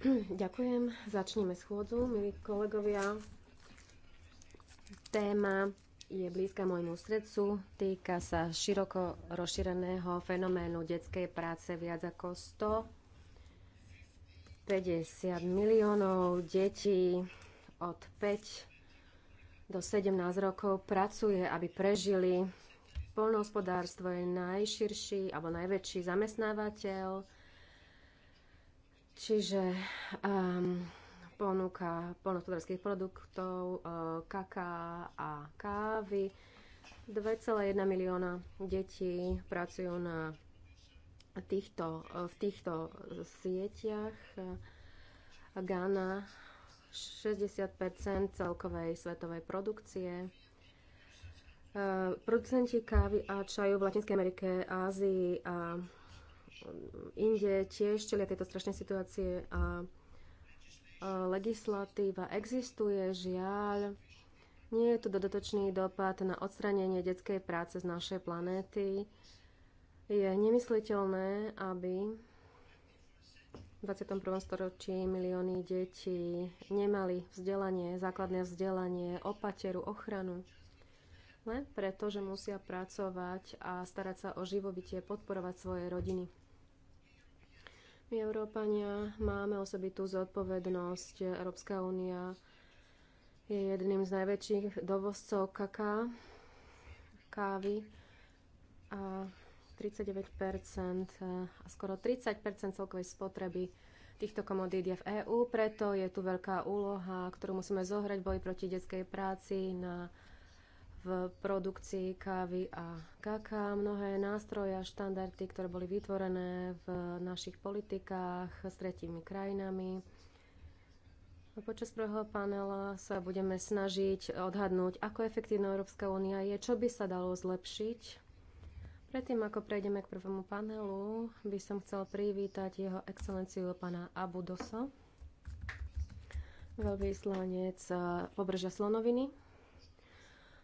Ďakujem. Začneme schôdzu, milí kolegovia. Téma je blízka môjmu srdcu. Týka sa široko rozšíreného fenoménu detskej práce viac ako 150 miliónov detí od 5 do 17 rokov pracuje, aby prežili. Polnohospodárstvo je najširší alebo najväčší zamestnávateľ Čiže um, ehm, ponúka polnohospodárských produktov, uh, kaká a kávy. 2,1 milióna detí pracujú na týchto, eh, v týchto sieťach. Ghana 60 celkovej svetovej produkcie. Eh, producenti kávy a čaju v Latinskej Amerike, Ázii a inde tiež čelia tieto strašné situácie a legislatíva existuje, žiaľ. Nie je tu dodatočný dopad na odstranenie detskej práce z našej planéty. Je nemysliteľné, aby v 21. storočí milióny detí nemali vzdelanie, základné vzdelanie, opateru, ochranu. Len preto, že musia pracovať a starať sa o živobytie, podporovať svoje rodiny. My, Európania, máme osobitú zodpovednosť. Európska únia je jedným z najväčších dovozcov kaká, kávy a 39 a skoro 30 celkovej spotreby týchto komodít je v EÚ, preto je tu veľká úloha, ktorú musíme zohrať v boji proti detskej práci na v produkcii kávy a kaká. Mnohé nástroje a štandardy, ktoré boli vytvorené v našich politikách s tretími krajinami. Počas prvého panela sa budeme snažiť odhadnúť, ako efektívna Európska únia je, čo by sa dalo zlepšiť. Predtým, ako prejdeme k prvému panelu, by som chcel privítať jeho excelenciu pána Abudosa, veľvyslanec pobrežia Slonoviny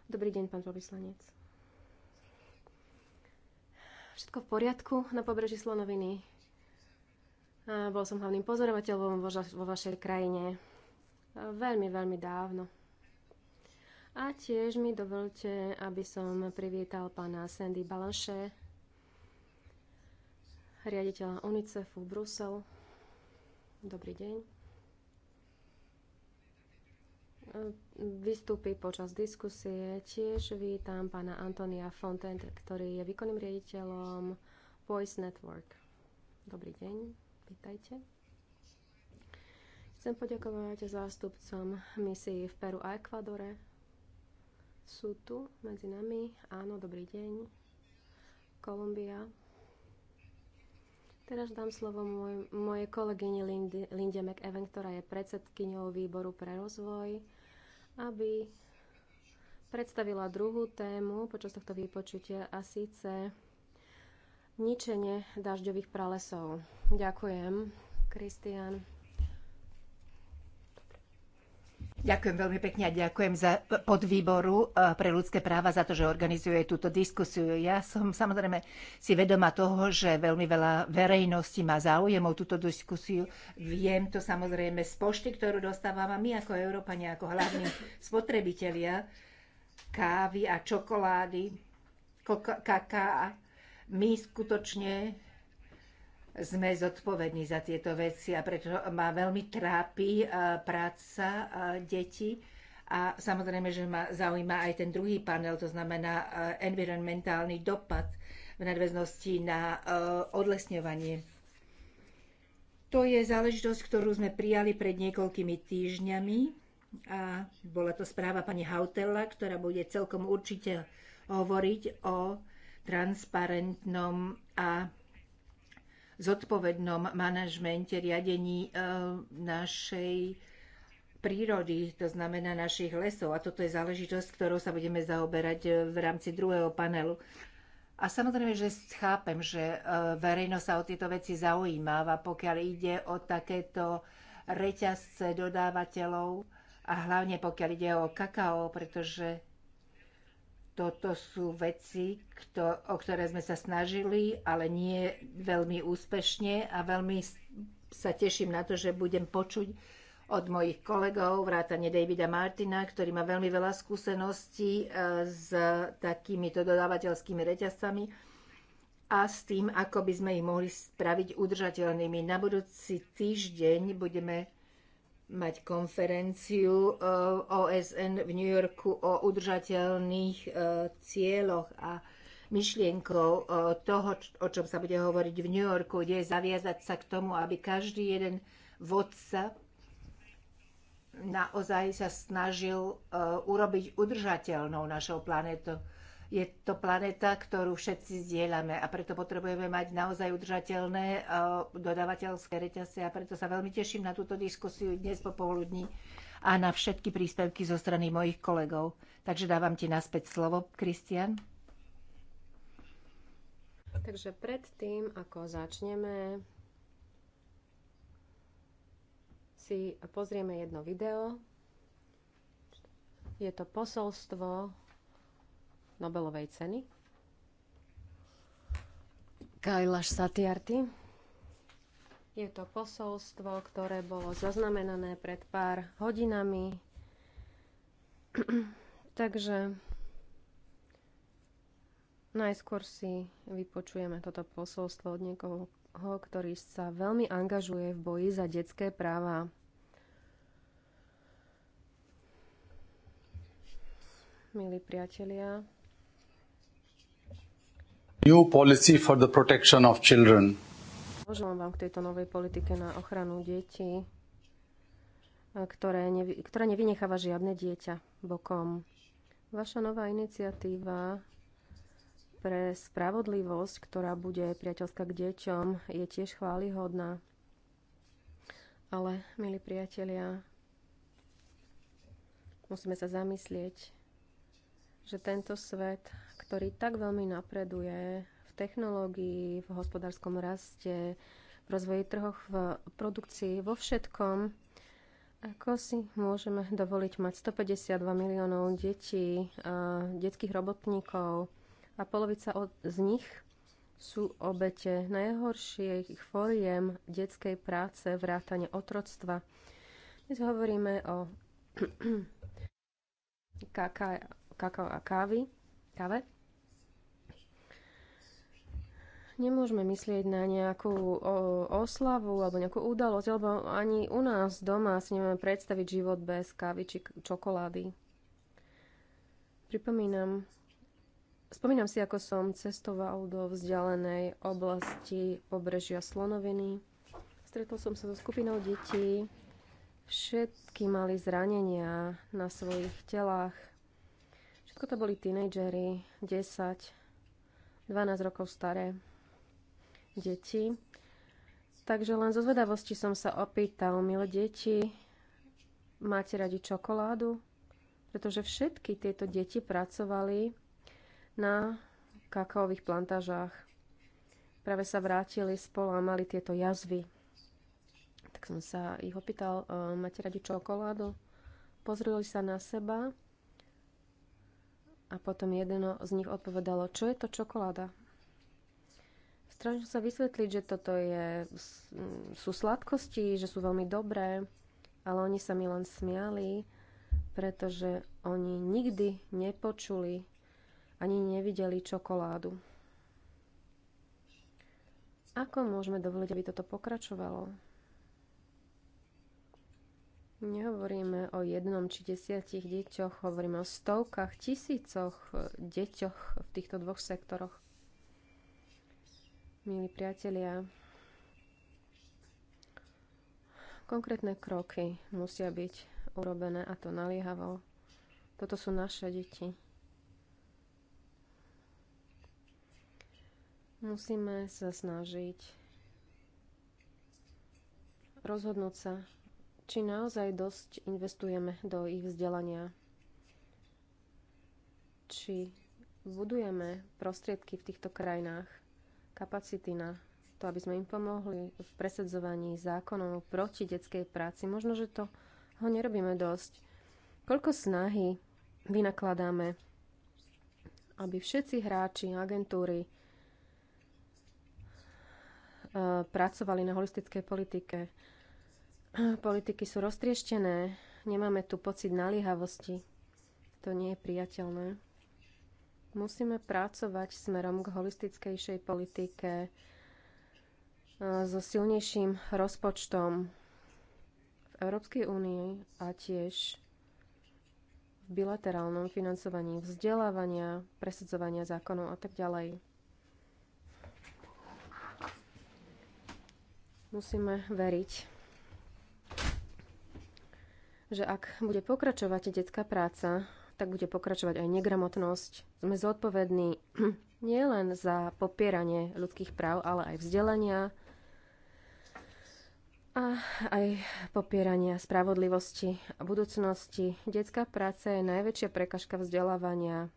Dobrý deň, pán veľvyslanec. Všetko v poriadku na pobreží Slonoviny. A bol som hlavným pozorovateľom vo, vo vašej krajine a veľmi, veľmi dávno. A tiež mi dovolte, aby som privítal pána Sandy Balanše, riaditeľa UNICEFu Brusel. Dobrý deň vystúpi počas diskusie. Tiež vítam pána Antonia Fontent, ktorý je výkonným riaditeľom Voice Network. Dobrý deň, vítajte. Chcem poďakovať zástupcom misií v Peru a Ekvadore. Sú tu medzi nami. Áno, dobrý deň. Kolumbia. Teraz dám slovo mojej kolegyni Linde, Linde McEwen, ktorá je predsedkyňou výboru pre rozvoj aby predstavila druhú tému počas tohto výpočutia a síce ničenie dažďových pralesov. Ďakujem, Kristian. Ďakujem veľmi pekne a ďakujem za podvýboru e, pre ľudské práva za to, že organizuje túto diskusiu. Ja som samozrejme si vedoma toho, že veľmi veľa verejnosti má záujem o túto diskusiu. Viem to samozrejme z pošty, ktorú dostávame my ako Európania, ako hlavní spotrebitelia kávy a čokolády, kaká. My skutočne sme zodpovední za tieto veci a preto ma veľmi trápi e, práca e, detí. A samozrejme, že ma zaujíma aj ten druhý panel, to znamená e, environmentálny dopad v nadväznosti na odlesňovanie. To je záležitosť, ktorú sme prijali pred niekoľkými týždňami a bola to správa pani Hautela, ktorá bude celkom určite hovoriť o transparentnom a zodpovednom manažmente, riadení e, našej prírody, to znamená našich lesov. A toto je záležitosť, ktorou sa budeme zaoberať e, v rámci druhého panelu. A samozrejme, že chápem, že e, verejnosť sa o tieto veci zaujímáva, pokiaľ ide o takéto reťazce dodávateľov a hlavne pokiaľ ide o kakao, pretože toto sú veci, kto, o ktoré sme sa snažili, ale nie veľmi úspešne a veľmi sa teším na to, že budem počuť od mojich kolegov, vrátane Davida Martina, ktorý má veľmi veľa skúseností e, s takýmito dodávateľskými reťazcami a s tým, ako by sme ich mohli spraviť udržateľnými. Na budúci týždeň budeme mať konferenciu e, OSN v New Yorku o udržateľných e, cieľoch a myšlienkou e, toho, o čom sa bude hovoriť v New Yorku, kde je zaviazať sa k tomu, aby každý jeden vodca naozaj sa snažil urobiť udržateľnou našou planetou. Je to planéta, ktorú všetci zdieľame a preto potrebujeme mať naozaj udržateľné e, dodávateľské reťazce a preto sa veľmi teším na túto diskusiu dnes po poludní a na všetky príspevky zo strany mojich kolegov. Takže dávam ti naspäť slovo, Kristian. Takže predtým, ako začneme, si pozrieme jedno video. Je to posolstvo Nobelovej ceny. Kailash Satyarthi. Je to posolstvo, ktoré bolo zaznamenané pred pár hodinami. Takže najskôr si vypočujeme toto posolstvo od niekoho, ktorý sa veľmi angažuje v boji za detské práva. Milí priatelia, new policy for the protection of children. vám k tejto novej politike na ochranu detí, ktoré nevy, ktorá nevynecháva žiadne dieťa bokom. Vaša nová iniciatíva pre spravodlivosť, ktorá bude priateľská k deťom, je tiež chválihodná. Ale, milí priatelia, musíme sa zamyslieť, že tento svet ktorý tak veľmi napreduje v technológii, v hospodárskom raste, v rozvoji trhoch, v produkcii, vo všetkom, ako si môžeme dovoliť mať 152 miliónov detí, detských robotníkov a polovica od, z nich sú obete najhorších fóriem detskej práce, vrátane otroctva. Dnes hovoríme o kakao a kávy kave. Nemôžeme myslieť na nejakú oslavu alebo nejakú udalosť, lebo ani u nás doma si nemáme predstaviť život bez kávy či čokolády. Pripomínam, spomínam si, ako som cestoval do vzdialenej oblasti pobrežia Slonoviny. Stretol som sa so skupinou detí, Všetky mali zranenia na svojich telách. Všetko to boli tínejdžery, 10, 12 rokov staré deti. Takže len zo zvedavosti som sa opýtal, milé deti, máte radi čokoládu? Pretože všetky tieto deti pracovali na kakaových plantážách. Práve sa vrátili spolu a mali tieto jazvy. Tak som sa ich opýtal, e, máte radi čokoládu? Pozreli sa na seba a potom jedno z nich odpovedalo, čo je to čokoláda? Snažil sa vysvetliť, že toto je, sú sladkosti, že sú veľmi dobré, ale oni sa mi len smiali, pretože oni nikdy nepočuli ani nevideli čokoládu. Ako môžeme dovoliť, aby toto pokračovalo? Nehovoríme o jednom či desiatich deťoch, hovoríme o stovkách, tisícoch e, deťoch v týchto dvoch sektoroch. Milí priatelia, konkrétne kroky musia byť urobené a to naliehavo. Toto sú naše deti. Musíme sa snažiť rozhodnúť sa či naozaj dosť investujeme do ich vzdelania, či budujeme prostriedky v týchto krajinách, kapacity na to, aby sme im pomohli v presadzovaní zákonov proti detskej práci. Možno, že to ho nerobíme dosť. Koľko snahy vynakladáme, aby všetci hráči, agentúry eh, pracovali na holistickej politike, Politiky sú roztrieštené, nemáme tu pocit naliehavosti. To nie je priateľné. Musíme pracovať smerom k holistickejšej politike e, so silnejším rozpočtom v Európskej únii a tiež v bilaterálnom financovaní vzdelávania, presadzovania zákonov a tak ďalej. Musíme veriť že ak bude pokračovať detská práca, tak bude pokračovať aj negramotnosť. Sme zodpovední nielen za popieranie ľudských práv, ale aj vzdelania a aj popierania spravodlivosti a budúcnosti. Detská práca je najväčšia prekažka vzdelávania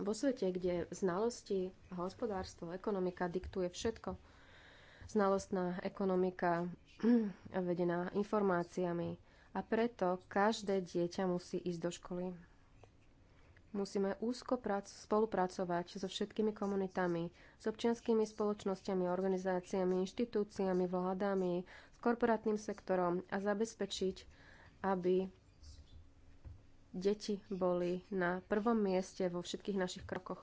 vo svete, kde znalosti, hospodárstvo, ekonomika diktuje všetko. Znalostná ekonomika vedená informáciami. A preto každé dieťa musí ísť do školy. Musíme úzko spolupracovať so všetkými komunitami, s občianskými spoločnosťami, organizáciami, inštitúciami, vládami, s korporátnym sektorom a zabezpečiť, aby deti boli na prvom mieste vo všetkých našich krokoch.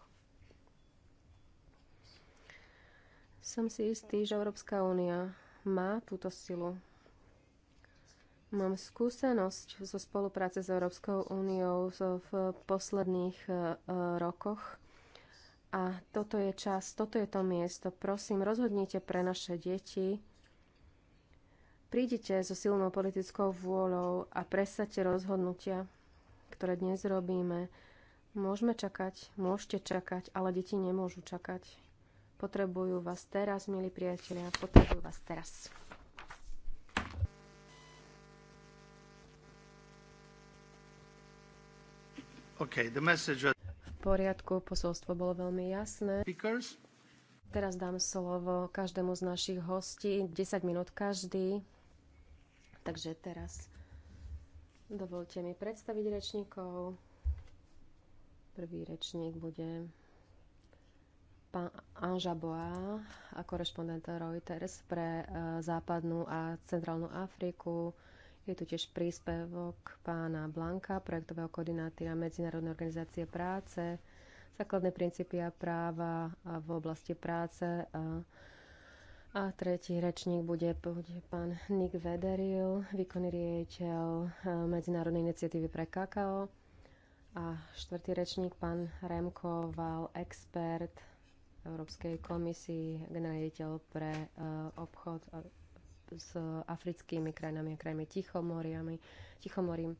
Som si istý, že Európska únia má túto silu. Mám skúsenosť zo spolupráce s Európskou úniou v posledných e, rokoch a toto je čas, toto je to miesto. Prosím, rozhodnite pre naše deti. Prídite so silnou politickou vôľou a presadte rozhodnutia, ktoré dnes robíme. Môžeme čakať, môžete čakať, ale deti nemôžu čakať. Potrebujú vás teraz, milí priatelia, potrebujú vás teraz. Okay, the message... V poriadku, posolstvo bolo veľmi jasné. Speakers. Teraz dám slovo každému z našich hostí, 10 minút každý. Takže teraz dovolte mi predstaviť rečníkov. Prvý rečník bude pán Anža Boa a korešpondent Reuters pre e, západnú a centrálnu Afriku. Je tu tiež príspevok pána Blanka, projektového koordinátora Medzinárodnej organizácie práce, základné princípy a práva v oblasti práce a e, a tretí rečník bude, bude pán Nick Vederil, výkonný riaditeľ e, Medzinárodnej iniciatívy pre kakao. A štvrtý rečník, pán Remko Val, expert Európskej komisii, generaliteľ pre eh, obchod eh, s africkými krajinami a krajinami Tichomoriami, Tichomorím.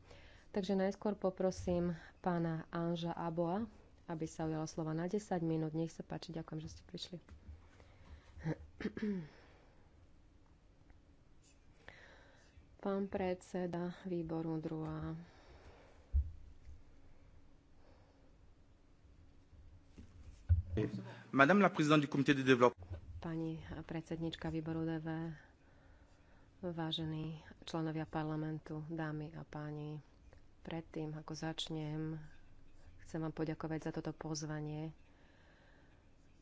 Takže najskôr poprosím pána Anža Aboa, aby sa ujala slova na 10 minút. Nech sa páči, ďakujem, že ste prišli. Pán predseda výboru druhá. Thank you. Madame la présidente du comité de développement. Pani predsednička výboru DV, vážení členovia parlamentu, dámy a páni, predtým, ako začnem, chcem vám poďakovať za toto pozvanie,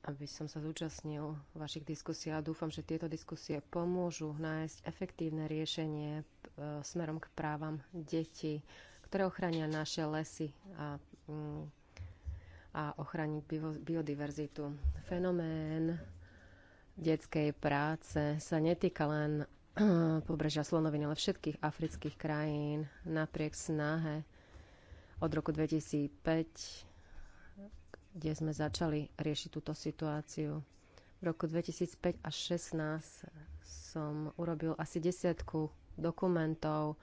aby som sa zúčastnil vašich diskusí a dúfam, že tieto diskusie pomôžu nájsť efektívne riešenie e, smerom k právam detí, ktoré ochránia naše lesy a mm, a ochraniť biodiverzitu. Fenomén detskej práce sa netýka len pobrežia Slonoviny, ale všetkých afrických krajín napriek snahe od roku 2005, kde sme začali riešiť túto situáciu. V roku 2005 až 2016 som urobil asi desiatku dokumentov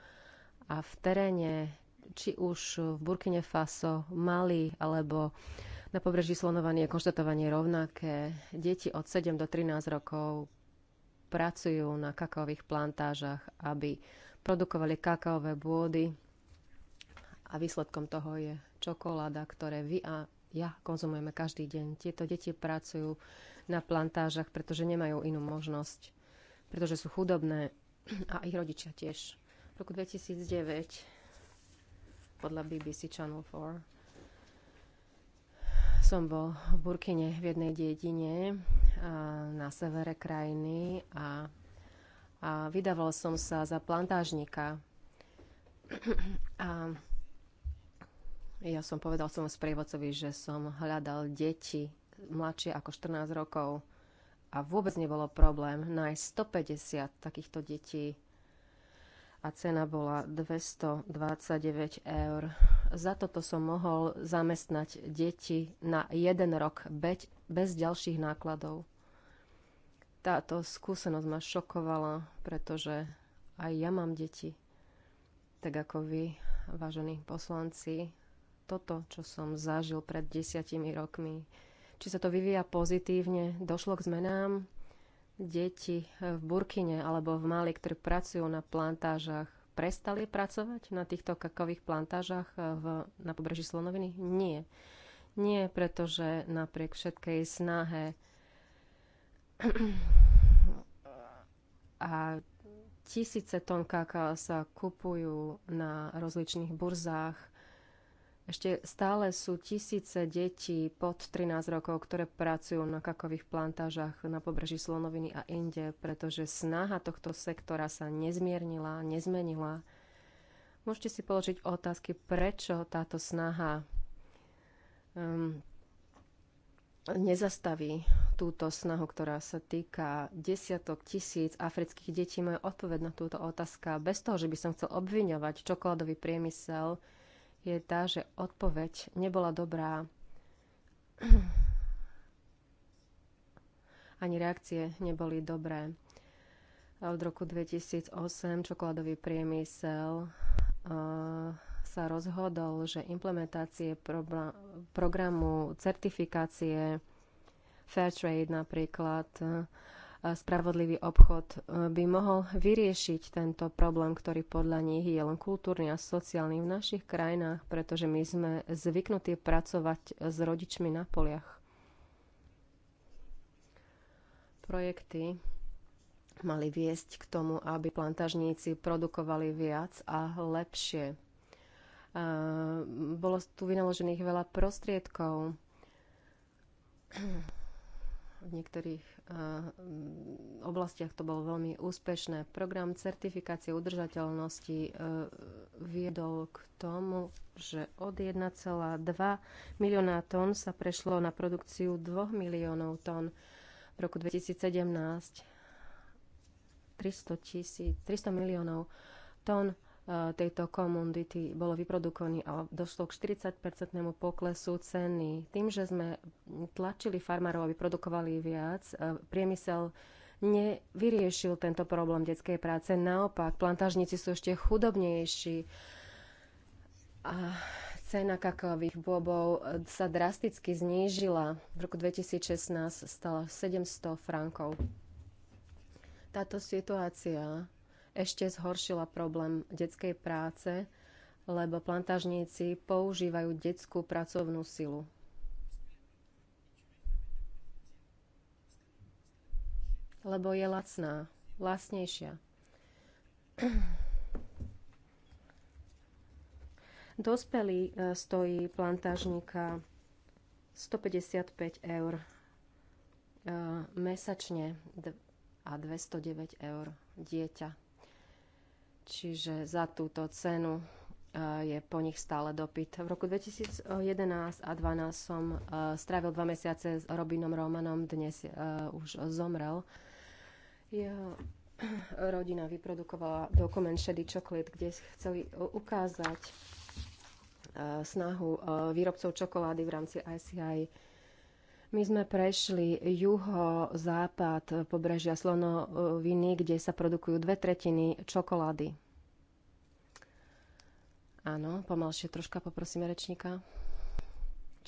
a v teréne či už v Burkine Faso, Mali alebo na pobreží slonovanie je konštatovanie rovnaké. Deti od 7 do 13 rokov pracujú na kakaových plantážach, aby produkovali kakaové bôdy a výsledkom toho je čokoláda, ktoré vy a ja konzumujeme každý deň. Tieto deti pracujú na plantážach, pretože nemajú inú možnosť, pretože sú chudobné a ich rodičia tiež. V roku 2009 podľa BBC Channel 4. Som bol v Burkine v jednej dedine na severe krajiny a, a vydával som sa za plantážnika. a ja som povedal svojmu sprievodcovi, že som hľadal deti mladšie ako 14 rokov a vôbec nebolo problém nájsť 150 takýchto detí a cena bola 229 eur. Za toto som mohol zamestnať deti na jeden rok beď, bez ďalších nákladov. Táto skúsenosť ma šokovala, pretože aj ja mám deti. Tak ako vy, vážení poslanci, toto, čo som zažil pred desiatimi rokmi, či sa to vyvíja pozitívne, došlo k zmenám, deti v Burkine alebo v Mali, ktorí pracujú na plantážach, prestali pracovať na týchto kakových plantážach eh, v, na pobreží Slonoviny? Nie. Nie, pretože napriek všetkej snahe a tisíce tón kaká sa kupujú na rozličných burzách ešte stále sú tisíce detí pod 13 rokov, ktoré pracujú na kakových plantážach na pobreží Slonoviny a inde, pretože snaha tohto sektora sa nezmiernila, nezmenila. Môžete si položiť otázky, prečo táto snaha um, nezastaví túto snahu, ktorá sa týka desiatok tisíc afrických detí. Moja odpoveď na túto otázka, bez toho, že by som chcel obviňovať čokoládový priemysel, je tá, že odpoveď nebola dobrá. Ani reakcie neboli dobré. Od roku 2008 čokoládový priemysel uh, sa rozhodol, že implementácie programu certifikácie Fairtrade napríklad spravodlivý obchod e, by mohol vyriešiť tento problém, ktorý podľa nich je len kultúrny a sociálny v našich krajinách, pretože my sme zvyknutí pracovať s rodičmi na poliach. Projekty mali viesť k tomu, aby plantažníci produkovali viac a lepšie. E, bolo tu vynaložených veľa prostriedkov v niektorých eh, oblastiach to bolo veľmi úspešné. Program certifikácie udržateľnosti eh, viedol k tomu, že od 1,2 milióna tón sa prešlo na produkciu 2 miliónov tón v roku 2017. 300, tisíc, 300 miliónov tón E, tejto komunity bolo vyprodukovaný a došlo k 40-percentnému poklesu ceny. Tým, že sme tlačili farmárov, aby produkovali viac, e, priemysel nevyriešil tento problém detskej práce. Naopak, plantážnici sú ešte chudobnejší a cena kakaových bobov e, sa drasticky znížila. V roku 2016 stala 700 frankov. Táto situácia ešte zhoršila problém detskej práce, lebo plantážníci používajú detskú pracovnú silu. Lebo je lacná, lacnejšia. Dospelý e, stojí plantážníka 155 eur e, mesačne a 209 eur dieťa. Čiže za túto cenu e, je po nich stále dopyt. V roku 2011 a 2012 som e, strávil dva mesiace s Robinom Romanom, dnes e, už zomrel. Jeho rodina vyprodukovala dokument Shady Chocolate, kde chceli ukázať snahu výrobcov čokolády v rámci ICI my sme prešli juho-západ pobrežia Slonoviny, kde sa produkujú dve tretiny čokolády. Áno, pomalšie troška poprosíme rečníka.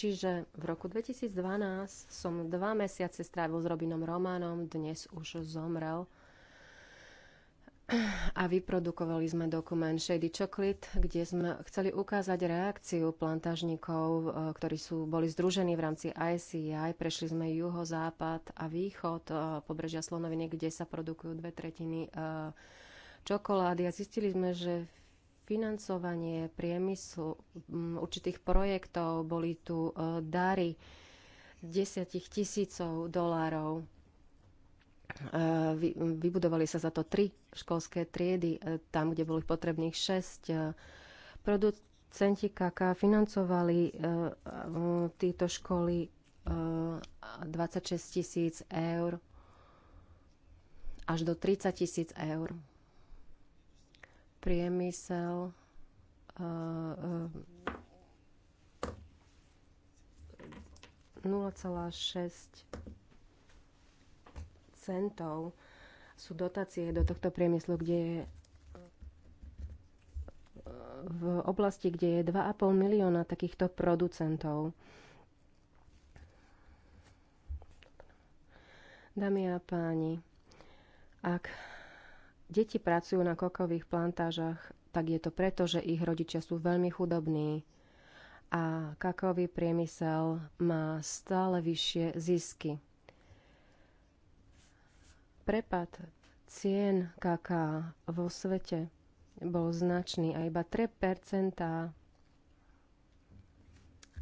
Čiže v roku 2012 som dva mesiace strávil s Robinom Románom, dnes už zomrel a vyprodukovali sme dokument Shady Chocolate, kde sme chceli ukázať reakciu plantažníkov, e, ktorí sú, boli združení v rámci ICI. Prešli sme juho, západ a východ e, pobrežia Slonoviny, kde sa produkujú dve tretiny e, čokolády a zistili sme, že financovanie priemyslu určitých projektov boli tu dary desiatich tisícov dolárov E, vybudovali sa za to tri školské triedy, e, tam, kde boli potrebných šesť. E, producenti KK financovali tieto školy 26 tisíc eur až do 30 tisíc eur. Priemysel uh, uh, 0,6 centov sú dotácie do tohto priemyslu, kde je v oblasti, kde je 2,5 milióna takýchto producentov. Dámy a páni, ak deti pracujú na kokových plantážach, tak je to preto, že ich rodičia sú veľmi chudobní a kakový priemysel má stále vyššie zisky. Prepad cien kaká vo svete bol značný a iba 3%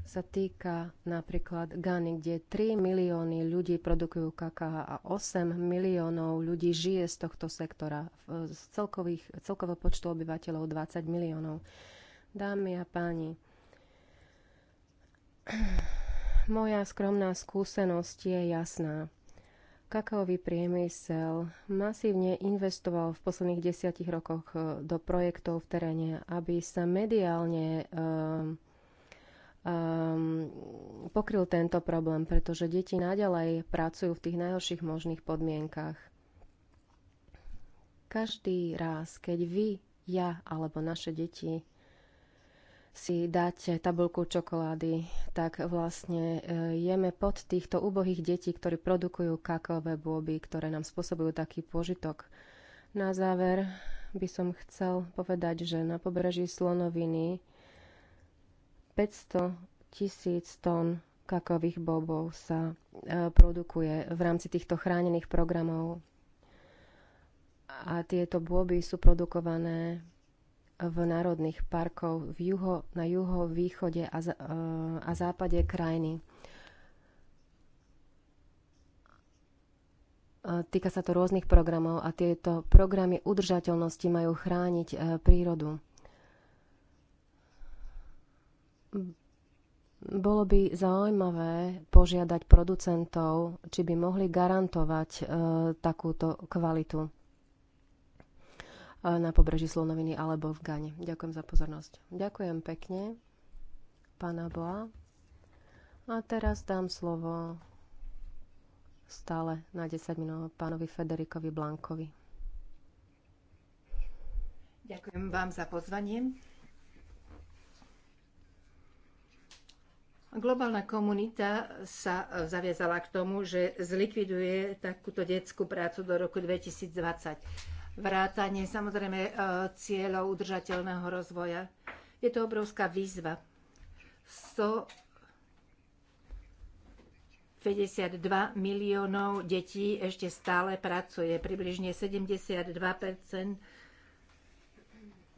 sa týka napríklad Gany, kde 3 milióny ľudí produkujú kaká a 8 miliónov ľudí žije z tohto sektora. Z celkových, celkového počtu obyvateľov 20 miliónov. Dámy a páni, moja skromná skúsenosť je jasná. Kakaový priemysel masívne investoval v posledných desiatich rokoch e, do projektov v teréne, aby sa mediálne um, um, pokryl tento problém, pretože deti naďalej pracujú v tých najhorších možných podmienkach. Každý raz, keď vy, ja alebo naše deti si dať tabulku čokolády, tak vlastne e, jeme pod týchto úbohých detí, ktorí produkujú kakaové bôby, ktoré nám spôsobujú taký požitok. Na záver by som chcel povedať, že na pobreží Slonoviny 500 tisíc tón kakových bobov sa e, produkuje v rámci týchto chránených programov. A tieto bôby sú produkované v národných parkov v juho, na juho, východe a, e, a západe krajiny. E, týka sa to rôznych programov a tieto programy udržateľnosti majú chrániť e, prírodu. Bolo by zaujímavé požiadať producentov, či by mohli garantovať takúto kvalitu na pobreží Slonoviny alebo v Gane. Ďakujem za pozornosť. Ďakujem pekne, pána Boa. A teraz dám slovo stále na 10 minút pánovi Federikovi Blankovi. Ďakujem vám za pozvanie. Globálna komunita sa zaviazala k tomu, že zlikviduje takúto detskú prácu do roku 2020 vrátanie samozrejme e, cieľov udržateľného rozvoja. Je to obrovská výzva. 152 miliónov detí ešte stále pracuje, približne 72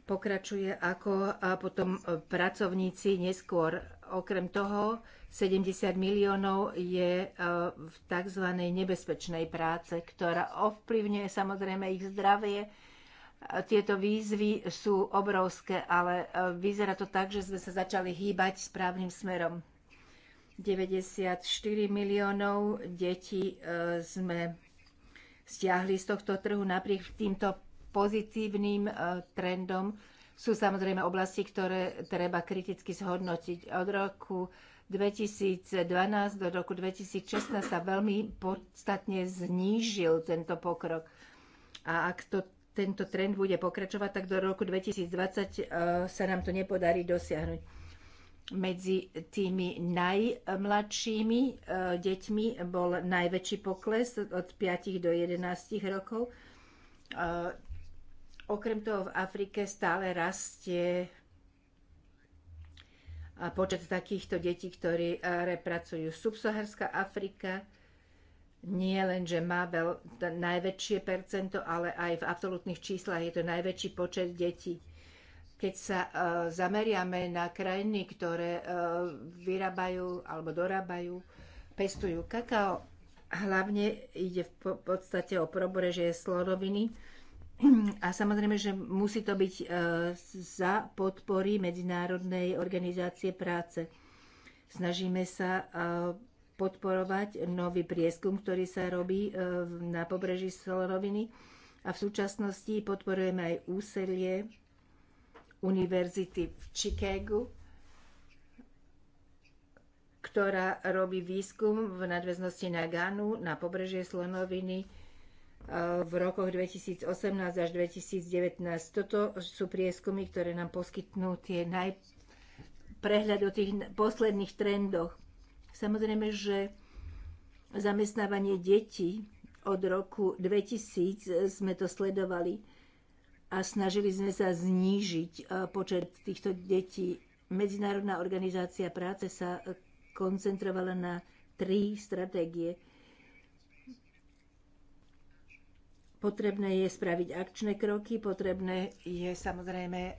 pokračuje ako potom e, pracovníci neskôr. Okrem toho 70 miliónov je e, v tzv. nebezpečnej práce, ktorá ovplyvňuje samozrejme ich zdravie. E, tieto výzvy sú obrovské, ale e, vyzerá to tak, že sme sa začali hýbať správnym smerom. 94 miliónov detí sme stiahli z tohto trhu napriek týmto pozitívnym trendom. Sú samozrejme oblasti, ktoré treba kriticky zhodnotiť. Od roku 2012 do roku 2016 sa veľmi podstatne znížil tento pokrok. A ak to, tento trend bude pokračovať, tak do roku 2020 e, sa nám to nepodarí dosiahnuť medzi tými najmladšími e, deťmi bol najväčší pokles od 5 do 11 rokov. E, okrem toho v Afrike stále rastie a počet takýchto detí, ktorí e, repracujú. Subsaharská Afrika nie len, že má veľ, najväčšie percento, ale aj v absolútnych číslach je to najväčší počet detí. Keď sa uh, zameriame na krajiny, ktoré uh, vyrábajú alebo dorábajú, pestujú kakao, hlavne ide v podstate o probrežie slonoviny, a samozrejme, že musí to byť e, za podpory Medzinárodnej organizácie práce. Snažíme sa e, podporovať nový prieskum, ktorý sa robí e, na pobreží Sloroviny a v súčasnosti podporujeme aj úselie univerzity v Chicagu, ktorá robí výskum v nadväznosti na Ganu, na pobrežie Slonoviny, v rokoch 2018 až 2019. Toto sú prieskumy, ktoré nám poskytnú tie naj... prehľad o tých posledných trendoch. Samozrejme, že zamestnávanie detí od roku 2000 sme to sledovali a snažili sme sa znížiť e, počet týchto detí. Medzinárodná organizácia práce sa koncentrovala na tri stratégie – Potrebné je spraviť akčné kroky, potrebné je samozrejme e,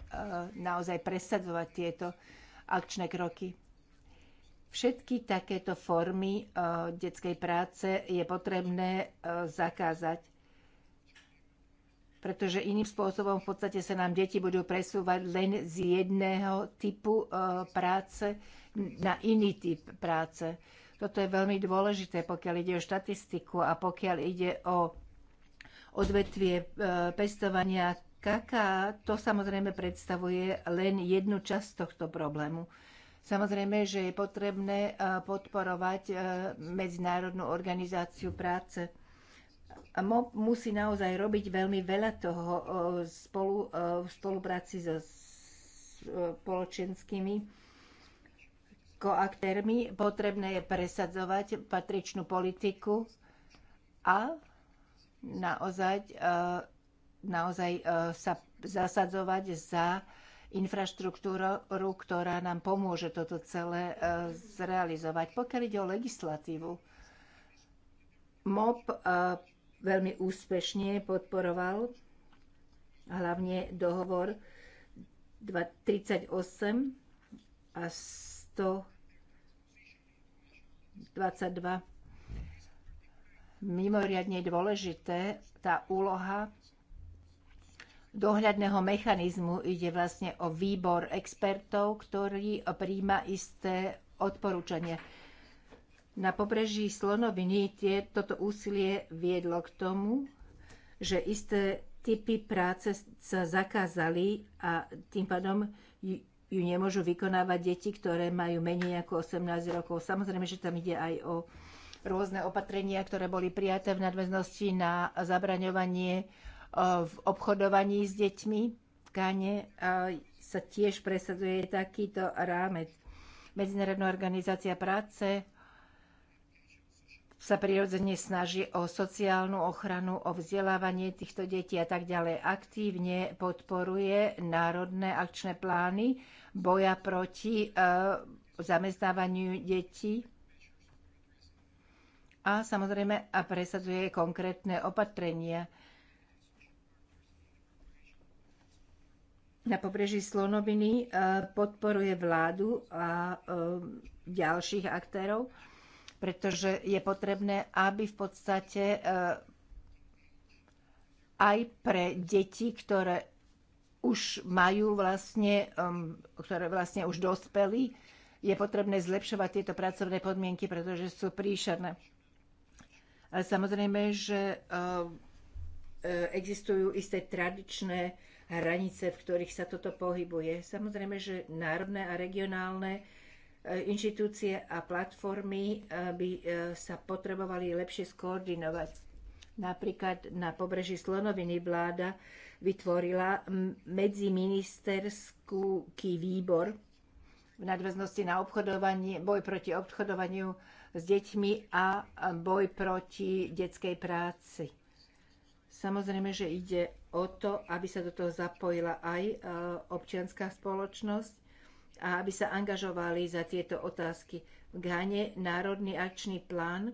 naozaj presadzovať tieto akčné kroky. Všetky takéto formy e, detskej práce je potrebné e, zakázať, pretože iným spôsobom v podstate sa nám deti budú presúvať len z jedného typu práce na iný typ práce. Toto je veľmi dôležité, pokiaľ ide o štatistiku a pokiaľ ide o odvetvie e, pestovania kaká, to samozrejme predstavuje len jednu časť tohto problému. Samozrejme, že je potrebné e, podporovať e, Medzinárodnú organizáciu práce. MOP musí naozaj robiť veľmi veľa toho spolu, v spolupráci so spoločenskými koaktérmi potrebné je presadzovať patričnú politiku a naozaj, e, naozaj e, sa zasadzovať za infraštruktúru, ktorá nám pomôže toto celé e, zrealizovať. Pokiaľ ide o legislatívu, MOP veľmi úspešne podporoval hlavne dohovor 38 a 122 mimoriadne dôležité. Tá úloha dohľadného mechanizmu ide vlastne o výbor expertov, ktorý príjma isté odporúčania. Na pobreží Slonoviny tie, toto úsilie viedlo k tomu, že isté typy práce sa zakázali a tým pádom ju nemôžu vykonávať deti, ktoré majú menej ako 18 rokov. Samozrejme, že tam ide aj o rôzne opatrenia, ktoré boli prijaté v nadväznosti na zabraňovanie e, v obchodovaní s deťmi v Kane e, sa tiež presaduje takýto rámec. Medzinárodná organizácia práce sa prirodzene snaží o sociálnu ochranu, o vzdelávanie týchto detí a tak ďalej. Aktívne podporuje národné akčné plány boja proti e, zamestnávaniu detí a samozrejme a presadzuje konkrétne opatrenia. Na pobreží Slonoviny e, podporuje vládu a e, ďalších aktérov, pretože je potrebné, aby v podstate e, aj pre deti, ktoré už majú vlastne, ktoré vlastne už dospeli, je potrebné zlepšovať tieto pracovné podmienky, pretože sú príšerné. Samozrejme, že e, e, existujú isté tradičné hranice, v ktorých sa toto pohybuje. Samozrejme, že národné a regionálne e, inštitúcie a platformy by sa potrebovali lepšie skoordinovať. Napríklad na pobreží Slonoviny vláda vytvorila medziministerský výbor v nadväznosti na obchodovanie, boj proti obchodovaniu s deťmi a boj proti detskej práci. Samozrejme, že ide o to, aby sa do toho zapojila aj e, občianská spoločnosť a aby sa angažovali za tieto otázky. V Gáne Národný akčný plán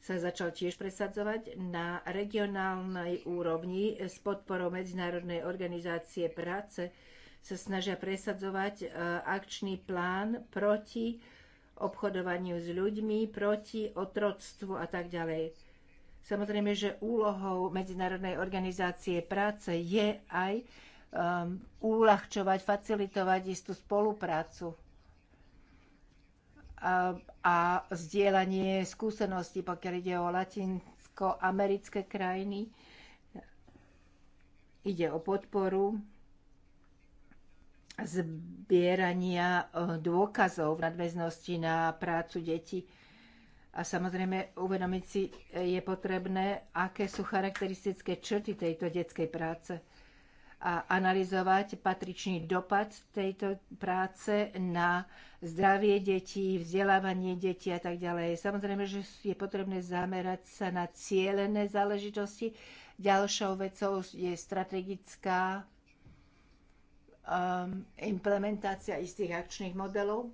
sa začal tiež presadzovať na regionálnej úrovni s podporou Medzinárodnej organizácie práce sa snažia presadzovať e, akčný plán proti obchodovaniu s ľuďmi, proti otroctvu a tak ďalej. Samozrejme, že úlohou Medzinárodnej organizácie práce je aj um, uľahčovať, facilitovať istú spoluprácu a, a zdieľanie skúseností, pokiaľ ide o latinsko-americké krajiny. Ide o podporu zbierania e, dôkazov v nadväznosti na prácu detí. A samozrejme uvedomiť si e, je potrebné, aké sú charakteristické črty tejto detskej práce a analyzovať patričný dopad tejto práce na zdravie detí, vzdelávanie detí a tak ďalej. Samozrejme, že je potrebné zamerať sa na cieľené záležitosti. Ďalšou vecou je strategická Um, implementácia istých akčných modelov.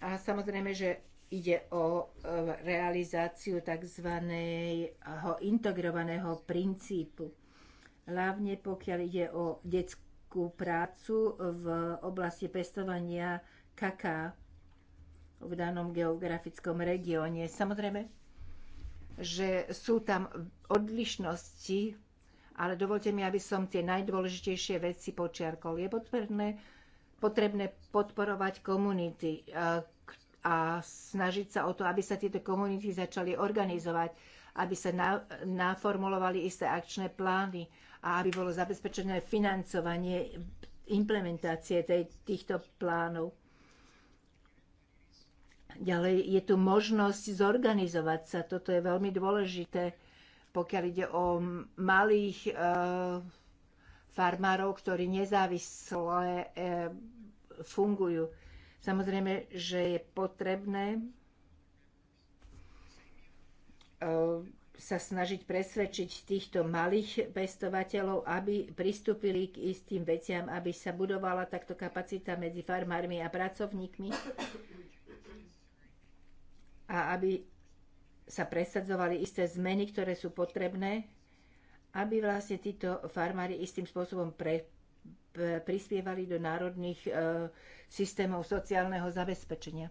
A samozrejme, že ide o uh, realizáciu tzv. integrovaného princípu. Hlavne pokiaľ ide o detskú prácu v oblasti pestovania kaká v danom geografickom regióne. Samozrejme, že sú tam odlišnosti ale dovolte mi, aby som tie najdôležitejšie veci počiarkol. Je potrebné, potrebné podporovať komunity e, a snažiť sa o to, aby sa tieto komunity začali organizovať, aby sa na, naformulovali isté akčné plány a aby bolo zabezpečené financovanie implementácie tej, týchto plánov. Ďalej je tu možnosť zorganizovať sa. Toto je veľmi dôležité pokiaľ ide o malých e, farmárov, ktorí nezávisle e, fungujú. Samozrejme, že je potrebné e, sa snažiť presvedčiť týchto malých pestovateľov, aby pristúpili k istým veciam, aby sa budovala takto kapacita medzi farmármi a pracovníkmi a aby sa presadzovali isté zmeny, ktoré sú potrebné, aby vlastne títo farmári istým spôsobom pre, pre, prispievali do národných e, systémov sociálneho zabezpečenia.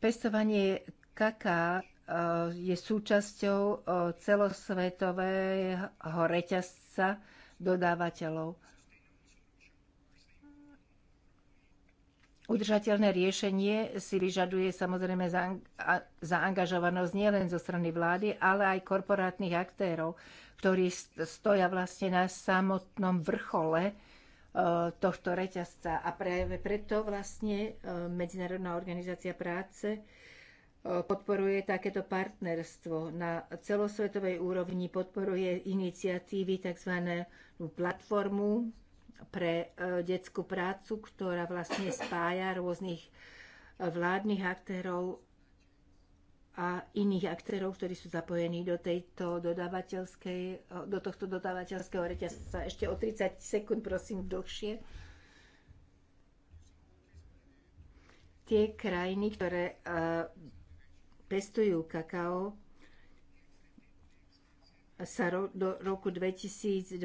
Pestovanie kaká e, je súčasťou e, celosvetového reťazca dodávateľov Udržateľné riešenie si vyžaduje samozrejme zaangažovanosť nielen zo strany vlády, ale aj korporátnych aktérov, ktorí stoja vlastne na samotnom vrchole e, tohto reťazca. A práve preto vlastne e, Medzinárodná organizácia práce e, podporuje takéto partnerstvo. Na celosvetovej úrovni podporuje iniciatívy tzv. platformu pre e, detskú prácu, ktorá vlastne spája rôznych e, vládnych aktérov a iných aktérov, ktorí sú zapojení do, tejto dodávateľskej, e, do tohto dodávateľského reťazca. Ešte o 30 sekúnd, prosím, dlhšie. Tie krajiny, ktoré pestujú kakao, sa ro, do roku 2025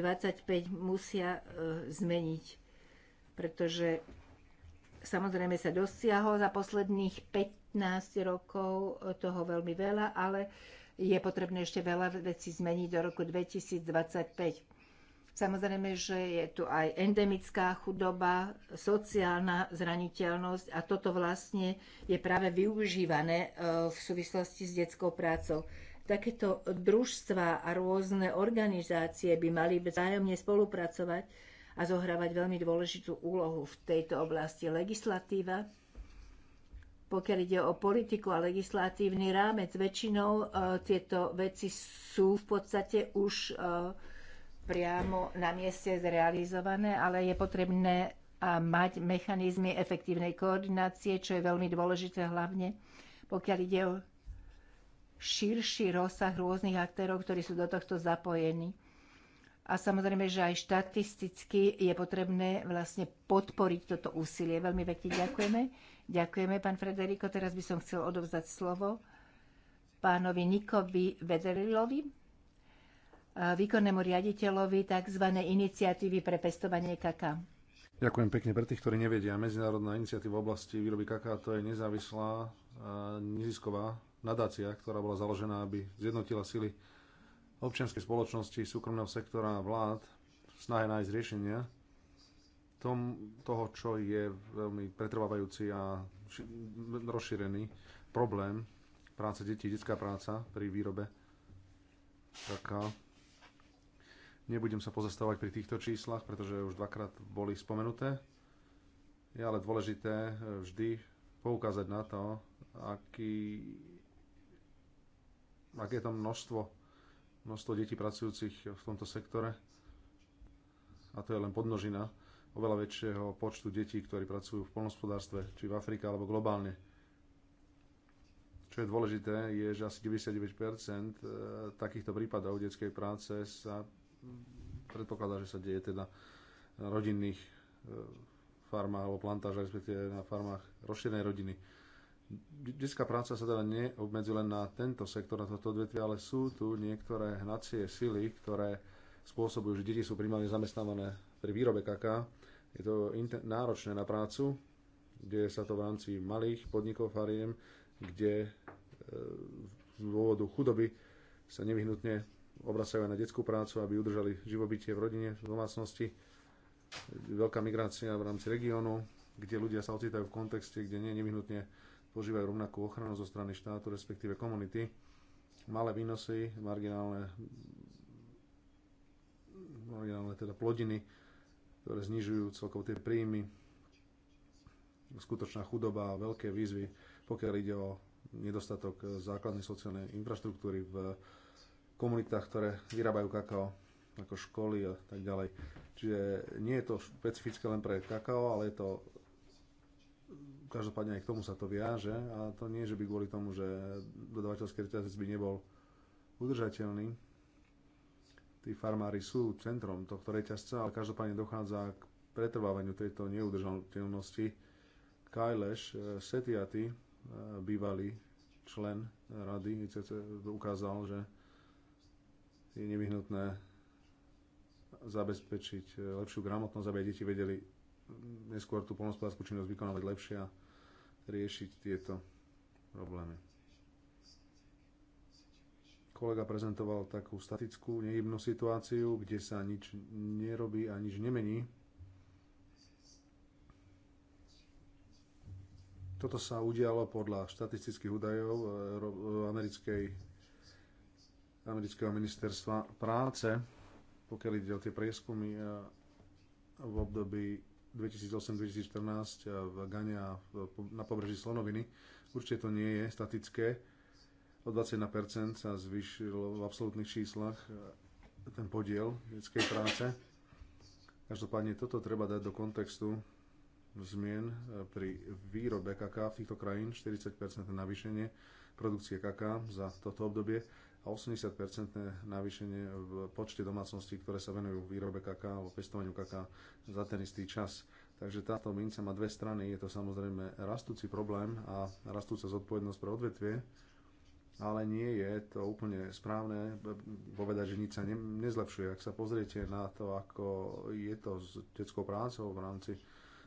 musia e, zmeniť, pretože samozrejme sa dosiahlo za posledných 15 rokov e, toho veľmi veľa, ale je potrebné ešte veľa vecí zmeniť do roku 2025. Samozrejme, že je tu aj endemická chudoba, sociálna zraniteľnosť a toto vlastne je práve využívané e, v súvislosti s detskou prácou. Takéto družstva a rôzne organizácie by mali vzájomne spolupracovať a zohrávať veľmi dôležitú úlohu v tejto oblasti. Legislatíva, pokiaľ ide o politiku a legislatívny rámec, väčšinou e, tieto veci sú v podstate už e, priamo na mieste zrealizované, ale je potrebné a mať mechanizmy efektívnej koordinácie, čo je veľmi dôležité hlavne, pokiaľ ide o širší rozsah rôznych aktérov, ktorí sú do tohto zapojení. A samozrejme, že aj štatisticky je potrebné vlastne podporiť toto úsilie. Veľmi pekne ďakujeme. Ďakujeme, pán Frederiko. Teraz by som chcel odovzdať slovo pánovi Nikovi Vederilovi, výkonnému riaditeľovi tzv. iniciatívy pre pestovanie kaká. Ďakujem pekne pre tých, ktorí nevedia. Medzinárodná iniciatíva v oblasti výroby kaká to je nezávislá, nezisková nadácia, ktorá bola založená, aby zjednotila sily občianskej spoločnosti, súkromného sektora a vlád v snahe nájsť riešenia tom, toho, čo je veľmi pretrvávajúci a ši, rozšírený problém práce detí, detská práca pri výrobe taká. Nebudem sa pozastavovať pri týchto číslach, pretože už dvakrát boli spomenuté. Je ale dôležité eh, vždy poukázať na to, aký aké je tam množstvo, množstvo detí pracujúcich v tomto sektore. A to je len podnožina oveľa väčšieho počtu detí, ktorí pracujú v polnospodárstve, či v Afrike alebo globálne. Čo je dôležité, je, že asi 99% e, takýchto prípadov detskej práce sa predpokladá, že sa deje teda na rodinných e, farmách alebo plantážach, respektíve na farmách rozšírenej rodiny. Detská práca sa teda neobmedzí len na tento sektor, na toto odvetvie, ale sú tu niektoré hnacie sily, ktoré spôsobujú, že deti sú primárne zamestnávané pri výrobe kaká. Je to náročné na prácu, deje sa to v rámci malých podnikov fariem, kde e, z dôvodu chudoby sa nevyhnutne obracajú aj na detskú prácu, aby udržali živobytie v rodine, v domácnosti. Veľká migrácia v rámci regiónu, kde ľudia sa ocitajú v kontexte, kde nie je nevyhnutne požívajú rovnakú ochranu zo strany štátu, respektíve komunity. Malé výnosy, marginálne, marginálne teda plodiny, ktoré znižujú celkovo tie príjmy, skutočná chudoba a veľké výzvy, pokiaľ ide o nedostatok základnej sociálnej infraštruktúry v komunitách, ktoré vyrábajú kakao, ako školy a tak ďalej. Čiže nie je to špecifické len pre kakao, ale je to každopádne aj k tomu sa to viaže a to nie, že by kvôli tomu, že dodavateľský reťazec by nebol udržateľný. Tí farmári sú centrom tohto reťazca, ale každopádne dochádza k pretrvávaniu tejto neudržateľnosti. Kajleš e, Setiaty, e, bývalý člen rady ukázal, že je nevyhnutné zabezpečiť e, lepšiu gramotnosť, aby deti vedeli neskôr tú polnospodárskú činnosť vykonávať lepšie a riešiť tieto problémy. Kolega prezentoval takú statickú, nehybnú situáciu, kde sa nič nerobí a nič nemení. Toto sa udialo podľa štatistických údajov eh, eh, americkej, amerického ministerstva práce, pokiaľ ide o tie prieskumy eh, v období 2008-2014 v Gania na pobreží Slonoviny. Určite to nie je statické. O 21% sa zvyšil v absolútnych číslach e, ten podiel detskej práce. Každopádne toto treba dať do kontextu zmien e, pri výrobe kaká v týchto krajín, 40% navýšenie produkcie kaká za toto obdobie a 80-percentné navýšenie v počte domácností, ktoré sa venujú výrobe kaká alebo pestovaniu kaká za ten istý čas. Takže táto minca má dve strany. Je to samozrejme rastúci problém a rastúca zodpovednosť pre odvetvie, ale nie je to úplne správne povedať, že nič sa ne, nezlepšuje. Ak sa pozriete na to, ako je to s detskou prácou v rámci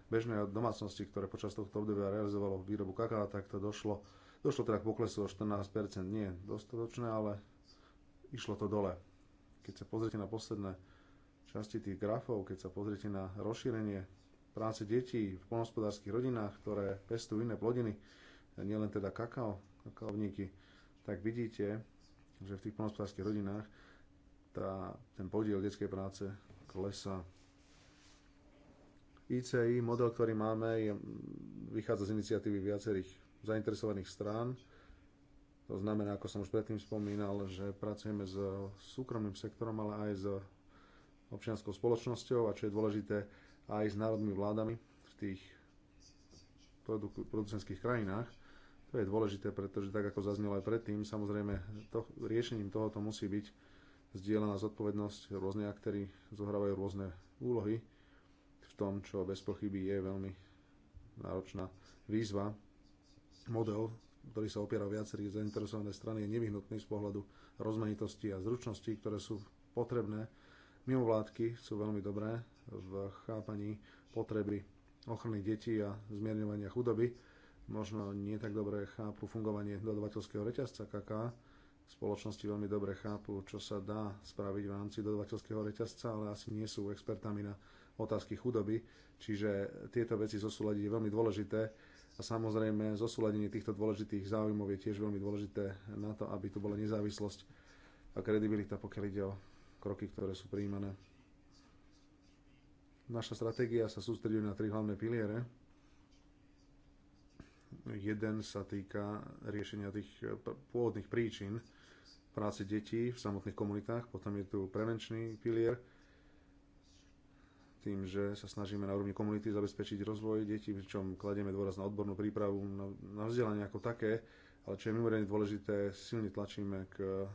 bežnej domácnosti, ktoré počas tohto obdobia realizovalo výrobu kaká, tak to došlo Došlo teda k poklesu o 14%, nie dostatočné, ale išlo to dole. Keď sa pozriete na posledné časti tých grafov, keď sa pozriete na rozšírenie práce detí v polnospodárských rodinách, ktoré pestujú iné plodiny, nielen teda kakao, kakaovníky, tak vidíte, že v tých polnospodárských rodinách tá, ten podiel detskej práce klesá. ICI, model, ktorý máme, je, vychádza z iniciatívy viacerých zainteresovaných strán. To znamená, ako som už predtým spomínal, že pracujeme s súkromným sektorom, ale aj s občianskou spoločnosťou a čo je dôležité, aj s národnými vládami v tých produk- producentských krajinách. To je dôležité, pretože tak ako zaznelo aj predtým, samozrejme to, riešením tohoto musí byť zdieľaná zodpovednosť. Rôzne aktéry zohrávajú rôzne úlohy v tom, čo bez pochyby je veľmi náročná výzva model, ktorý sa opiera viacerých zainteresované strany, je nevyhnutný z pohľadu rozmanitosti a zručností, ktoré sú potrebné. Mimovládky sú veľmi dobré v chápaní potreby ochrany detí a zmierňovania chudoby. Možno nie tak dobre chápu fungovanie dodavateľského reťazca KK. Spoločnosti veľmi dobre chápu, čo sa dá spraviť v rámci dodavateľského reťazca, ale asi nie sú expertami na otázky chudoby, čiže tieto veci zosúľadiť je veľmi dôležité a samozrejme, zosúladenie týchto dôležitých záujmov je tiež veľmi dôležité na to, aby tu bola nezávislosť a kredibilita, pokiaľ ide o kroky, ktoré sú prijímané. Naša stratégia sa sústreduje na tri hlavné piliere. Jeden sa týka riešenia tých pôvodných príčin práce detí v samotných komunitách, potom je tu prevenčný pilier, tým, že sa snažíme na úrovni komunity zabezpečiť rozvoj detí, pričom kladieme dôraz na odbornú prípravu, na, na vzdelanie ako také, ale čo je mimoriadne dôležité, silne tlačíme k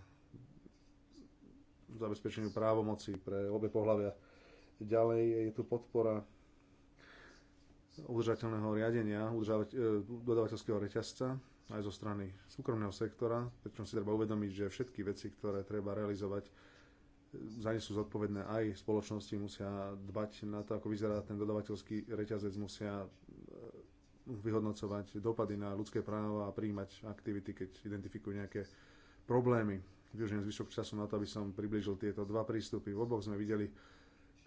zabezpečeniu právomoci pre obe pohľavia. Ďalej je tu podpora udržateľného riadenia, e, dodávateľského reťazca aj zo strany súkromného sektora, pričom si treba uvedomiť, že všetky veci, ktoré treba realizovať, za ne sú zodpovedné aj spoločnosti, musia dbať na to, ako vyzerá ten dodavateľský reťazec, musia e, vyhodnocovať dopady na ľudské práva a príjmať aktivity, keď identifikujú nejaké problémy. Využijem zvyšok času na to, aby som približil tieto dva prístupy. V oboch sme videli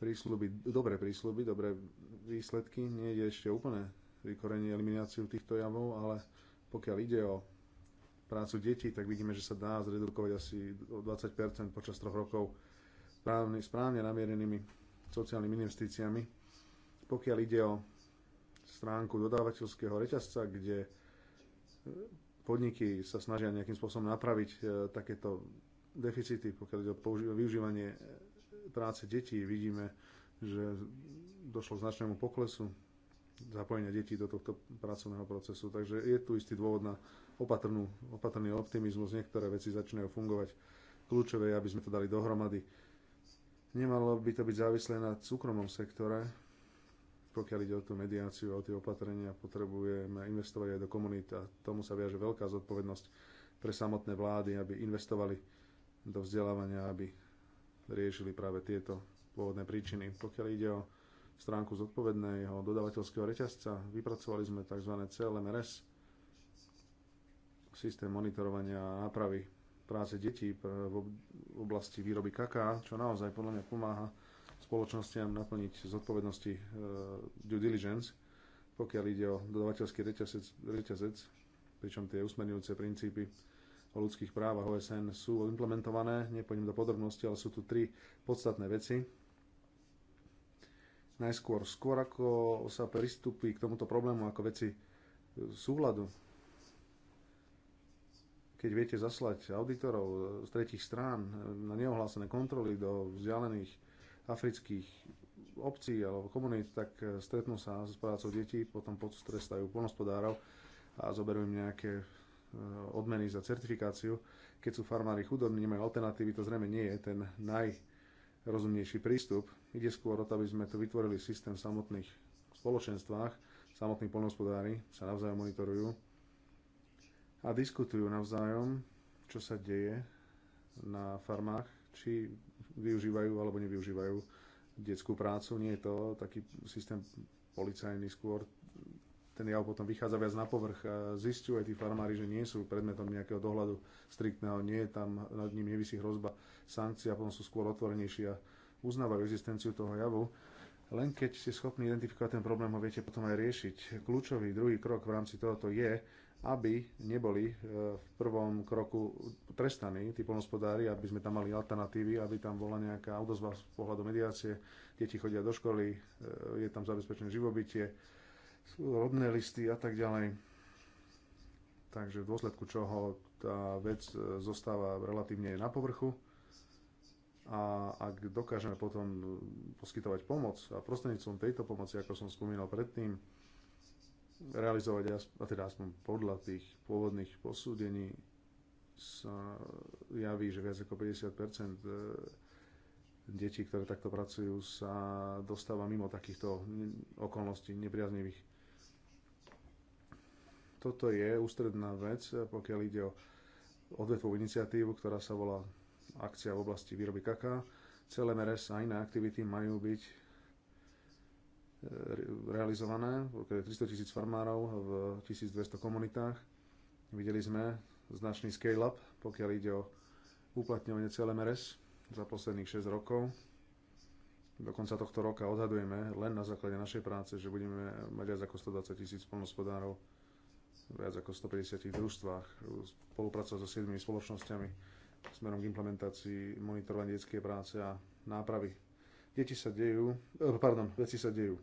prísľuby, dobré prísľuby, dobré výsledky. Nie ide ešte úplne vykorenie, elimináciu týchto javov, ale pokiaľ ide o prácu detí, tak vidíme, že sa dá zredukovať asi o 20% počas troch rokov správne, správne namierenými sociálnymi investíciami. Pokiaľ ide o stránku dodávateľského reťazca, kde e, podniky sa snažia nejakým spôsobom napraviť e, takéto deficity, pokiaľ ide o využívanie e, práce detí, vidíme, že došlo k značnému poklesu zapojenia detí do tohto pracovného procesu. Takže je tu istý dôvod na opatrnú, opatrný optimizmus. Niektoré veci začínajú fungovať. Kľúčové je, aby sme to dali dohromady Nemalo by to byť závislé na súkromnom sektore, pokiaľ ide o tú mediáciu, o tie opatrenia, potrebujeme investovať aj do komunít a tomu sa viaže veľká zodpovednosť pre samotné vlády, aby investovali do vzdelávania, aby riešili práve tieto pôvodné príčiny. Pokiaľ ide o stránku zodpovedného dodavateľského reťazca, vypracovali sme tzv. CLMRS, systém monitorovania a nápravy práce detí v oblasti výroby kaká, čo naozaj podľa mňa pomáha spoločnostiam naplniť zodpovednosti e, due diligence, pokiaľ ide o dodavateľský reťazec, reťazec pričom tie usmerňujúce princípy o ľudských právach OSN sú implementované, nepoďme do podrobnosti, ale sú tu tri podstatné veci. Najskôr, skôr ako sa pristúpi k tomuto problému ako veci súhľadu keď viete zaslať auditorov e, z tretich strán e, na neohlásené kontroly do vzdialených afrických obcí alebo komunít, tak e, stretnú sa s prácou detí, potom podstrestajú polnospodárov a zoberú im nejaké odmeny za certifikáciu. Keď sú farmári chudobní, nemajú alternatívy, to zrejme nie je ten najrozumnejší prístup. Ide skôr o to, aby sme tu vytvorili systém v samotných spoločenstvách, samotní polnospodári sa navzájom monitorujú, a diskutujú navzájom, čo sa deje na farmách, či využívajú alebo nevyužívajú detskú prácu. Nie je to taký systém policajný skôr. Ten jav potom vychádza viac na povrch. a Zistiu aj tí farmári, že nie sú predmetom nejakého dohľadu striktného, nie je tam, nad ním nevisí hrozba sankcia, potom sú skôr otvorenejší a uznávajú existenciu toho javu. Len keď ste schopní identifikovať ten problém, ho viete potom aj riešiť. Kľúčový druhý krok v rámci tohoto je, aby neboli e, v prvom kroku trestaní tí polnospodári, aby sme tam mali alternatívy, aby tam bola nejaká odozva z pohľadu mediácie, deti chodia do školy, e, je tam zabezpečené živobytie, rodné listy a tak ďalej. Takže v dôsledku čoho tá vec e, zostáva relatívne na povrchu a ak dokážeme potom poskytovať pomoc a prostredníctvom tejto pomoci, ako som spomínal predtým, realizovať, a teda aspoň podľa tých pôvodných posúdení sa javí, že viac ako 50 e, detí, ktoré takto pracujú, sa dostáva mimo takýchto okolností nepriaznivých. Toto je ústredná vec, e, pokiaľ ide o odvetvovú iniciatívu, ktorá sa volá akcia v oblasti výroby kaká. Celé MRS a iné aktivity majú byť realizované, okolo 300 tisíc farmárov v 1200 komunitách. Videli sme značný scale-up, pokiaľ ide o uplatňovanie CLMRS za posledných 6 rokov. Do konca tohto roka odhadujeme len na základe našej práce, že budeme mať viac ako 120 tisíc polnospodárov v viac ako 150 družstvách. Spolupracovať so 7 spoločnosťami smerom k implementácii monitorovania detskej práce a nápravy deti sa dejú, eh, pardon, veci sa dejú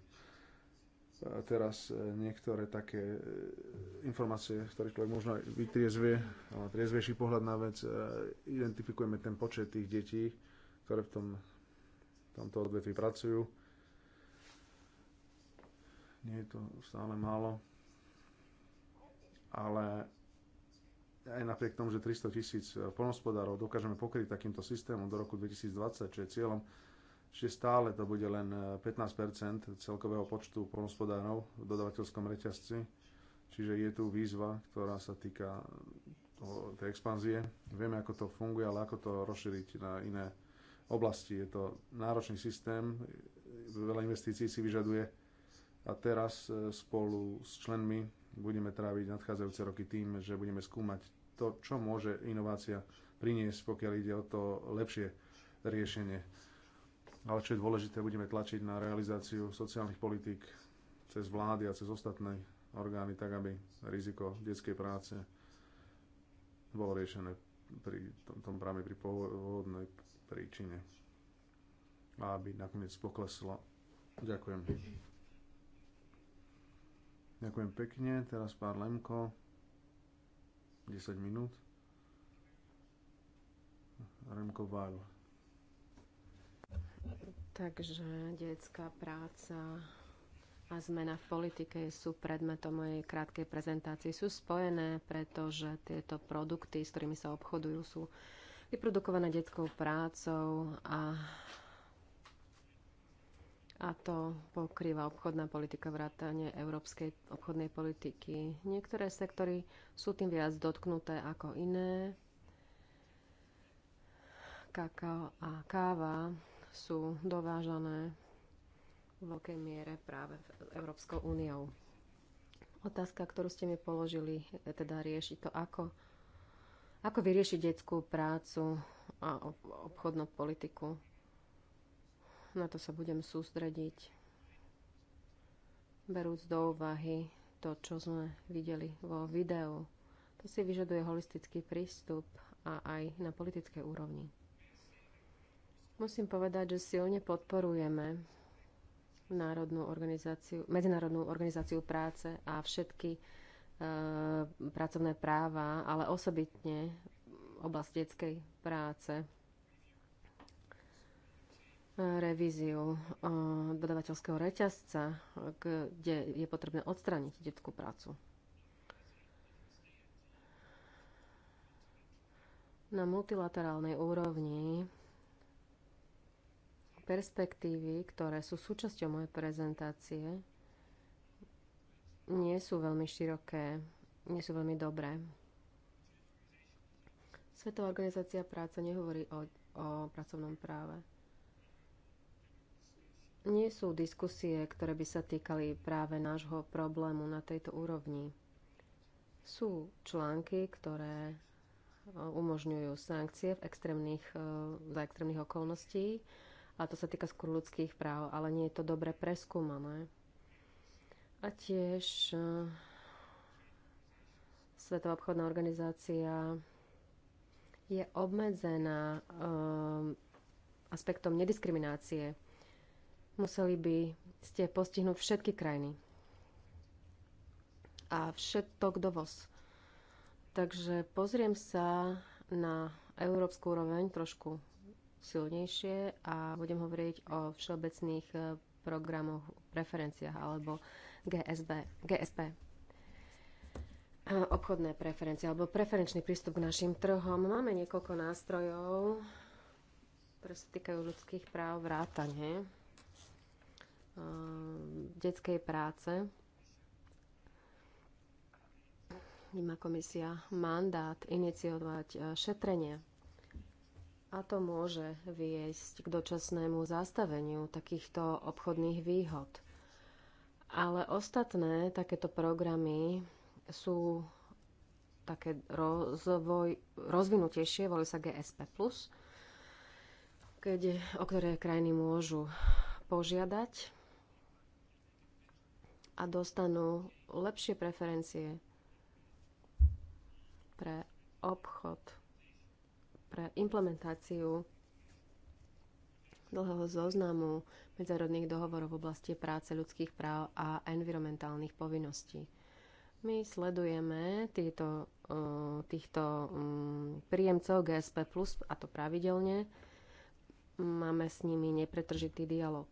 teraz e, niektoré také e, informácie, z ktorých človek možno vytriezvie, ale triezvejší pohľad na vec, e, identifikujeme ten počet tých detí, ktoré v tom, tomto odvetvi pracujú. Nie je to stále málo, ale aj napriek tomu, že 300 tisíc polnospodárov dokážeme pokryť takýmto systémom do roku 2020, čo je cieľom Čiže stále to bude len 15 eh, celkového počtu polnospodárov v dodavateľskom reťazci. Čiže je tu výzva, ktorá sa týka eh, tej expanzie. Vieme, ako to funguje, ale ako to rozšíriť na iné oblasti. Je to náročný systém, eh, veľa investícií si vyžaduje a teraz spolu s členmi budeme tráviť nadchádzajúce roky tým, že budeme skúmať to, čo môže inovácia priniesť, pokiaľ ide o to lepšie riešenie ale čo je dôležité, budeme tlačiť na realizáciu sociálnych politík cez vlády a cez ostatné orgány, tak aby riziko detskej práce bolo riešené pri tom, tom práve pri pôvodnej príčine. A aby nakoniec pokleslo. Ďakujem. Ďakujem pekne. Teraz pár Lemko. 10 minút. Remko Vajl. Takže detská práca a zmena v politike sú predmetom mojej krátkej prezentácie. Sú spojené, pretože tieto produkty, s ktorými sa obchodujú, sú vyprodukované detskou prácou a a to pokrýva obchodná politika vrátane európskej obchodnej politiky. Niektoré sektory sú tým viac dotknuté ako iné. Kakao a káva sú dovážané v veľkej miere práve Európskou úniou. Otázka, ktorú ste mi položili, teda rieši to, ako, ako vyriešiť detskú prácu a obchodnú politiku. Na to sa budem sústrediť, berúc do úvahy to, čo sme videli vo videu. To si vyžaduje holistický prístup a aj na politickej úrovni. Musím povedať, že silne podporujeme Národnú organizáciu, Medzinárodnú organizáciu práce a všetky e, pracovné práva, ale osobitne oblasť detskej práce, revíziu e, dodavateľského reťazca, kde je potrebné odstrániť detskú prácu. Na multilaterálnej úrovni Perspektívy, ktoré sú súčasťou mojej prezentácie, nie sú veľmi široké, nie sú veľmi dobré. Svetová organizácia práce nehovorí o, o pracovnom práve. Nie sú diskusie, ktoré by sa týkali práve nášho problému na tejto úrovni. Sú články, ktoré e, umožňujú sankcie v extrémnych, e, za extrémnych okolností, a to sa týka skôr ľudských práv, ale nie je to dobre preskúmané. A tiež e, Svetová obchodná organizácia je obmedzená um, aspektom nediskriminácie. Museli by ste postihnúť všetky krajiny a všetok dovoz. Takže pozriem sa na európsku úroveň trošku silnejšie a budem hovoriť o všeobecných eh, programoch, preferenciách alebo GSB, GSP. Eh, obchodné preferencie alebo preferenčný prístup k našim trhom. Máme niekoľko nástrojov, ktoré sa týkajú ľudských práv, vrátane eh, detskej práce. Má komisia mandát iniciovať šetrenie a to môže viesť k dočasnému zastaveniu takýchto obchodných výhod. Ale ostatné takéto programy sú také rozvoj, rozvinutejšie, volí sa GSP+, keď, o ktoré krajiny môžu požiadať a dostanú lepšie preferencie pre obchod pre implementáciu dlhého zoznamu medzárodných dohovorov v oblasti práce ľudských práv a environmentálnych povinností. My sledujeme týto, týchto mm, príjemcov GSP+, a to pravidelne. Máme s nimi nepretržitý dialog.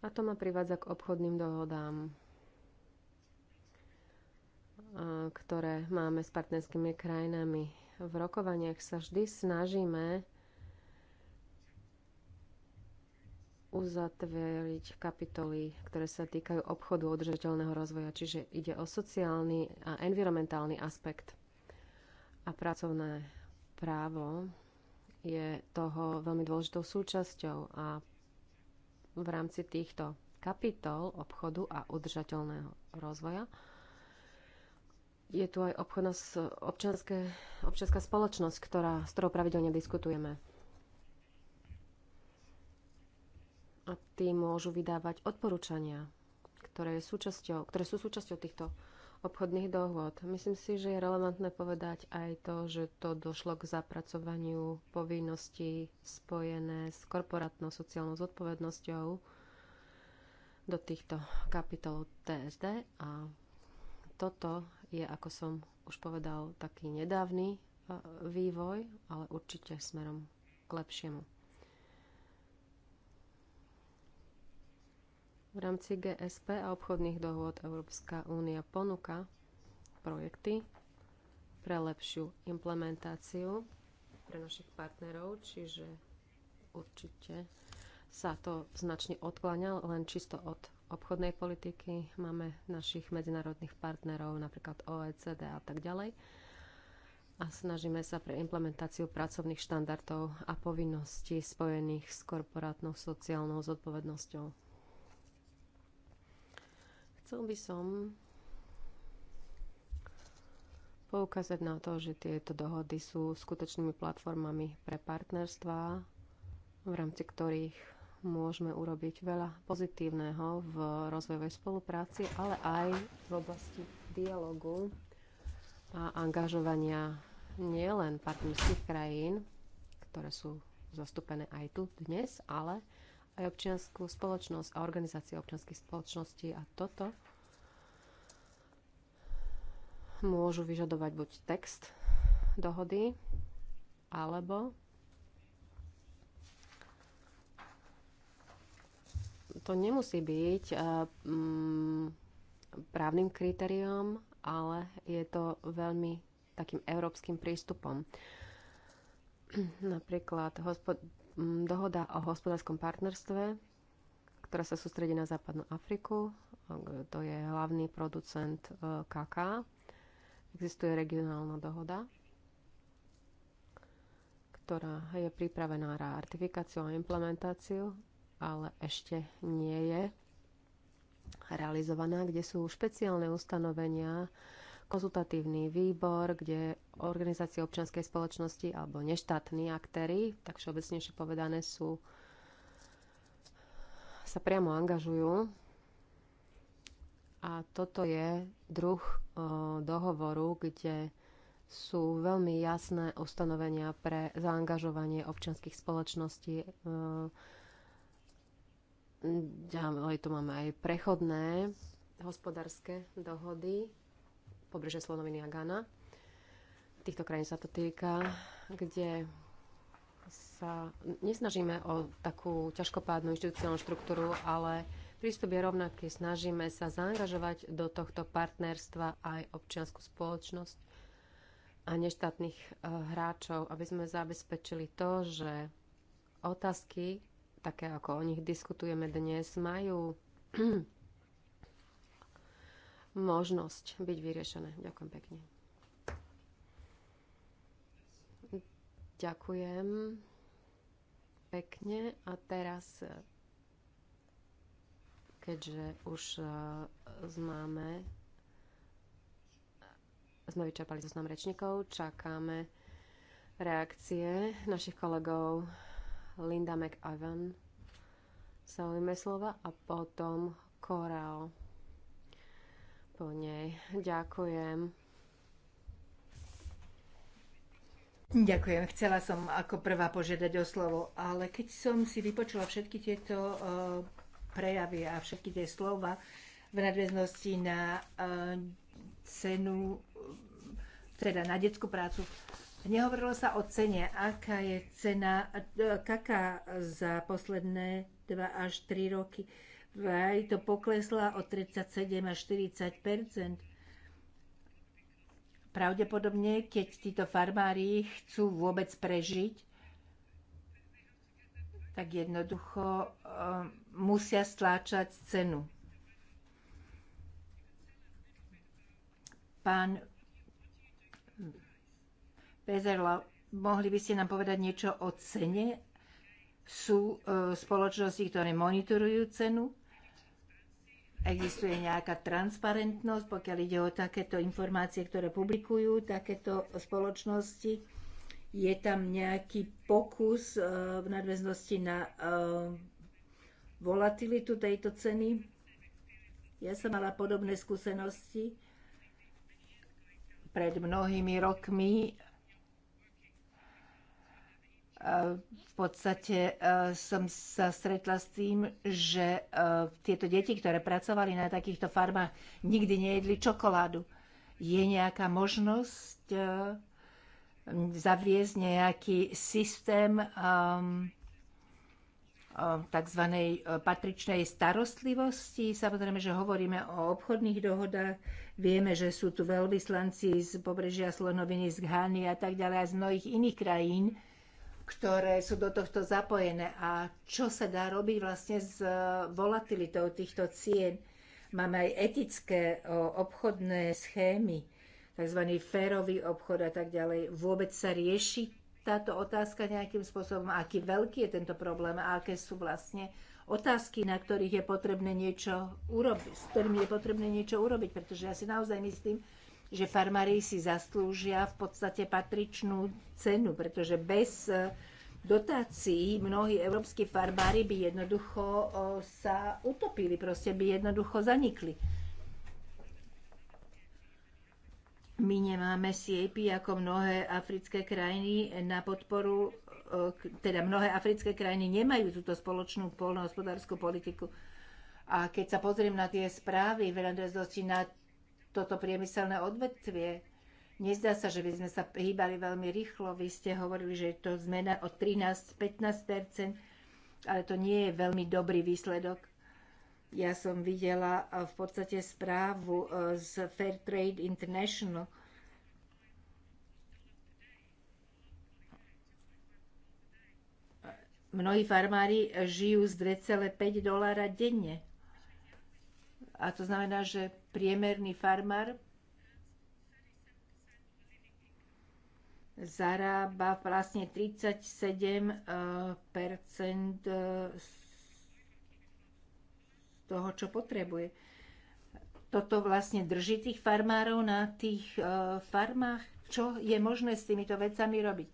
A to ma privádza k obchodným dohodám ktoré máme s partnerskými krajinami. V rokovaniach sa vždy snažíme uzatvoriť kapitoly, ktoré sa týkajú obchodu udržateľného rozvoja, čiže ide o sociálny a environmentálny aspekt. A pracovné právo je toho veľmi dôležitou súčasťou a v rámci týchto kapitol obchodu a udržateľného rozvoja je tu aj obchodná občianská spoločnosť, ktorá, s ktorou pravidelne diskutujeme. A tí môžu vydávať odporúčania, ktoré, je súčasťou, ktoré sú súčasťou týchto obchodných dohôd. Myslím si, že je relevantné povedať aj to, že to došlo k zapracovaniu povinností spojené s korporátnou sociálnou zodpovednosťou do týchto kapitol TSD a toto je, ako som už povedal, taký nedávny e, vývoj, ale určite smerom k lepšiemu. V rámci GSP a obchodných dohôd Európska únia ponúka projekty pre lepšiu implementáciu pre našich partnerov, čiže určite sa to značne odkláňa len čisto od obchodnej politiky, máme našich medzinárodných partnerov, napríklad OECD a tak ďalej. A snažíme sa pre implementáciu pracovných štandardov a povinností spojených s korporátnou sociálnou zodpovednosťou. Chcel by som poukázať na to, že tieto dohody sú skutočnými platformami pre partnerstvá, v rámci ktorých môžeme urobiť veľa pozitívneho v rozvojovej spolupráci, ale aj v oblasti dialogu a angažovania nielen partnerských krajín, ktoré sú zastúpené aj tu dnes, ale aj občianskú spoločnosť a organizácie občianských spoločností a toto môžu vyžadovať buď text dohody, alebo to nemusí byť um, právnym kritériom, ale je to veľmi takým európskym prístupom. Napríklad hospod- mm, dohoda o hospodárskom partnerstve, ktorá sa sústredí na západnú Afriku, eh, to je hlavný producent eh, KK, Existuje regionálna dohoda, ktorá je pripravená na ratifikáciu a implementáciu ale ešte nie je realizovaná, kde sú špeciálne ustanovenia, konzultatívny výbor, kde organizácie občianskej spoločnosti alebo neštátni aktéry, tak všeobecnejšie povedané, sú sa priamo angažujú. A toto je druh o, e, dohovoru, kde sú veľmi jasné ustanovenia pre zaangažovanie občianských spoločností. O, e, Ďalej tu máme aj prechodné hospodárske dohody pobrežia Slonoviny a Ghana. Týchto krajín sa to týka, kde sa nesnažíme o takú ťažkopádnu inštitucionálnu štruktúru, ale prístup je rovnaký. Snažíme sa zaangažovať do tohto partnerstva aj občianskú spoločnosť a neštátnych eh, hráčov, aby sme zabezpečili to, že otázky také ako o nich diskutujeme dnes, majú možnosť byť vyriešené. Ďakujem pekne. Ďakujem pekne a teraz keďže už e, známe sme vyčerpali zoznam rečníkov, čakáme reakcie našich kolegov Linda McAvan sa ujme slova a potom Korál po nej. Ďakujem. Ďakujem. Chcela som ako prvá požiadať o slovo, ale keď som si vypočula všetky tieto e, prejavy a všetky tie slova v nadväznosti na e, cenu, e, teda na detskú prácu, Nehovorilo sa o cene. Aká je cena kaká za posledné 2 až 3 roky? Vraj to poklesla o 37 až 40 Pravdepodobne, keď títo farmári chcú vôbec prežiť, tak jednoducho eh, musia stláčať cenu. Pán Pezerla, mohli by ste nám povedať niečo o cene? Sú e, spoločnosti, ktoré monitorujú cenu? Existuje nejaká transparentnosť, pokiaľ ide o takéto informácie, ktoré publikujú takéto spoločnosti? Je tam nejaký pokus e, v nadväznosti na e, volatilitu tejto ceny? Ja som mala podobné skúsenosti pred mnohými rokmi v podstate e, som sa stretla s tým, že e, tieto deti, ktoré pracovali na takýchto farmách, nikdy nejedli čokoládu. Je nejaká možnosť e, zaviesť nejaký systém tzv. patričnej starostlivosti. Samozrejme, že hovoríme o obchodných dohodách, vieme, že sú tu veľvyslanci z pobrežia Slonoviny, z Ghány a tak ďalej a z mnohých iných krajín, ktoré sú do tohto zapojené a čo sa dá robiť vlastne s eh, volatilitou týchto cien. Máme aj etické eh, obchodné schémy, tzv. férový obchod a tak ďalej. Vôbec sa rieši táto otázka nejakým spôsobom, aký veľký je tento problém a aké sú vlastne otázky, na ktorých je potrebné niečo urobiť, s ktorými je potrebné niečo urobiť, pretože ja si naozaj myslím, že farmári si zaslúžia v podstate patričnú cenu, pretože bez e, dotácií mnohí európsky farmári by jednoducho sa utopili, proste by jednoducho zanikli. My nemáme siepy ako mnohé africké krajiny e, na podporu, e, teda mnohé africké krajiny nemajú túto spoločnú polnohospodárskú politiku. A keď sa pozriem na tie správy veľadosti na toto priemyselné odvetvie. Nezdá sa, že by sme sa hýbali veľmi rýchlo. Vy ste hovorili, že je to zmena o 13-15 ale to nie je veľmi dobrý výsledok. Ja som videla e, v podstate správu e, z Fair Trade International, Mnohí farmári žijú z 2,5 dolára denne. A to znamená, že priemerný farmár zarába vlastne 37 eh, eh, z toho, čo potrebuje. Toto vlastne drží tých farmárov na tých eh, farmách. Čo je možné s týmito vecami robiť?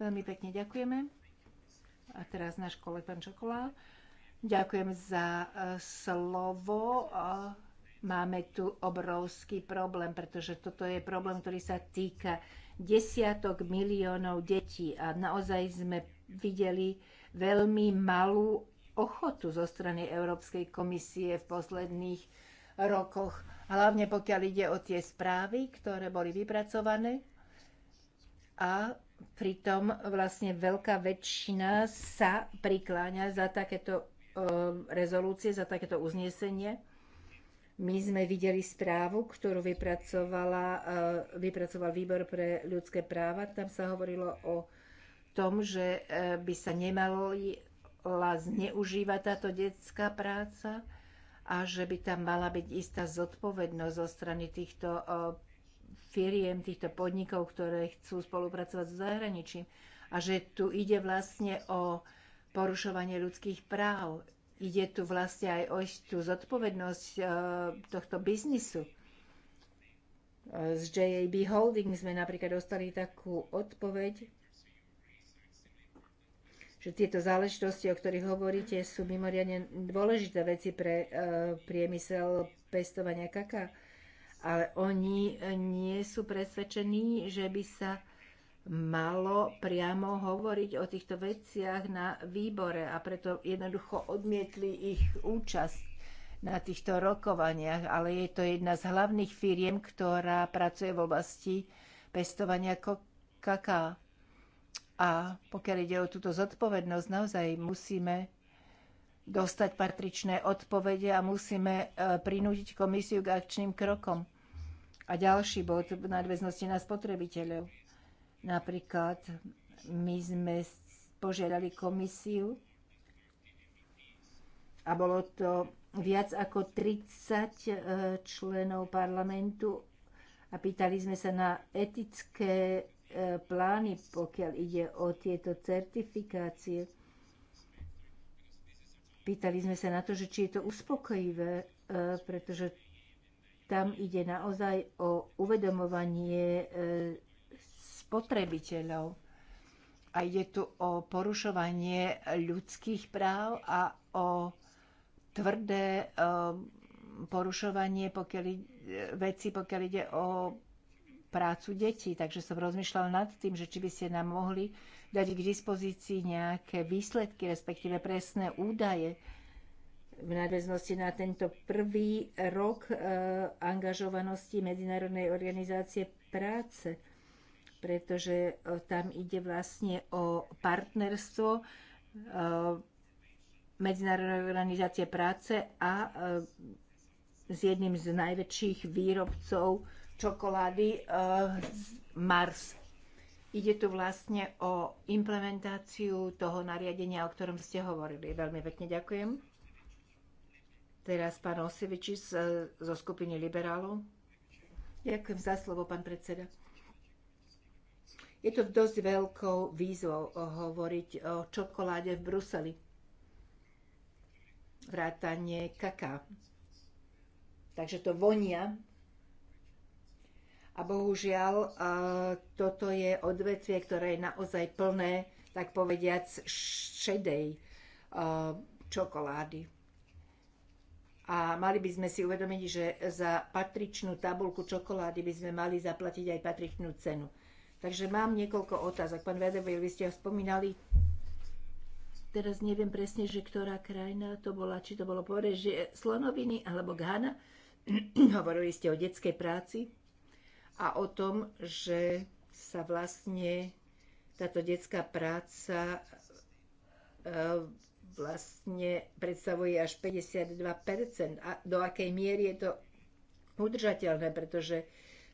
Veľmi pekne ďakujeme. A teraz náš kolega pán Čokolá. Ďakujem za slovo. Máme tu obrovský problém, pretože toto je problém, ktorý sa týka desiatok miliónov detí a naozaj sme videli veľmi malú ochotu zo strany Európskej komisie v posledných rokoch, hlavne pokiaľ ide o tie správy, ktoré boli vypracované a pritom vlastne veľká väčšina sa prikláňa za takéto eh, rezolúcie, za takéto uznesenie. My sme videli správu, ktorú vypracovala, eh, vypracoval Výbor pre ľudské práva. Tam sa hovorilo o tom, že eh, by sa nemala zneužívať táto detská práca a že by tam mala byť istá zodpovednosť zo strany týchto eh, firiem, týchto podnikov, ktoré chcú spolupracovať s zahraničím. A že tu ide vlastne o porušovanie ľudských práv. Ide tu vlastne aj o tú zodpovednosť e, tohto biznisu. E, z JAB Holding sme napríklad dostali takú odpoveď, že tieto záležitosti, o ktorých hovoríte, sú mimoriadne dôležité veci pre e, priemysel pestovania kaká ale oni nie sú presvedčení, že by sa malo priamo hovoriť o týchto veciach na výbore a preto jednoducho odmietli ich účasť na týchto rokovaniach, ale je to jedna z hlavných firiem, ktorá pracuje v oblasti pestovania kaká. A pokiaľ ide o túto zodpovednosť, naozaj musíme dostať patričné odpovede a musíme e, prinútiť komisiu k akčným krokom. A ďalší bod v nadväznosti na spotrebiteľov Napríklad my sme požiadali komisiu a bolo to viac ako 30 e, členov parlamentu a pýtali sme sa na etické e, plány, pokiaľ ide o tieto certifikácie. Pýtali sme sa na to, že či je to uspokojivé, e, pretože tam ide naozaj o uvedomovanie spotrebiteľov. A ide tu o porušovanie ľudských práv a o tvrdé um, porušovanie pokiaľ, veci, pokiaľ ide o prácu detí. Takže som rozmýšľala nad tým, že či by ste nám mohli dať k dispozícii nejaké výsledky, respektíve presné údaje v nadväznosti na tento prvý rok e, angažovanosti Medzinárodnej organizácie práce pretože e, tam ide vlastne o partnerstvo e, Medzinárodnej organizácie práce a e, s jedným z najväčších výrobcov čokolády Mars. Ide tu vlastne o implementáciu toho nariadenia, o ktorom ste hovorili. Veľmi pekne ďakujem. Teraz pán Osevičis zo skupiny liberálov. Ďakujem za slovo, pán predseda. Je to dosť veľkou výzvou eh, hovoriť o čokoláde v Bruseli. Vrátanie kaká. Takže to vonia. A bohužiaľ, eh, toto je odvetvie, ktoré je naozaj plné, tak povediac, šedej eh, čokolády. A mali by sme si uvedomiť, že za patričnú tabulku čokolády by sme mali zaplatiť aj patričnú cenu. Takže mám niekoľko otázok. Pán Vedevej, vy ste ho spomínali, teraz neviem presne, že ktorá krajina to bola, či to bolo Porežie, Slonoviny alebo Ghana. Hovorili ste o detskej práci a o tom, že sa vlastne táto detská práca e, vlastne predstavuje až 52%. A do akej miery je to udržateľné, pretože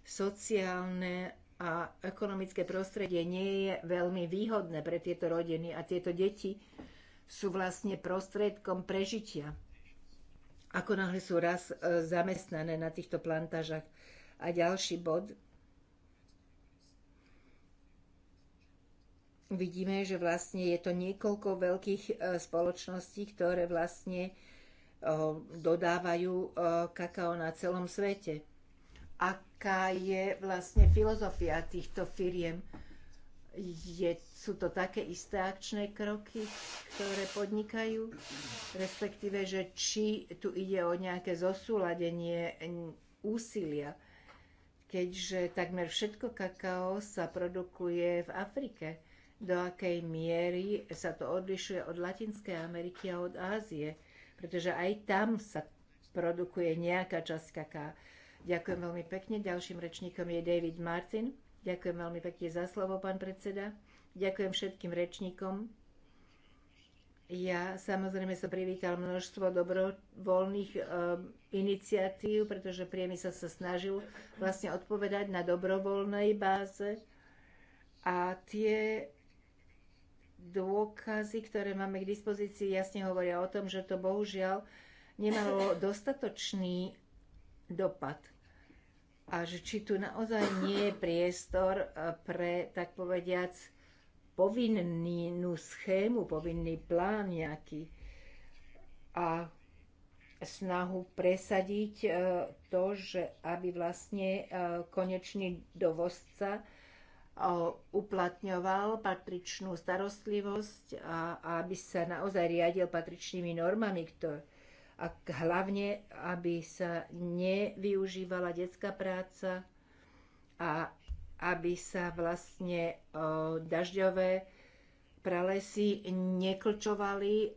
sociálne a ekonomické prostredie nie je veľmi výhodné pre tieto rodiny a tieto deti sú vlastne prostriedkom prežitia. Ako náhle sú raz e, zamestnané na týchto plantážach. A ďalší bod. Vidíme, že vlastne je to niekoľko veľkých e, spoločností, ktoré vlastne e, dodávajú kakao na celom svete aká je vlastne filozofia týchto firiem. Je, sú to také isté akčné kroky, ktoré podnikajú, respektíve, že či tu ide o nejaké zosúladenie úsilia, keďže takmer všetko kakao sa produkuje v Afrike. Do akej miery sa to odlišuje od Latinskej Ameriky a od Ázie, pretože aj tam sa produkuje nejaká časť kaká Ďakujem veľmi pekne. Ďalším rečníkom je David Martin. Ďakujem veľmi pekne za slovo, pán predseda. Ďakujem všetkým rečníkom. Ja samozrejme som privítal množstvo dobrovoľných e, iniciatív, pretože priemysel sa snažil vlastne odpovedať na dobrovoľnej báze. A tie dôkazy, ktoré máme k dispozícii, jasne hovoria o tom, že to bohužiaľ nemalo dostatočný dopad a že či tu naozaj nie je priestor e, pre, tak povediac, povinnú schému, povinný plán nejaký a snahu presadiť e, to, že aby vlastne e, konečný dovozca uplatňoval patričnú starostlivosť a aby sa naozaj riadil patričnými normami, ktoré a hlavne, aby sa nevyužívala detská práca a aby sa vlastne dažďové pralesy neklčovali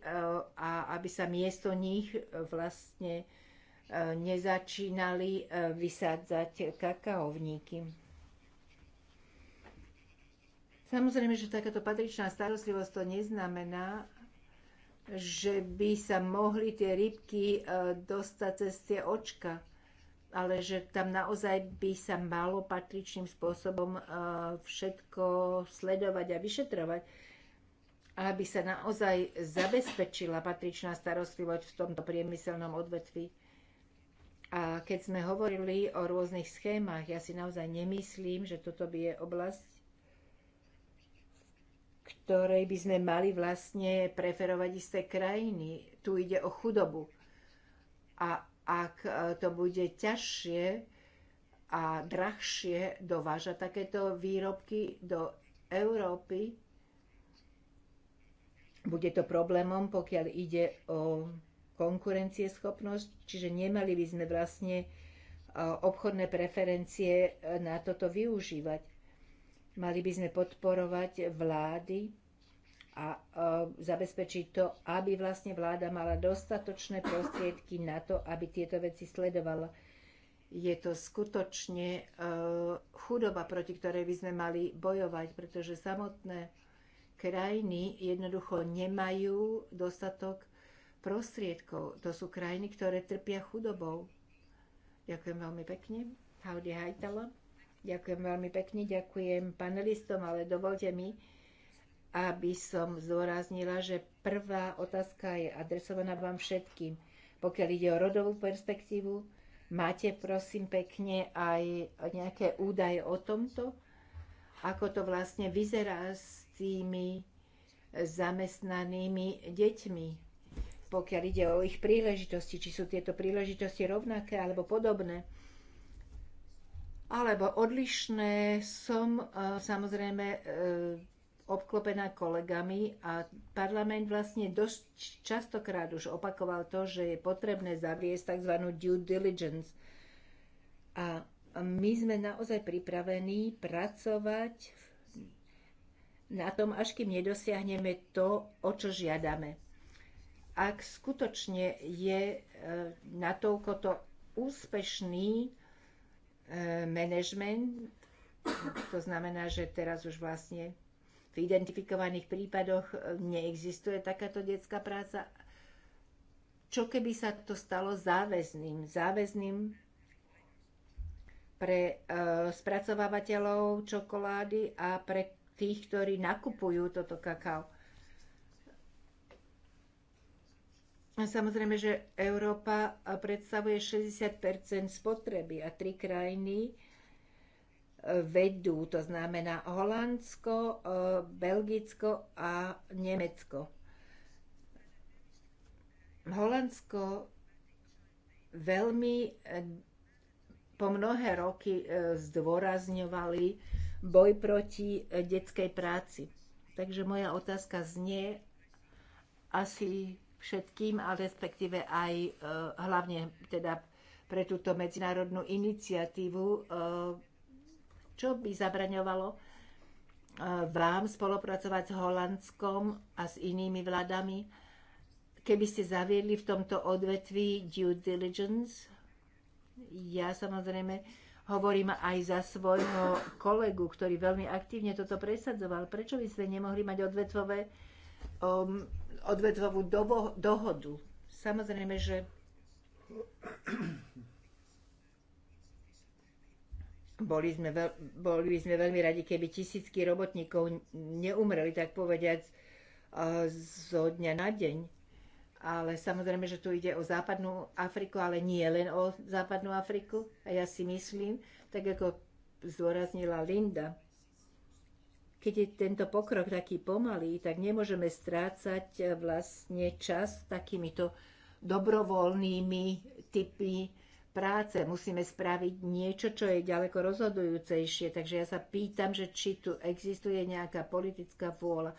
a aby sa miesto nich vlastne nezačínali vysádzať kakaovníky. Samozrejme, že takáto patričná starostlivosť to neznamená, že by sa mohli tie rybky e, dostať cez tie očka, ale že tam naozaj by sa malo patričným spôsobom e, všetko sledovať a vyšetrovať, aby sa naozaj zabezpečila patričná starostlivosť v tomto priemyselnom odvetví. A keď sme hovorili o rôznych schémach, ja si naozaj nemyslím, že toto by je oblasť, ktorej by sme mali vlastne preferovať isté krajiny. Tu ide o chudobu. A ak e, to bude ťažšie a drahšie dovážať takéto výrobky do Európy, bude to problémom, pokiaľ ide o konkurencieschopnosť, čiže nemali by sme vlastne e, obchodné preferencie e, na toto využívať. Mali by sme podporovať vlády a e, zabezpečiť to, aby vlastne vláda mala dostatočné prostriedky na to, aby tieto veci sledovala. Je to skutočne e, chudoba, proti ktorej by sme mali bojovať, pretože samotné krajiny jednoducho nemajú dostatok prostriedkov. To sú krajiny, ktoré trpia chudobou. Ďakujem veľmi pekne. Haudi Hajtala. Ďakujem veľmi pekne, ďakujem panelistom, ale dovolte mi, aby som zdôraznila, že prvá otázka je adresovaná vám všetkým. Pokiaľ ide o rodovú perspektívu, máte prosím pekne aj nejaké údaje o tomto, ako to vlastne vyzerá s tými zamestnanými deťmi, pokiaľ ide o ich príležitosti, či sú tieto príležitosti rovnaké alebo podobné alebo odlišné. Som e, samozrejme e, obklopená kolegami a parlament vlastne dosť častokrát už opakoval to, že je potrebné zaviesť tzv. due diligence. A my sme naozaj pripravení pracovať na tom, až kým nedosiahneme to, o čo žiadame. Ak skutočne je e, natoľko to úspešný, E, management. To znamená, že teraz už vlastne v identifikovaných prípadoch e, neexistuje takáto detská práca. Čo keby sa to stalo záväzným? Záväzným pre e, spracovávateľov čokolády a pre tých, ktorí nakupujú toto kakao. Samozrejme, že Európa predstavuje 60 spotreby a tri krajiny e, vedú, to znamená Holandsko, e, Belgicko a Nemecko. Holandsko veľmi e, po mnohé roky zdôrazňovali boj proti detskej práci. Takže moja otázka znie, asi všetkým, ale respektíve aj e, hlavne teda pre túto medzinárodnú iniciatívu, e, čo by zabraňovalo e, vám spolupracovať s Holandskom a s inými vládami, keby ste zaviedli v tomto odvetví due diligence. Ja samozrejme hovorím aj za svojho kolegu, ktorý veľmi aktívne toto presadzoval. Prečo by ste nemohli mať odvetvové um, odvetvovú dohodu. Samozrejme, že boli sme, veľ, boli sme veľmi radi, keby tisícky robotníkov neumreli, tak povediať, e, zo dňa na deň. Ale samozrejme, že tu ide o západnú Afriku, ale nie len o západnú Afriku. A ja si myslím, tak ako zdôraznila Linda, keď je tento pokrok taký pomalý, tak nemôžeme strácať eh, vlastne čas takýmito dobrovoľnými typy práce. Musíme spraviť niečo, čo je ďaleko rozhodujúcejšie. Takže ja sa pýtam, že či tu existuje nejaká politická vôľa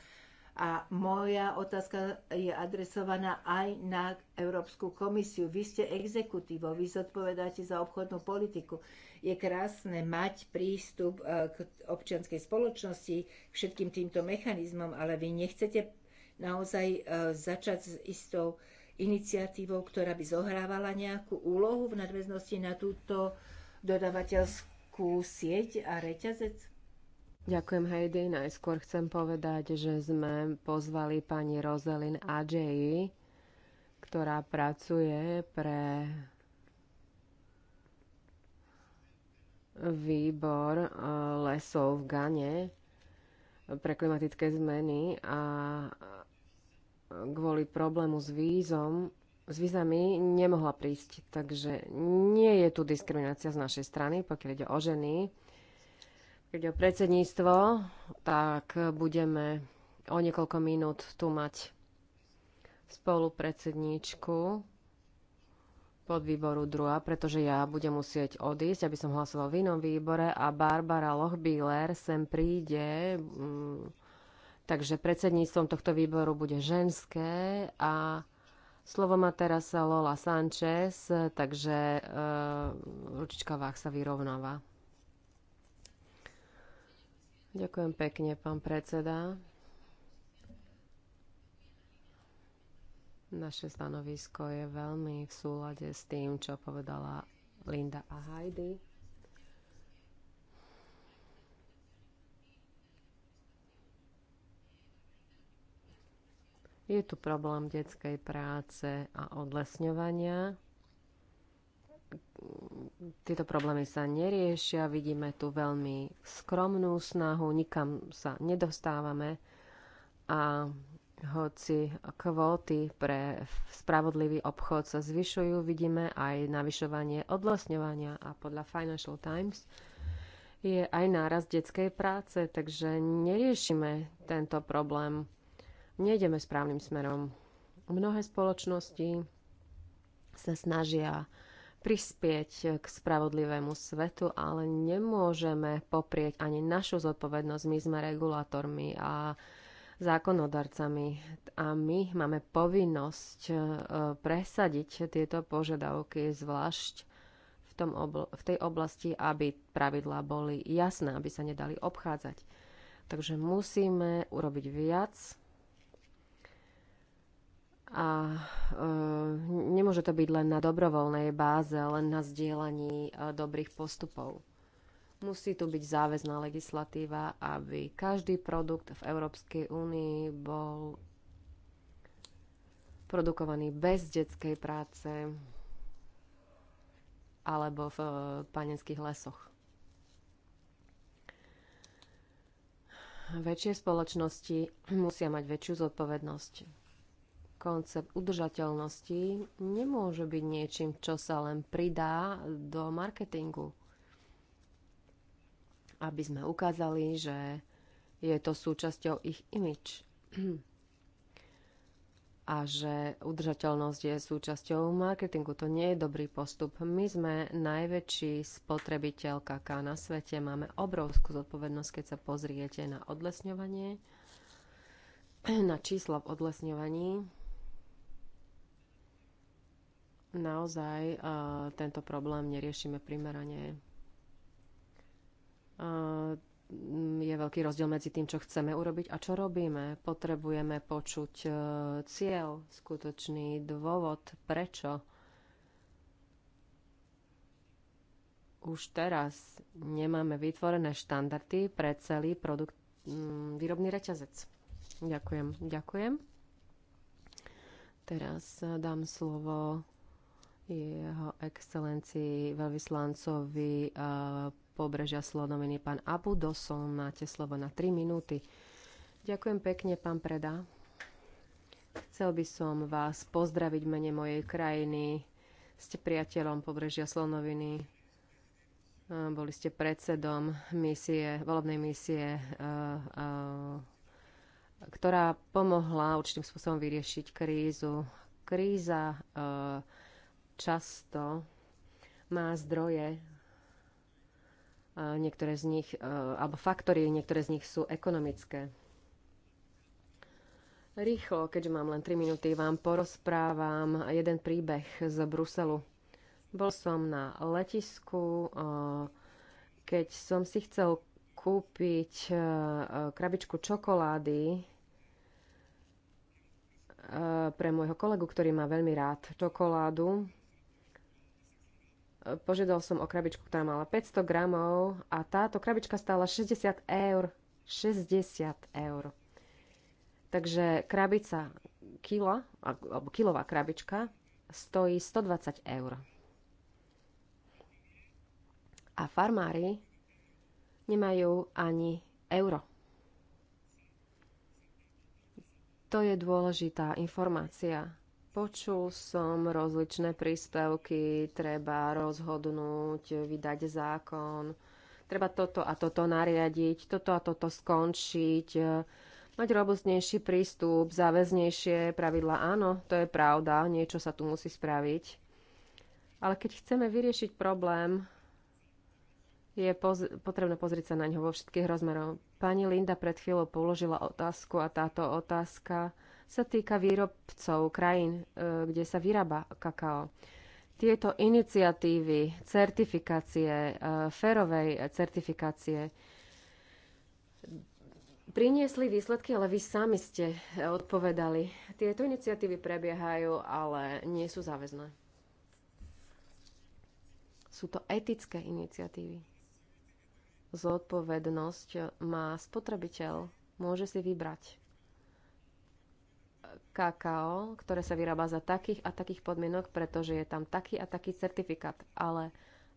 a moja otázka je adresovaná aj na Európsku komisiu. Vy ste exekutívou, vy zodpovedáte za obchodnú politiku. Je krásne mať prístup e, k občianskej spoločnosti, všetkým týmto mechanizmom, ale vy nechcete naozaj e, začať s istou iniciatívou, ktorá by zohrávala nejakú úlohu v nadväznosti na túto dodavateľskú sieť a reťazec? Ďakujem Heidi. Najskôr chcem povedať, že sme pozvali pani Rosalyn Adjei, ktorá pracuje pre výbor eh, lesov v Gane pre klimatické zmeny a eh, kvôli problému s vízom s vízami nemohla prísť, takže nie je tu diskriminácia z našej strany, pokiaľ ide o ženy keď o predsedníctvo, tak budeme o niekoľko minút tu mať spolupredsedníčku pod výboru druhá, pretože ja budem musieť odísť, aby som hlasoval v inom výbore a Barbara Lochbíler sem príde. Mm, takže predsedníctvom tohto výboru bude ženské a slovo má teraz Lola Sanchez, takže e, ručička vách sa vyrovnáva. Ďakujem pekne, pán predseda. Naše stanovisko je veľmi v súlade s tým, čo povedala Linda a Heidi. Je tu problém detskej práce a odlesňovania tieto problémy sa neriešia, vidíme tu veľmi skromnú snahu, nikam sa nedostávame a hoci kvóty pre spravodlivý obchod sa zvyšujú, vidíme aj navyšovanie odlesňovania a podľa Financial Times je aj náraz detskej práce, takže neriešime tento problém. Nejdeme správnym smerom. Mnohé spoločnosti sa snažia prispieť eh, k spravodlivému svetu, ale nemôžeme poprieť ani našu zodpovednosť. My sme regulátormi a zákonodarcami a my máme povinnosť eh, presadiť tieto požiadavky, zvlášť v, tom obl- v tej oblasti, aby pravidlá boli jasné, aby sa nedali obchádzať. Takže musíme urobiť viac a e, nemôže to byť len na dobrovoľnej báze, len na zdieľaní e, dobrých postupov. Musí tu byť záväzná legislatíva, aby každý produkt v Európskej únii bol produkovaný bez detskej práce alebo v e, panenských lesoch. Väčšie spoločnosti musia mať väčšiu zodpovednosť koncept udržateľnosti nemôže byť niečím, čo sa len pridá do marketingu. Aby sme ukázali, že je to súčasťou ich imič. A že udržateľnosť je súčasťou marketingu. To nie je dobrý postup. My sme najväčší spotrebiteľ kaká na svete. Máme obrovskú zodpovednosť, keď sa pozriete na odlesňovanie, na číslo v odlesňovaní naozaj eh, tento problém neriešime primerane. Eh, je veľký rozdiel medzi tým, čo chceme urobiť a čo robíme. Potrebujeme počuť eh, cieľ, skutočný dôvod, prečo už teraz nemáme vytvorené štandardy pre celý produkt, mm, výrobný reťazec. Ďakujem, ďakujem. Teraz dám slovo jeho excelencii veľvyslancovi eh, pobrežia Slonoviny pán Abu Doson. Máte slovo na 3 minúty. Ďakujem pekne, pán Preda. Chcel by som vás pozdraviť mene mojej krajiny. Ste priateľom pobrežia Slonoviny. Eh, boli ste predsedom misie, volebnej misie, eh, ktorá pomohla určitým spôsobom vyriešiť krízu. Kríza často má zdroje, niektoré z nich, e, alebo faktory, niektoré z nich sú ekonomické. Rýchlo, keďže mám len 3 minúty, vám porozprávam jeden príbeh z Bruselu. Bol som na letisku, e, keď som si chcel kúpiť e, krabičku čokolády pre môjho kolegu, ktorý má veľmi rád čokoládu Požiadal som o krabičku, ktorá mala 500 gramov a táto krabička stála 60 eur. 60 eur. Takže krabica kila, alebo kilová krabička stojí 120 eur. A farmári nemajú ani euro. To je dôležitá informácia. Počul som rozličné príspevky, treba rozhodnúť, vydať zákon, treba toto a toto nariadiť, toto a toto skončiť, mať robustnejší prístup, záväznejšie pravidla. Áno, to je pravda, niečo sa tu musí spraviť. Ale keď chceme vyriešiť problém, je poz- potrebné pozrieť sa na ňo vo všetkých rozmeroch. Pani Linda pred chvíľou položila otázku a táto otázka sa týka výrobcov krajín, e, kde sa vyrába kakao. Tieto iniciatívy, certifikácie, e, férovej certifikácie, priniesli výsledky, ale vy sami ste odpovedali. Tieto iniciatívy prebiehajú, ale nie sú záväzné. Sú to etické iniciatívy. Zodpovednosť má spotrebiteľ. Môže si vybrať kakao, ktoré sa vyrába za takých a takých podmienok, pretože je tam taký a taký certifikát. Ale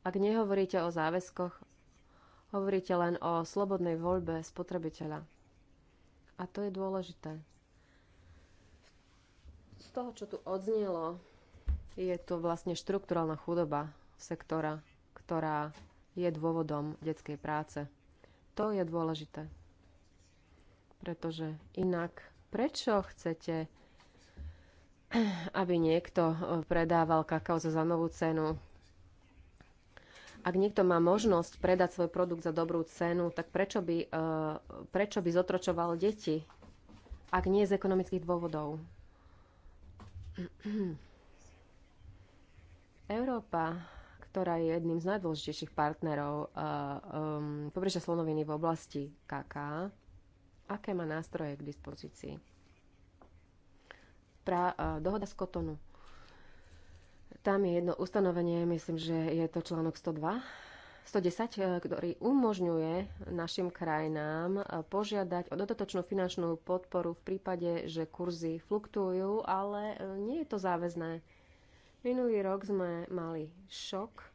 ak nehovoríte o záväzkoch, hovoríte len o slobodnej voľbe spotrebiteľa. A to je dôležité. Z toho, čo tu odznelo, je tu vlastne štruktúralná chudoba sektora, ktorá je dôvodom detskej práce. To je dôležité, pretože inak Prečo chcete, aby niekto eh, predával kakao za novú cenu? Ak niekto má možnosť predať svoj produkt za dobrú cenu, tak prečo by, eh, prečo by zotročoval deti, ak nie z ekonomických dôvodov? Európa, ktorá je jedným z najdôležitejších partnerov uh, um, pobrežia slonoviny v oblasti kaká, aké má nástroje k dispozícii. Pra, dohoda z Kotonu. Tam je jedno ustanovenie, myslím, že je to článok 102, 110, e, ktorý umožňuje našim krajinám e, požiadať o dodatočnú finančnú podporu v prípade, že kurzy fluktujú, ale e, nie je to záväzné. Minulý rok sme mali šok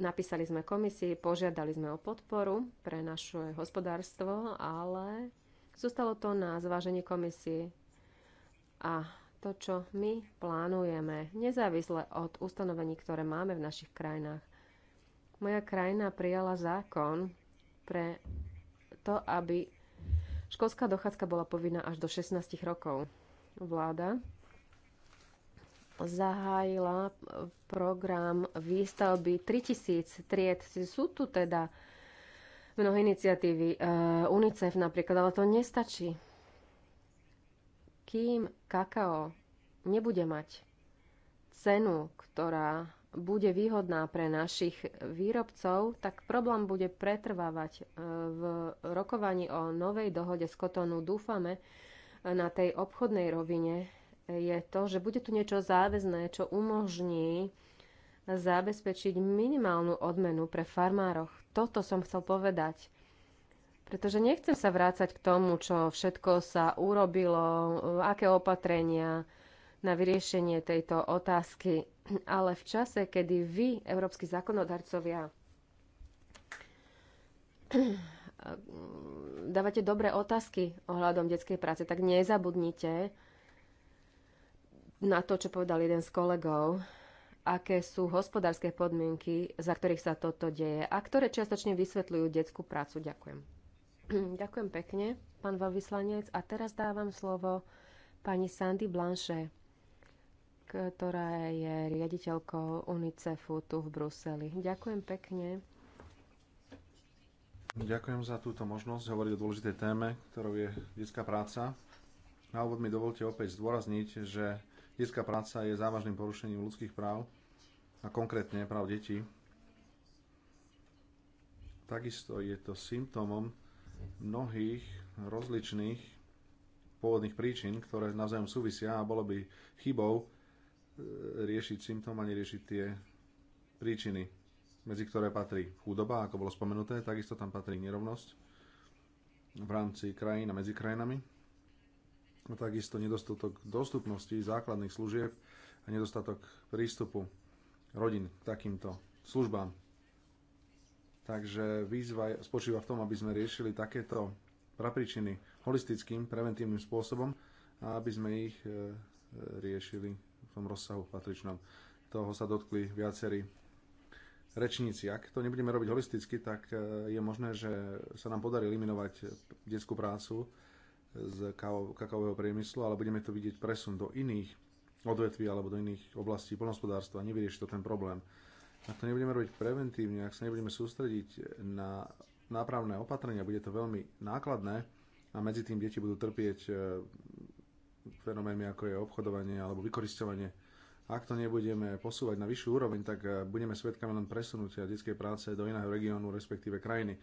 napísali sme komisii, požiadali sme o podporu pre naše hospodárstvo, ale zostalo to na zváženie komisii. A to, čo my plánujeme, nezávisle od ustanovení, ktoré máme v našich krajinách. Moja krajina prijala zákon pre to, aby školská dochádzka bola povinná až do 16 rokov. Vláda zahájila program výstavby 3000 tried. Sú tu teda mnohé iniciatívy, e, UNICEF napríklad, ale to nestačí. Kým kakao nebude mať cenu, ktorá bude výhodná pre našich výrobcov, tak problém bude pretrvávať. E, v rokovaní o novej dohode s Kotonu dúfame e, na tej obchodnej rovine je to, že bude tu niečo záväzné, čo umožní zabezpečiť minimálnu odmenu pre farmároch. Toto som chcel povedať. Pretože nechcem sa vrácať k tomu, čo všetko sa urobilo, aké opatrenia na vyriešenie tejto otázky. Ale v čase, kedy vy, európsky zákonodarcovia, dávate dobré otázky ohľadom detskej práce, tak nezabudnite, na to, čo povedal jeden z kolegov, aké sú hospodárske podmienky, za ktorých sa toto deje a ktoré čiastočne vysvetľujú detskú prácu. Ďakujem. Ďakujem pekne, pán veľvyslanec. A teraz dávam slovo pani Sandy Blanche, ktorá je riaditeľkou UNICEFu tu v Bruseli. Ďakujem pekne. Ďakujem za túto možnosť hovoriť o dôležitej téme, ktorou je detská práca. Na úvod mi dovolte opäť zdôrazniť, že Detská práca je závažným porušením ľudských práv a konkrétne práv detí. Takisto je to symptómom mnohých rozličných pôvodných príčin, ktoré navzájom súvisia a bolo by chybou e, riešiť symptóm a neriešiť tie príčiny, medzi ktoré patrí chudoba, ako bolo spomenuté, takisto tam patrí nerovnosť v rámci krajín a medzi krajinami No takisto nedostatok dostupnosti základných služieb a nedostatok prístupu rodín k takýmto službám. Takže výzva spočíva v tom, aby sme riešili takéto prapričiny holistickým, preventívnym spôsobom a aby sme ich e, e, riešili v tom rozsahu patričnom. Toho sa dotkli viacerí rečníci. Ak to nebudeme robiť holisticky, tak e, je možné, že sa nám podarí eliminovať detskú prácu, z kakaového priemyslu, ale budeme tu vidieť presun do iných odvetví alebo do iných oblastí polnospodárstva. Nevyrieši to ten problém. Ak to nebudeme robiť preventívne, ak sa nebudeme sústrediť na nápravné opatrenia, bude to veľmi nákladné a medzi tým deti budú trpieť e, fenomény ako je obchodovanie alebo vykoristovanie. Ak to nebudeme posúvať na vyššiu úroveň, tak e, budeme svetkami len presunutia detskej práce do iného regiónu, respektíve krajiny.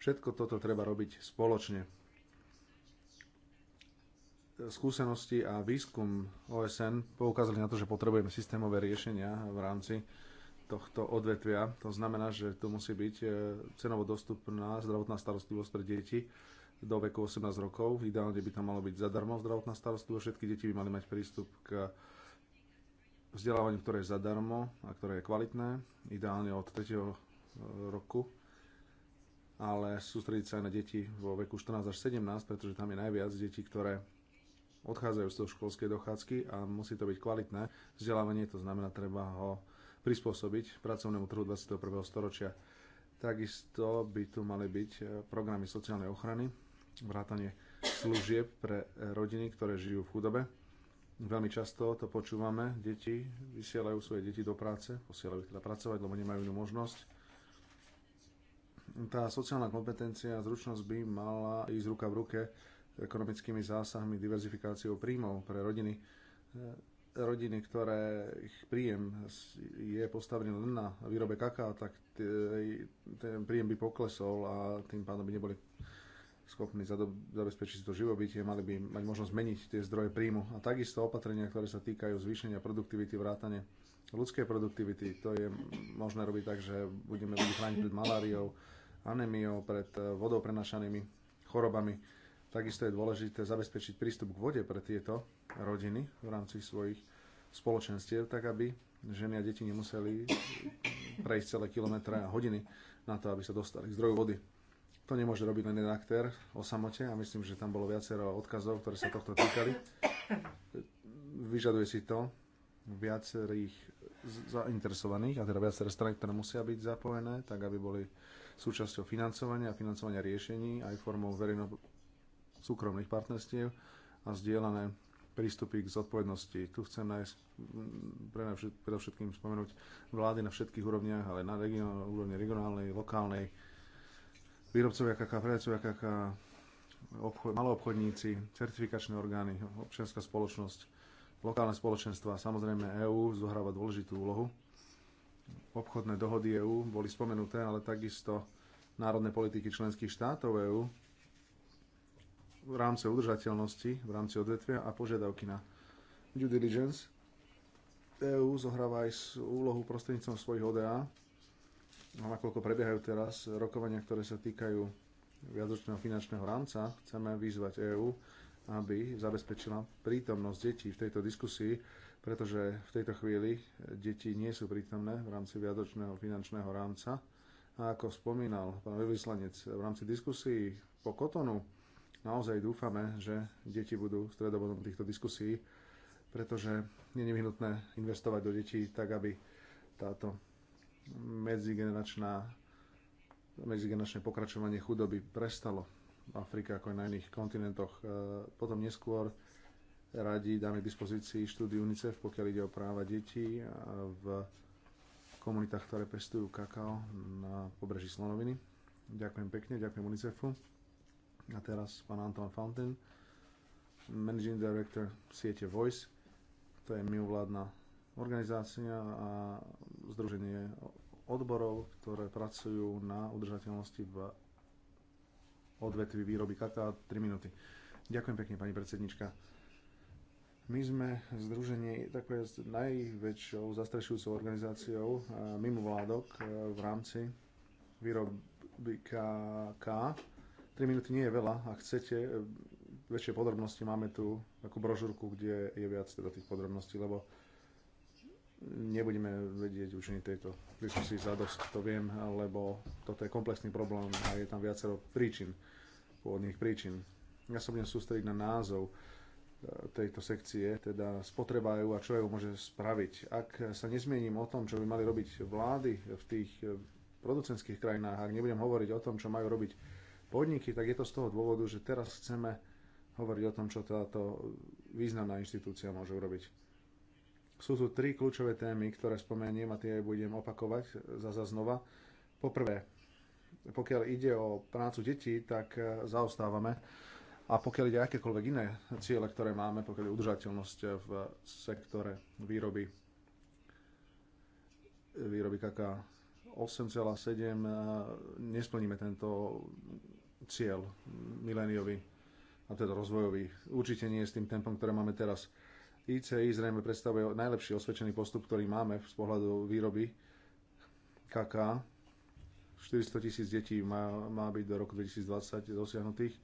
Všetko toto treba robiť spoločne skúsenosti a výskum OSN poukázali na to, že potrebujeme systémové riešenia v rámci tohto odvetvia. To znamená, že tu musí byť e, cenovo dostupná zdravotná starostlivosť pre deti do veku 18 rokov. Ideálne by tam malo byť zadarmo zdravotná starostlivosť. Všetky deti by mali mať prístup k vzdelávaniu, ktoré je zadarmo a ktoré je kvalitné. Ideálne od 3. E, roku ale sústrediť sa aj na deti vo veku 14 až 17, pretože tam je najviac detí, ktoré odchádzajú z toho školskej dochádzky a musí to byť kvalitné vzdelávanie, to znamená, treba ho prispôsobiť pracovnému trhu 21. storočia. Takisto by tu mali byť e, programy sociálnej ochrany, vrátanie služieb pre e, rodiny, ktoré žijú v chudobe. Veľmi často to počúvame, deti vysielajú svoje deti do práce, posielajú ich teda pracovať, lebo nemajú inú možnosť. Tá sociálna kompetencia a zručnosť by mala ísť ruka v ruke ekonomickými zásahmi, diverzifikáciou príjmov pre rodiny. E, rodiny, ktoré ich príjem je postavený len na výrobe kaká, tak e, ten príjem by poklesol a tým pádom by neboli schopní zabezpečiť si to živobytie, mali by mať možnosť meniť tie zdroje príjmu. A takisto opatrenia, ktoré sa týkajú zvýšenia produktivity, vrátane ľudskej produktivity, to je možné robiť tak, že budeme ľudí chrániť pred maláriou, anémiou, pred vodou prenašanými chorobami Takisto je dôležité zabezpečiť prístup k vode pre tieto rodiny v rámci svojich spoločenstiev, tak aby ženy a deti nemuseli prejsť celé kilometre a hodiny na to, aby sa dostali k zdroju vody. To nemôže robiť len jeden aktér o samote a myslím, že tam bolo viacero odkazov, ktoré sa tohto týkali. Vyžaduje si to viacerých zainteresovaných a teda viaceré strany, ktoré musia byť zapojené, tak aby boli súčasťou financovania a financovania riešení aj formou verejno súkromných partnerstiev a zdieľané prístupy k zodpovednosti. Tu chcem nájsť, mm, pre predovšetkým spomenúť vlády na všetkých úrovniach, ale na regionálnej úrovni regionálnej, lokálnej, výrobcovia kaká, predajcovia kaká, obchod, maloobchodníci, certifikačné orgány, občianská spoločnosť, lokálne spoločenstva, samozrejme EÚ zohráva dôležitú úlohu. Obchodné dohody EÚ boli spomenuté, ale takisto národné politiky členských štátov EÚ v rámci udržateľnosti, v rámci odvetvia a požiadavky na due diligence. EU zohráva aj úlohu prostredníctvom svojich ODA, no, nakoľko prebiehajú teraz rokovania, ktoré sa týkajú viacročného finančného rámca, chceme vyzvať EÚ, aby zabezpečila prítomnosť detí v tejto diskusii, pretože v tejto chvíli deti nie sú prítomné v rámci viacročného finančného rámca. A ako spomínal pán vyslanec, v rámci diskusii po Kotonu naozaj dúfame, že deti budú stredobodom týchto diskusí, pretože je nevyhnutné investovať do detí tak, aby táto medzigeneračná, medzigeneračné pokračovanie chudoby prestalo v Afrike ako aj na iných kontinentoch. E, potom neskôr radi dáme k dispozícii štúdiu UNICEF, pokiaľ ide o práva detí e, v komunitách, ktoré pestujú kakao na pobreží Slonoviny. Ďakujem pekne, ďakujem UNICEFu. A teraz pán Anton Fountain, Managing Director siete Voice. To je mimovládna organizácia a združenie odborov, ktoré pracujú na udržateľnosti v odvetvi výroby kaká 3 minúty. Ďakujem pekne, pani predsednička. My sme združenie takové s najväčšou zastrešujúcou organizáciou eh, mimo vládok eh, v rámci výroby KK 3 minúty nie je veľa. Ak chcete e, väčšie podrobnosti, máme tu takú brožúrku, kde je viac teda tých podrobností, lebo nebudeme vedieť už ani tejto diskusii za dosť, to viem, lebo toto je komplexný problém a je tam viacero príčin, pôvodných príčin. Ja sa budem sústrediť na názov e, tejto sekcie, teda spotreba EU a čo EU môže spraviť. Ak sa nezmiením o tom, čo by mali robiť vlády v tých e, producentských krajinách, ak nebudem hovoriť o tom, čo majú robiť podniky, tak je to z toho dôvodu, že teraz chceme hovoriť o tom, čo táto významná inštitúcia môže urobiť. Sú tu tri kľúčové témy, ktoré spomeniem a tie aj budem opakovať za znova. Poprvé, pokiaľ ide o prácu detí, tak e, zaostávame. A pokiaľ ide akékoľvek iné ciele, ktoré máme, pokiaľ je udržateľnosť v sektore výroby, výroby kaká 8,7, e, nesplníme tento cieľ mileniový, a teda rozvojový. Určite nie s tým tempom, ktoré máme teraz. ICI zrejme predstavuje najlepší osvedčený postup, ktorý máme z pohľadu výroby KK. 400 tisíc detí má, má byť do roku 2020 dosiahnutých.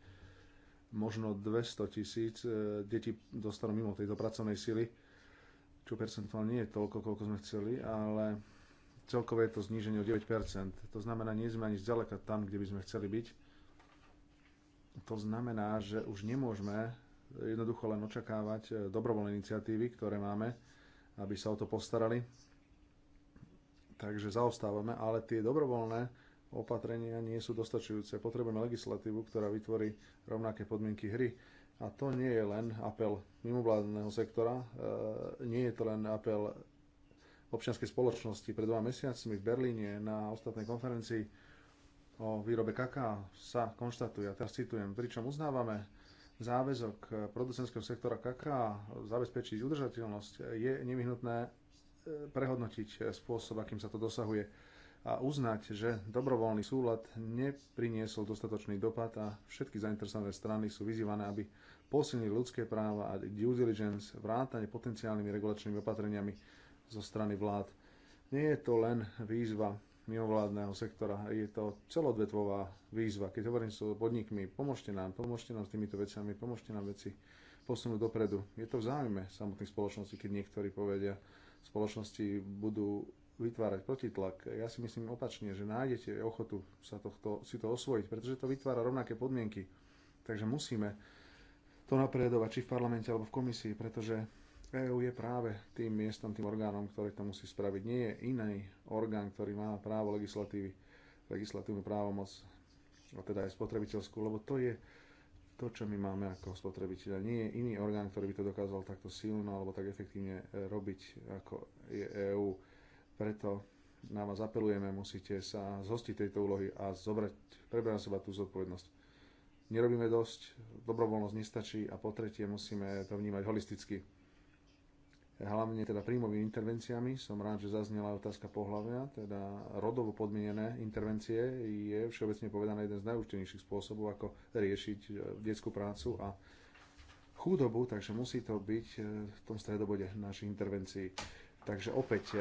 Možno 200 tisíc e, detí dostanú mimo tejto pracovnej sily, čo percentuálne nie je toľko, koľko sme chceli, ale celkové je to zníženie o 9%. To znamená, nie sme ani zďaleka tam, kde by sme chceli byť to znamená, že už nemôžeme jednoducho len očakávať e, dobrovoľné iniciatívy, ktoré máme, aby sa o to postarali. Takže zaostávame, ale tie dobrovoľné opatrenia nie sú dostačujúce. Potrebujeme legislatívu, ktorá vytvorí rovnaké podmienky hry. A to nie je len apel mimovládneho sektora, e, nie je to len apel občianskej spoločnosti. Pred dva mesiacmi v Berlíne na ostatnej konferencii o výrobe kaká sa konštatuje, a teraz citujem, pričom uznávame záväzok producentského sektora kaká zabezpečiť udržateľnosť, je nevyhnutné e, prehodnotiť spôsob, akým sa to dosahuje a uznať, že dobrovoľný súlad nepriniesol dostatočný dopad a všetky zainteresované strany sú vyzývané, aby posilnili ľudské práva a due diligence, vrátane potenciálnymi regulačnými opatreniami zo strany vlád. Nie je to len výzva mimovládneho sektora. Je to celodvetvová výzva. Keď hovorím s podnikmi, pomôžte nám, pomôžte nám s týmito vecami, pomôžte nám veci posunúť dopredu. Je to v záujme samotných spoločností, keď niektorí povedia, spoločnosti budú vytvárať protitlak. Ja si myslím opačne, že nájdete ochotu sa tohto, si to osvojiť, pretože to vytvára rovnaké podmienky. Takže musíme to napredovať, či v parlamente alebo v komisii, pretože EÚ je práve tým miestom, tým orgánom, ktorý to musí spraviť. Nie je iný orgán, ktorý má právo legislatívy, legislatívnu právomoc, a teda aj spotrebiteľskú, lebo to je to, čo my máme ako spotrebiteľa. Nie je iný orgán, ktorý by to dokázal takto silno alebo tak efektívne e, robiť, ako je EÚ. Preto na vás apelujeme, musíte sa zhostiť tejto úlohy a zobrať, prebrať na seba tú zodpovednosť. Nerobíme dosť, dobrovoľnosť nestačí a po tretie musíme to vnímať holisticky hlavne teda príjmovými intervenciami. Som rád, že zaznela otázka pohľavia, teda rodovo podmienené intervencie je všeobecne povedané jeden z najúčtenejších spôsobov, ako riešiť e, detskú prácu a chudobu, takže musí to byť e, v tom stredobode našich intervencií. Takže opäť e,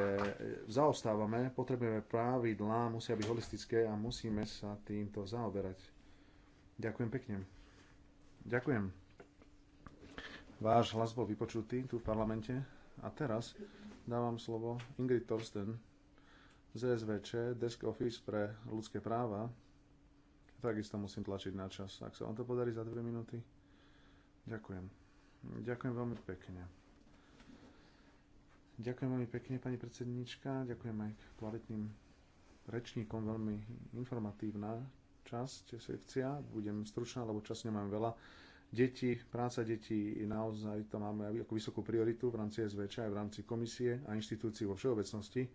zaostávame, potrebujeme pravidlá, musia byť holistické a musíme sa týmto zaoberať. Ďakujem pekne. Ďakujem. Váš hlas bol vypočutý tu v parlamente. A teraz dávam slovo Ingrid Torsten z SVČ, Desk Office pre ľudské práva. Takisto musím tlačiť na čas. Ak sa vám to podarí za dve minúty, ďakujem. Ďakujem veľmi pekne. Ďakujem veľmi pekne, pani predsednička. Ďakujem aj kvalitným rečníkom. Veľmi informatívna časť sekcia. Budem stručná, lebo čas nemám veľa Deti, práca detí naozaj to máme ako vysokú prioritu v rámci SVČ aj v rámci komisie a inštitúcií vo všeobecnosti.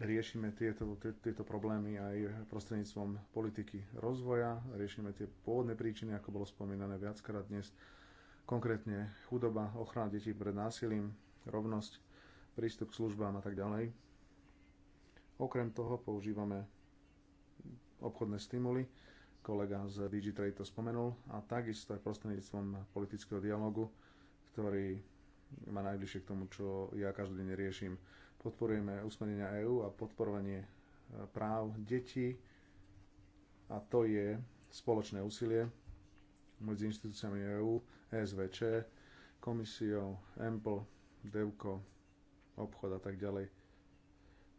Riešime tieto, tieto problémy aj prostredníctvom politiky rozvoja, riešime tie pôvodné príčiny, ako bolo spomínané viackrát dnes, konkrétne chudoba, ochrana detí pred násilím, rovnosť, prístup k službám a tak ďalej. Okrem toho používame obchodné stimuly, kolega z Digitrade to spomenul, a takisto aj prostredníctvom politického dialogu, ktorý má najbližšie k tomu, čo ja každodenne riešim. Podporujeme usmerenia EÚ a podporovanie e, práv detí a to je spoločné úsilie medzi inštitúciami EÚ, e SVČ, komisiou, EMPL, DEVKO, obchod a tak ďalej.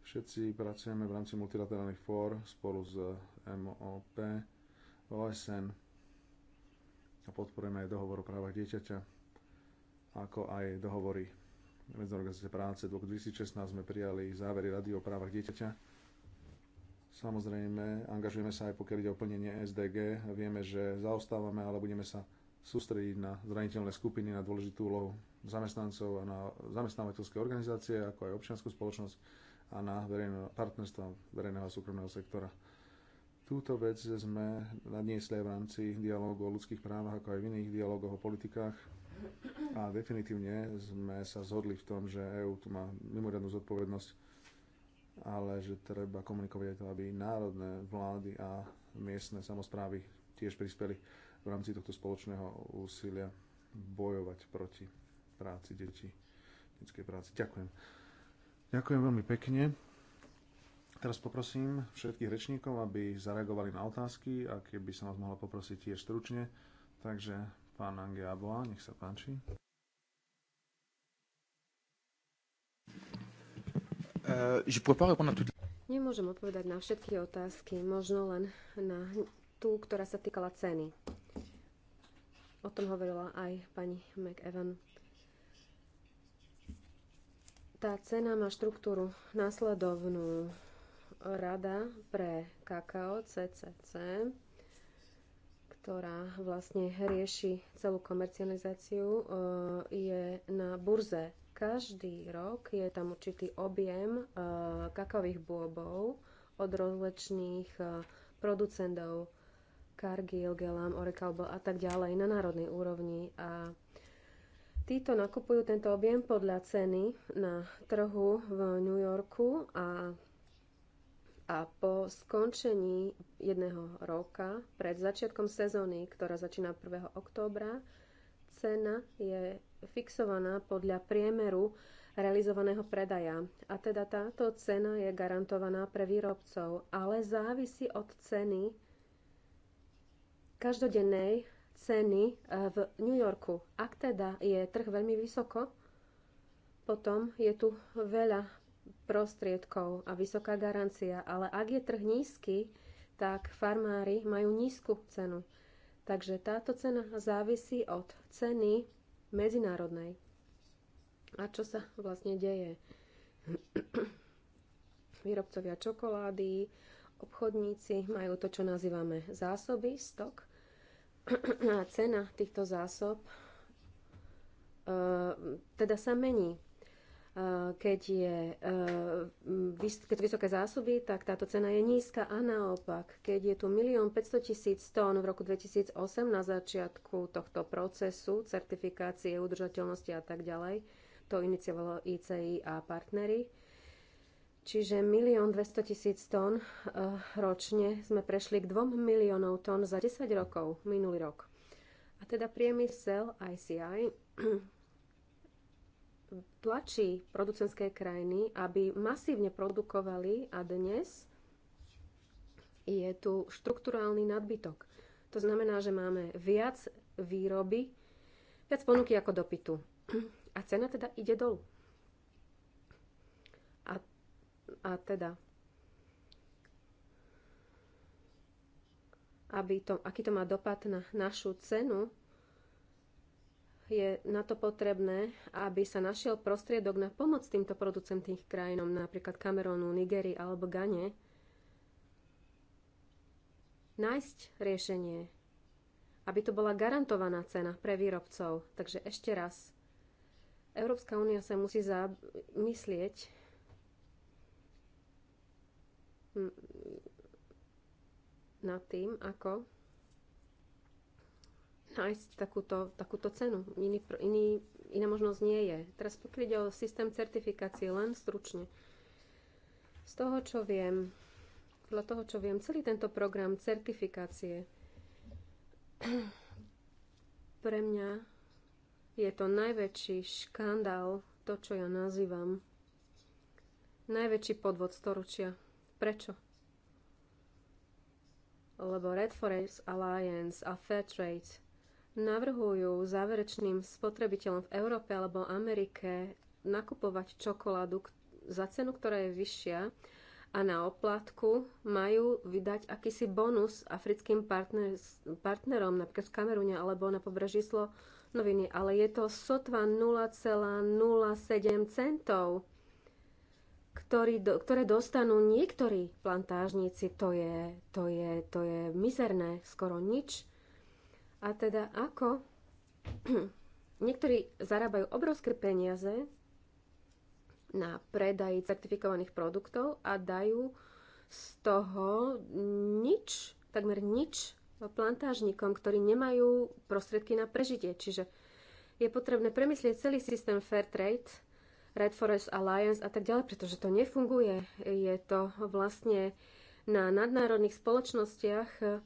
Všetci pracujeme v rámci multilaterálnych fór spolu s MOP OSN a podporujeme aj dohovor o právach dieťaťa, ako aj dohovory Medzinárodnej práce. V roku 2016 sme prijali závery Rady o právach dieťaťa. Samozrejme, angažujeme sa aj pokiaľ ide o plnenie SDG. Vieme, že zaostávame, ale budeme sa sústrediť na zraniteľné skupiny, na dôležitú úlohu zamestnancov a na zamestnávateľské organizácie, ako aj občianskú spoločnosť a na verejné partnerstvo verejného a súkromného sektora. Túto vec sme nadniesli aj v rámci dialógu o ľudských právach, ako aj v iných dialógoch o politikách. A definitívne sme sa zhodli v tom, že EÚ tu má mimoriadnú zodpovednosť, ale že treba komunikovať aj to, aby národné vlády a miestne samozprávy tiež prispeli v rámci tohto spoločného úsilia bojovať proti práci detí, detskej práci. Ďakujem. Ďakujem veľmi pekne. Teraz poprosím všetkých rečníkov, aby zareagovali na otázky a keby som vás mohla poprosiť tiež stručne. Takže pán Ange Aboa, nech sa páči. Euh, Nemôžem odpovedať na všetky otázky, možno len na tú, ktorá sa týkala ceny. O tom hovorila aj pani McEvan. Tá cena má štruktúru následovnú rada pre kakao CCC, ktorá vlastne rieši celú komercializáciu, eh, je na burze. Každý rok je tam určitý objem eh, kakových bôbov od rozlečných eh, producentov Cargill, Gelam, orekalbo a tak ďalej na národnej úrovni. A títo nakupujú tento objem podľa ceny na trhu v New Yorku a a po skončení jedného roka pred začiatkom sezóny, ktorá začína 1. októbra, cena je fixovaná podľa priemeru realizovaného predaja. A teda táto cena je garantovaná pre výrobcov, ale závisí od ceny každodennej ceny eh, v New Yorku. Ak teda je trh veľmi vysoko, potom je tu veľa prostriedkov a vysoká garancia, ale ak je trh nízky, tak farmári majú nízku cenu. Takže táto cena závisí od ceny medzinárodnej. A čo sa vlastne deje? Výrobcovia čokolády, obchodníci majú to, čo nazývame zásoby, stok. A cena týchto zásob eh, teda sa mení keď, je, eh, keď sú vysoké zásoby, tak táto cena je nízka a naopak, keď je tu 1 500 000 tón v roku 2008 na začiatku tohto procesu certifikácie udržateľnosti a tak ďalej, to iniciovalo ICI a partnery, Čiže 1 200 000 tón eh, ročne sme prešli k 2 miliónov tón za 10 rokov, minulý rok. A teda priemysel ICI tlačí producentské krajiny, aby masívne produkovali a dnes je tu štrukturálny nadbytok. To znamená, že máme viac výroby, viac ponuky ako dopytu. A cena teda ide dolu. A, a teda, aby to, aký to má dopad na našu cenu, je na to potrebné, aby sa našiel prostriedok na pomoc týmto producentným krajinom, napríklad Kamerónu, Nigerii alebo Gane, nájsť riešenie, aby to bola garantovaná cena pre výrobcov. Takže ešte raz, Európska únia sa musí zamyslieť hm, nad tým, ako nájsť takúto, takúto cenu. Iný, iný, iná možnosť nie je. Teraz pokiaľ ide o systém certifikácie, len stručne. Z toho, čo viem, podľa toho, čo viem, celý tento program certifikácie pre mňa je to najväčší škandál, to, čo ja nazývam najväčší podvod storočia. Prečo? Lebo Red Forest Alliance a Fairtrade navrhujú záverečným spotrebiteľom v Európe alebo Amerike nakupovať čokoládu za cenu, ktorá je vyššia a na oplátku majú vydať akýsi bonus africkým partner, partnerom, napríklad v Kamerune alebo na pobreží Slonoviny, ale je to sotva 0,07 centov, ktorý, do, ktoré dostanú niektorí plantážníci. To je, to, je, to je mizerné, skoro nič. A teda ako? Niektorí zarábajú obrovské peniaze na predaji certifikovaných produktov a dajú z toho nič, takmer nič plantážnikom, ktorí nemajú prostriedky na prežitie. Čiže je potrebné premyslieť celý systém Fair Trade, Red Forest Alliance a tak ďalej, pretože to nefunguje. Je to vlastne na nadnárodných spoločnostiach,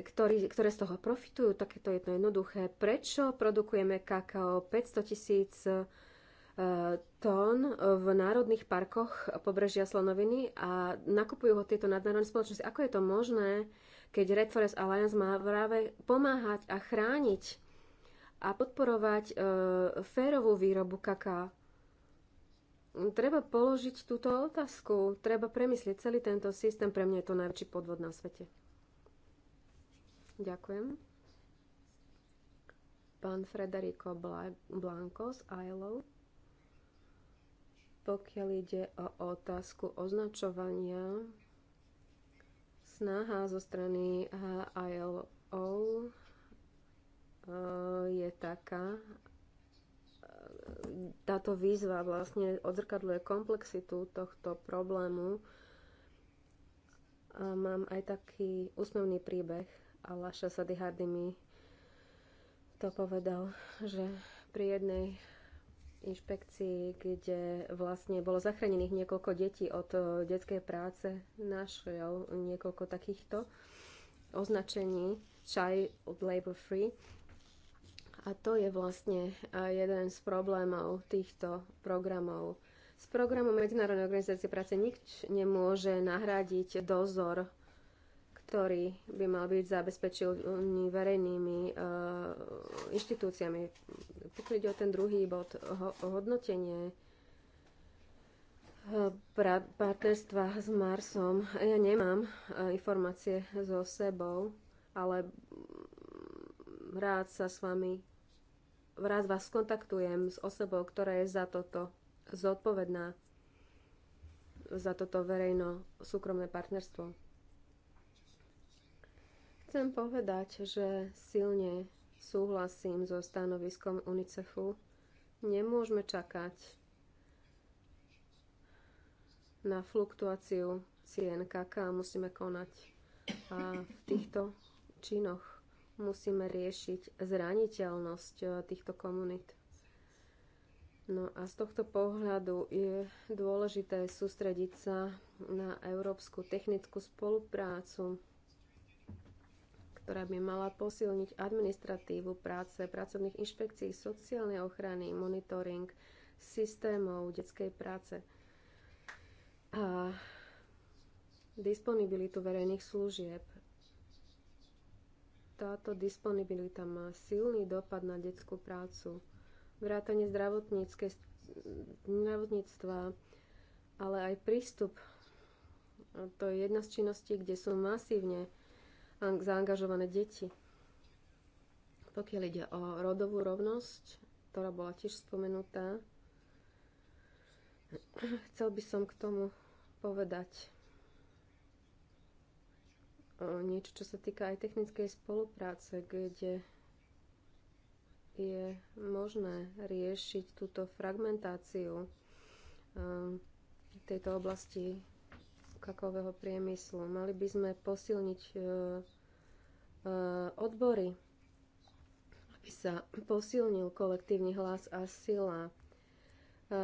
ktorý, ktoré z toho profitujú, tak to je to jednoduché. Prečo produkujeme kakao 500 tisíc e, tón v národných parkoch pobrežia Slonoviny a nakupujú ho tieto nadnárodné spoločnosti. Ako je to možné, keď Red Forest Alliance má práve pomáhať a chrániť a podporovať e, férovú výrobu kaká? Treba položiť túto otázku, treba premyslieť celý tento systém, pre mňa je to najväčší podvod na svete. Ďakujem. Pán Frederico Blanco z ILO. Pokiaľ ide o otázku označovania, snaha zo strany ILO eh, je taká, eh, táto výzva vlastne odzrkadľuje komplexitu tohto problému. A mám aj taký úsmevný príbeh Alaša Sadihardy mi to povedal, že pri jednej inšpekcii, kde vlastne bolo zachránených niekoľko detí od e, detskej práce, našiel niekoľko takýchto označení Child Labor Free. A to je vlastne e, jeden z problémov týchto programov. S programom Medzinárodnej organizácie práce nič nemôže nahradiť dozor ktorý by mal byť zabezpečený verejnými eh, inštitúciami. Pokiaľ ide o ten druhý bod, ho hodnotenie eh, partnerstva s Marsom, ja nemám eh, informácie so sebou, ale rád sa s vami, rád vás kontaktujem s osobou, ktorá je za toto zodpovedná, za toto verejno-súkromné partnerstvo. Chcem povedať, že silne súhlasím so stanoviskom UNICEFu. Nemôžeme čakať na fluktuáciu cien kaká, musíme konať. A v týchto činoch musíme riešiť zraniteľnosť e, týchto komunít. No a z tohto pohľadu je dôležité sústrediť sa na európsku technickú spoluprácu ktorá by mala posilniť administratívu práce, pracovných inšpekcií, sociálnej ochrany, monitoring systémov detskej práce a disponibilitu verejných služieb. Táto disponibilita má silný dopad na detskú prácu, vrátanie zdravotníctva, ale aj prístup. To je jedna z činností, kde sú masívne zaangažované deti. Pokiaľ ide o rodovú rovnosť, ktorá bola tiež spomenutá, chcel by som k tomu povedať e, niečo, čo sa týka aj technickej spolupráce, kde je možné riešiť túto fragmentáciu e, tejto oblasti kakového priemyslu. Mali by sme posilniť e, e, odbory, aby sa posilnil kolektívny hlas a sila. E,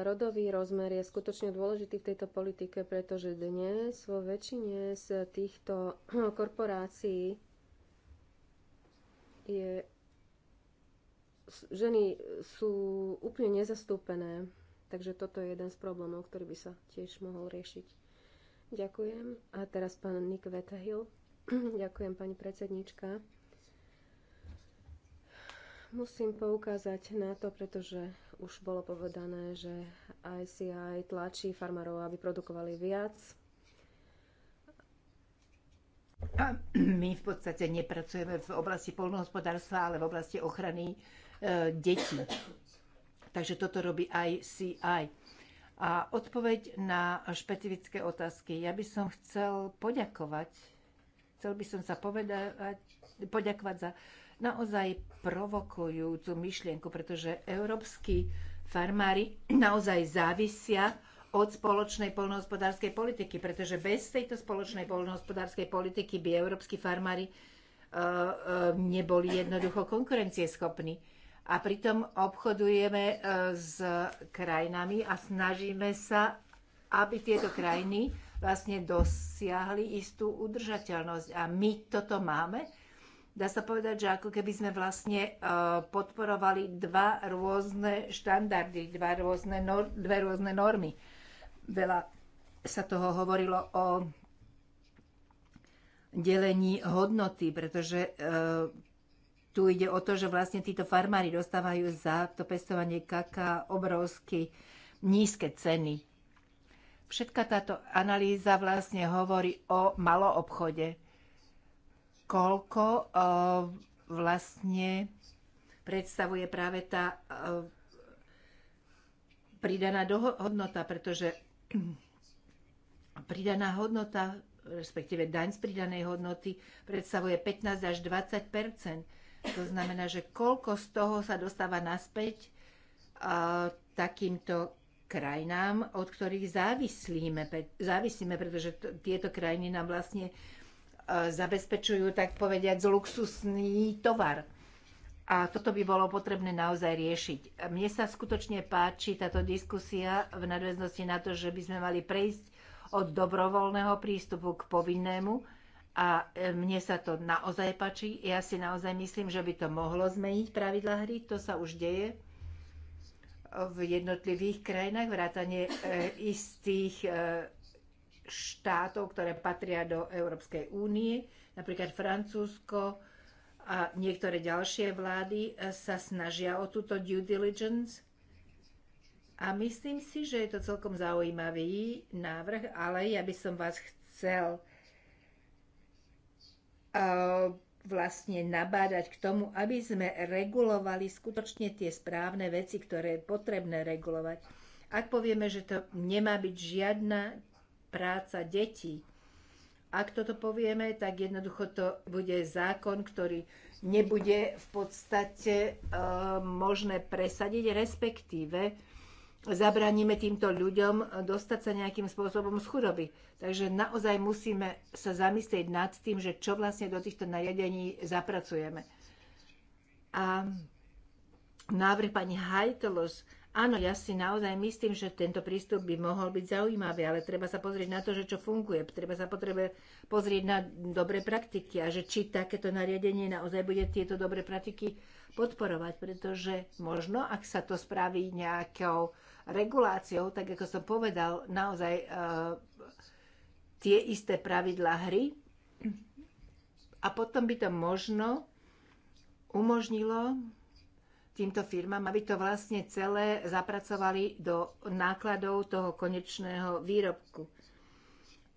rodový rozmer je skutočne dôležitý v tejto politike, pretože dnes vo väčšine z týchto korporácií je, ženy sú úplne nezastúpené. Takže toto je jeden z problémov, ktorý by sa tiež mohol riešiť. Ďakujem. A teraz pán Nick Vetahil. Ďakujem, pani predsednička. Musím poukázať na to, pretože už bolo povedané, že ICI tlačí farmárov, aby produkovali viac. A my v podstate nepracujeme v oblasti polnohospodárstva, ale v oblasti ochrany e, detí. Takže toto robí ICI a odpoveď na špecifické otázky. Ja by som chcel poďakovať, chcel by som sa povedať, poďakovať za naozaj provokujúcu myšlienku, pretože európsky farmári naozaj závisia od spoločnej poľnohospodárskej politiky, pretože bez tejto spoločnej poľnohospodárskej politiky by európsky farmári uh, uh, neboli jednoducho konkurencieschopní a pritom obchodujeme e, s krajinami a snažíme sa, aby tieto krajiny vlastne dosiahli istú udržateľnosť. A my toto máme. Dá sa povedať, že ako keby sme vlastne e, podporovali dva rôzne štandardy, dva rôzne, dve rôzne normy. Veľa sa toho hovorilo o delení hodnoty, pretože e, tu ide o to, že vlastne títo farmári dostávajú za to pestovanie kaká obrovsky nízke ceny. Všetka táto analýza vlastne hovorí o maloobchode. Koľko o, eh, vlastne predstavuje práve tá o, eh, pridaná hodnota, pretože pridaná hodnota respektíve daň z pridanej hodnoty, predstavuje 15 až 20 to znamená, že koľko z toho sa dostáva naspäť a, e, takýmto krajinám, od ktorých závislíme, závisíme, pretože tieto krajiny nám vlastne e, zabezpečujú, tak povediať, luxusný tovar. A toto by bolo potrebné naozaj riešiť. Mne sa skutočne páči táto diskusia v nadväznosti na to, že by sme mali prejsť od dobrovoľného prístupu k povinnému, a e, mne sa to naozaj páči. Ja si naozaj myslím, že by to mohlo zmeniť pravidla hry. To sa už deje v jednotlivých krajinách, vrátane e, istých e, štátov, ktoré patria do Európskej únie, napríklad Francúzsko a niektoré ďalšie vlády sa snažia o túto due diligence. A myslím si, že je to celkom zaujímavý návrh, ale ja by som vás chcel vlastne nabádať k tomu, aby sme regulovali skutočne tie správne veci, ktoré je potrebné regulovať. Ak povieme, že to nemá byť žiadna práca detí, ak toto povieme, tak jednoducho to bude zákon, ktorý nebude v podstate e, možné presadiť, respektíve zabraníme týmto ľuďom dostať sa nejakým spôsobom z chudoby. Takže naozaj musíme sa zamyslieť nad tým, že čo vlastne do týchto nariadení zapracujeme. A návrh pani Hajtelos Áno, ja si naozaj myslím, že tento prístup by mohol byť zaujímavý, ale treba sa pozrieť na to, že čo funguje. Treba sa potrebe pozrieť na dobré praktiky a že či takéto nariadenie naozaj bude tieto dobré praktiky podporovať, pretože možno, ak sa to spraví nejakou reguláciou, tak ako som povedal, naozaj e, tie isté pravidlá hry a potom by to možno umožnilo týmto firmám, aby to vlastne celé zapracovali do nákladov toho konečného výrobku.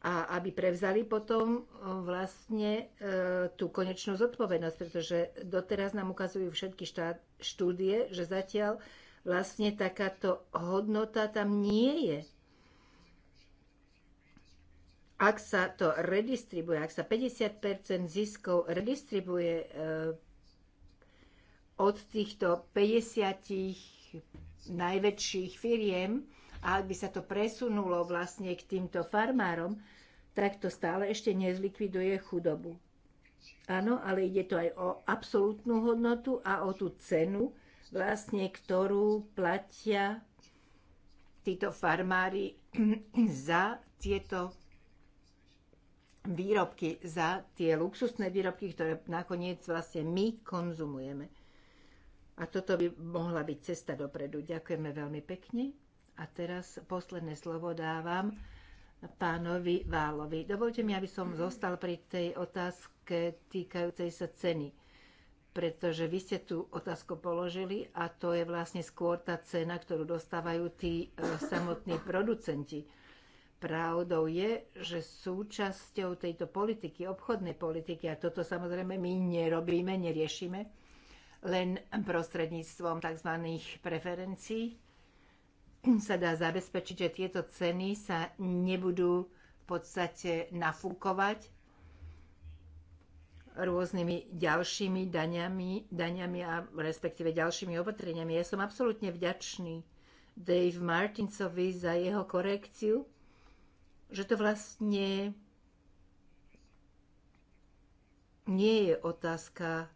A aby prevzali potom vlastne e, tú konečnú zodpovednosť, pretože doteraz nám ukazujú všetky štát, štúdie, že zatiaľ vlastne takáto hodnota tam nie je. Ak sa to redistribuje, ak sa 50 ziskov redistribuje e, od týchto 50 najväčších firiem, a ak by sa to presunulo vlastne k týmto farmárom, tak to stále ešte nezlikviduje chudobu. Áno, ale ide to aj o absolútnu hodnotu a o tú cenu, vlastne ktorú platia títo farmári za tieto výrobky, za tie luxusné výrobky, ktoré nakoniec vlastne my konzumujeme. A toto by mohla byť cesta dopredu. Ďakujeme veľmi pekne. A teraz posledné slovo dávam pánovi Válovi. Dovolte mi, aby som zostal pri tej otázke týkajúcej sa ceny. Pretože vy ste tú otázku položili a to je vlastne skôr tá cena, ktorú dostávajú tí e, samotní producenti. Pravdou je, že súčasťou tejto politiky, obchodnej politiky, a toto samozrejme my nerobíme, neriešime, len prostredníctvom tzv. preferencií sa dá zabezpečiť, že tieto ceny sa nebudú v podstate nafúkovať rôznymi ďalšími daňami, daňami a respektíve ďalšími opatreniami. Ja som absolútne vďačný Dave Martincovi za jeho korekciu, že to vlastne nie je otázka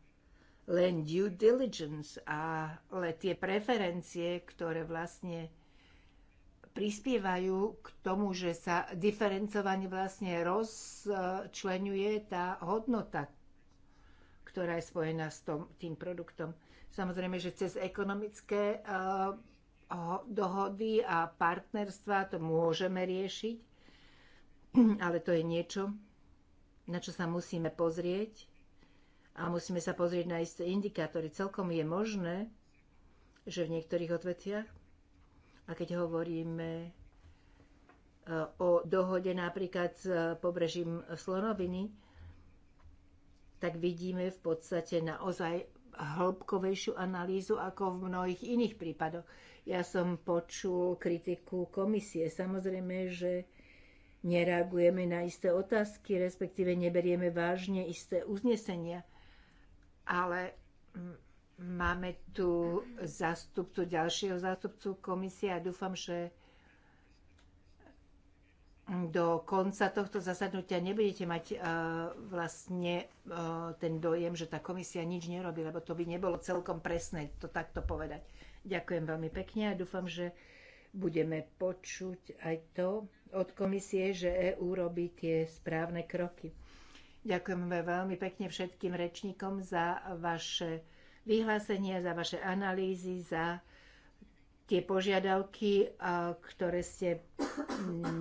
len due diligence, ale tie preferencie, ktoré vlastne prispievajú k tomu, že sa diferencovanie vlastne rozčlenuje tá hodnota, ktorá je spojená s tom, tým produktom. Samozrejme, že cez ekonomické uh, dohody a partnerstva to môžeme riešiť, ale to je niečo, na čo sa musíme pozrieť a musíme sa pozrieť na isté indikátory. Celkom je možné, že v niektorých odvetviach, a keď hovoríme e, o dohode napríklad s e, pobrežím Slonoviny, tak vidíme v podstate naozaj hĺbkovejšiu analýzu ako v mnohých iných prípadoch. Ja som počul kritiku komisie. Samozrejme, že nereagujeme na isté otázky, respektíve neberieme vážne isté uznesenia – ale máme tu zástupcu, ďalšieho zástupcu komisie a dúfam, že do konca tohto zasadnutia nebudete mať uh, vlastne uh, ten dojem, že tá komisia nič nerobí, lebo to by nebolo celkom presné to takto povedať. Ďakujem veľmi pekne a dúfam, že budeme počuť aj to od komisie, že EÚ robí tie správne kroky. Ďakujem veľmi pekne všetkým rečníkom za vaše vyhlásenie, za vaše analýzy, za tie požiadavky, ktoré ste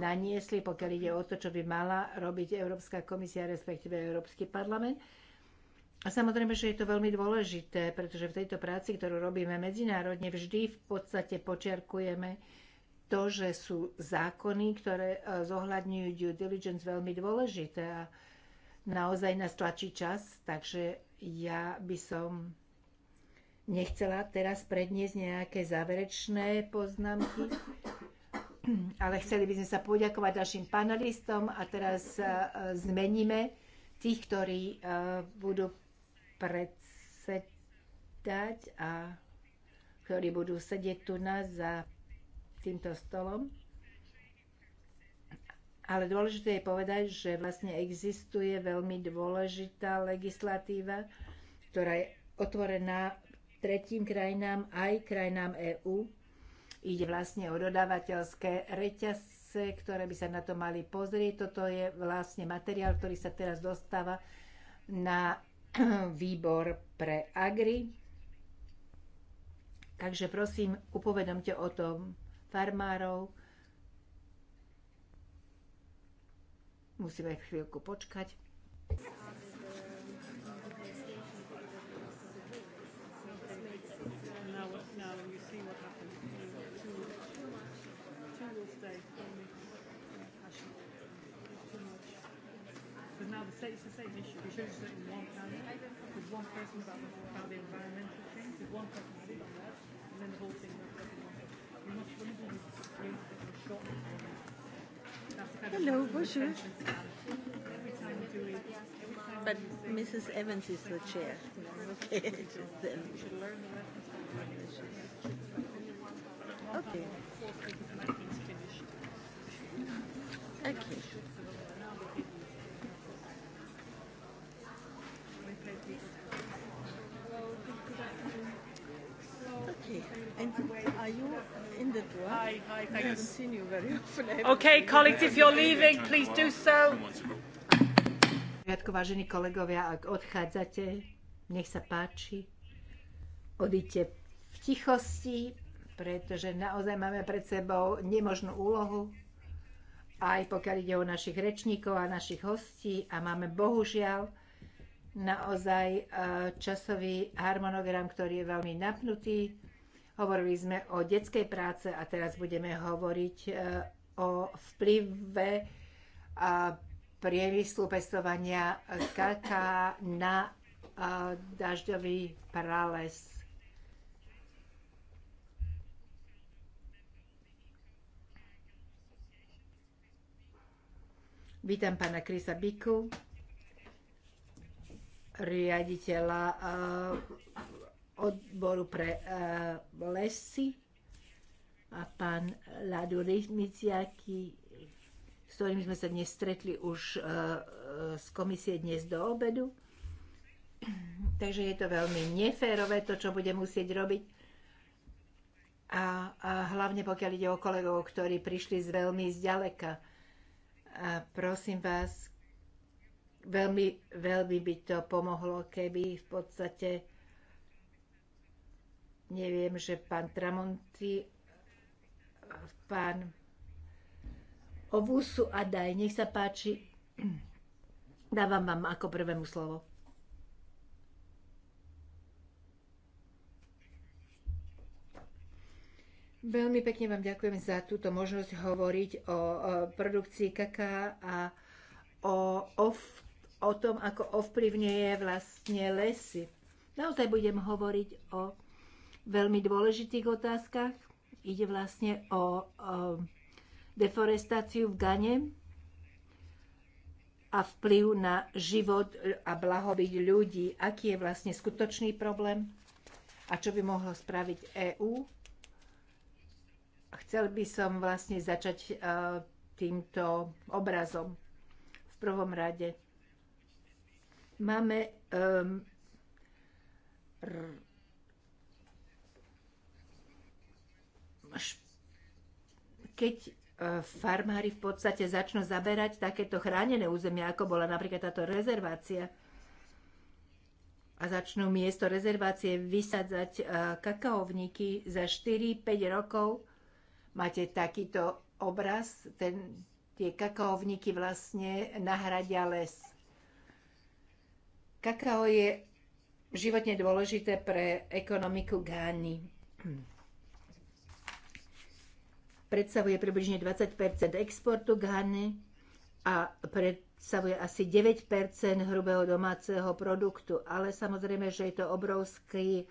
naniesli, pokiaľ ide o to, čo by mala robiť Európska komisia, respektíve Európsky parlament. A samozrejme, že je to veľmi dôležité, pretože v tejto práci, ktorú robíme medzinárodne, vždy v podstate počiarkujeme to, že sú zákony, ktoré zohľadňujú due diligence veľmi dôležité. A Naozaj nás tlačí čas, takže ja by som nechcela teraz predniesť nejaké záverečné poznámky, ale chceli by sme sa poďakovať našim panelistom a teraz e, zmeníme tých, ktorí e, budú predsedať a ktorí budú sedieť tu nás za týmto stolom. Ale dôležité je povedať, že vlastne existuje veľmi dôležitá legislatíva, ktorá je otvorená tretím krajinám aj krajinám EÚ. Ide vlastne o dodávateľské reťazce, ktoré by sa na to mali pozrieť. Toto je vlastne materiál, ktorý sa teraz dostáva na výbor pre agri. Takže prosím, upovedomte o tom farmárov, Musíme chvíľku počkať. Now, you Because now the state, the same issue. We should have said in one panel. There's one person about the, about the environmental thing. There's one person added that. And then the whole thing wrapped up We must, we must, we must, we must, Hello, bonjour. But Mrs. Evans is the chair. Okay. okay. Okay. extended one. Hi, hi, thank I haven't seen you very often. Okay, colleagues, if you're leaving, please do so. Riadko, vážení kolegovia, ak odchádzate, nech sa páči, odíďte v tichosti, pretože naozaj máme pred sebou nemožnú úlohu, aj pokiaľ ide o našich rečníkov a našich hostí a máme bohužiaľ naozaj eh, časový harmonogram, ktorý je veľmi napnutý Hovorili sme o detskej práce a teraz budeme hovoriť e, o vplyve e, priemyslu pestovania kaká na e, dažďový prales. Vítam pána Krisa Biku, riaditeľa odboru pre e, lesy a pán Ládu Rizmiciaki, s ktorým sme sa dnes stretli už e, e, z komisie dnes do obedu. Takže je to veľmi neférové to, čo bude musieť robiť. A, a hlavne pokiaľ ide o kolegov, ktorí prišli z veľmi zďaleka. A prosím vás, veľmi, veľmi by to pomohlo, keby v podstate Neviem, že pán Tramonti, pán Ovusu a daj, nech sa páči. Dávam vám ako prvému slovo. Veľmi pekne vám ďakujem za túto možnosť hovoriť o produkcii kaká a o, o, o tom, ako ovplyvňuje vlastne lesy. Naozaj budem hovoriť o veľmi dôležitých otázkach. Ide vlastne o, o deforestáciu v Gane a vplyv na život a blahobyt ľudí. Aký je vlastne skutočný problém a čo by mohlo spraviť EÚ? Chcel by som vlastne začať e, týmto obrazom v prvom rade. Máme um, keď e, farmári v podstate začnú zaberať takéto chránené územia, ako bola napríklad táto rezervácia a začnú miesto rezervácie vysadzať e, kakaovníky za 4-5 rokov. Máte takýto obraz, ten, tie kakaovníky vlastne nahradia les. Kakao je životne dôležité pre ekonomiku Gány predstavuje približne 20 exportu Ghany a predstavuje asi 9 hrubého domáceho produktu. Ale samozrejme, že je to obrovský eh,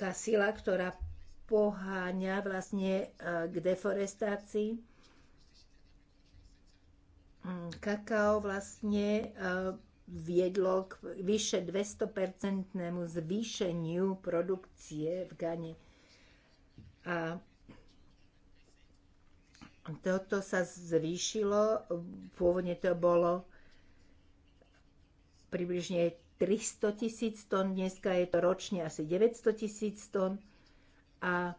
kasila, ktorá poháňa vlastne eh, k deforestácii. Mm, kakao vlastne eh, viedlo k vyše 200-percentnému zvýšeniu produkcie v Gane. A toto sa zvýšilo, pôvodne to bolo približne 300 tisíc tón, dneska je to ročne asi 900 tisíc tón a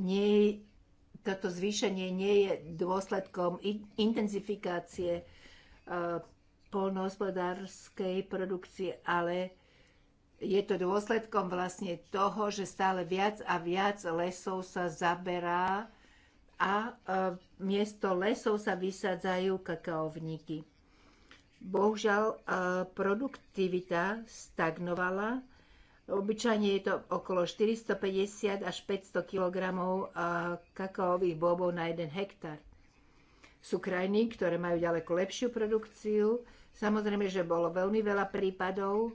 nie, toto zvýšenie nie je dôsledkom intenzifikácie e, polnohospodárskej produkcie, ale je to dôsledkom vlastne toho, že stále viac a viac lesov sa zaberá a e, miesto lesov sa vysádzajú kakaovníky. Bohužiaľ, e, produktivita stagnovala. Obyčajne je to okolo 450 až 500 kg e, kakaových bobov na 1 hektár. Sú krajiny, ktoré majú ďaleko lepšiu produkciu. Samozrejme, že bolo veľmi veľa prípadov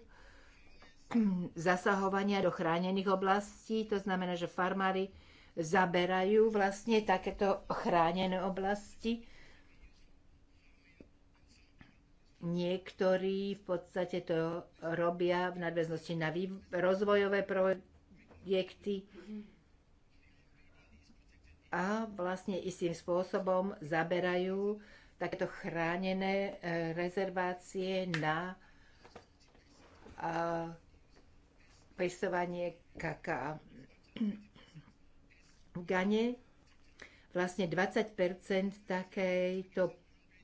zasahovania do chránených oblastí. To znamená, že farmári zaberajú vlastne takéto chránené oblasti. Niektorí v podstate to robia v nadväznosti na rozvojové projekty a vlastne istým spôsobom zaberajú takéto chránené e, rezervácie na pestovanie kaká. Gane vlastne 20 takejto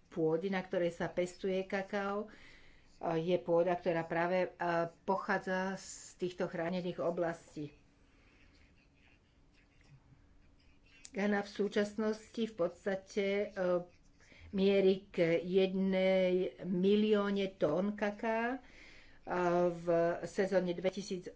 pôdy, na ktorej sa pestuje kakao, je pôda, ktorá práve e, pochádza z týchto chránených oblastí. Gana v súčasnosti v podstate e, mierí k jednej milióne tón kaká e, v sezóne 2018-2019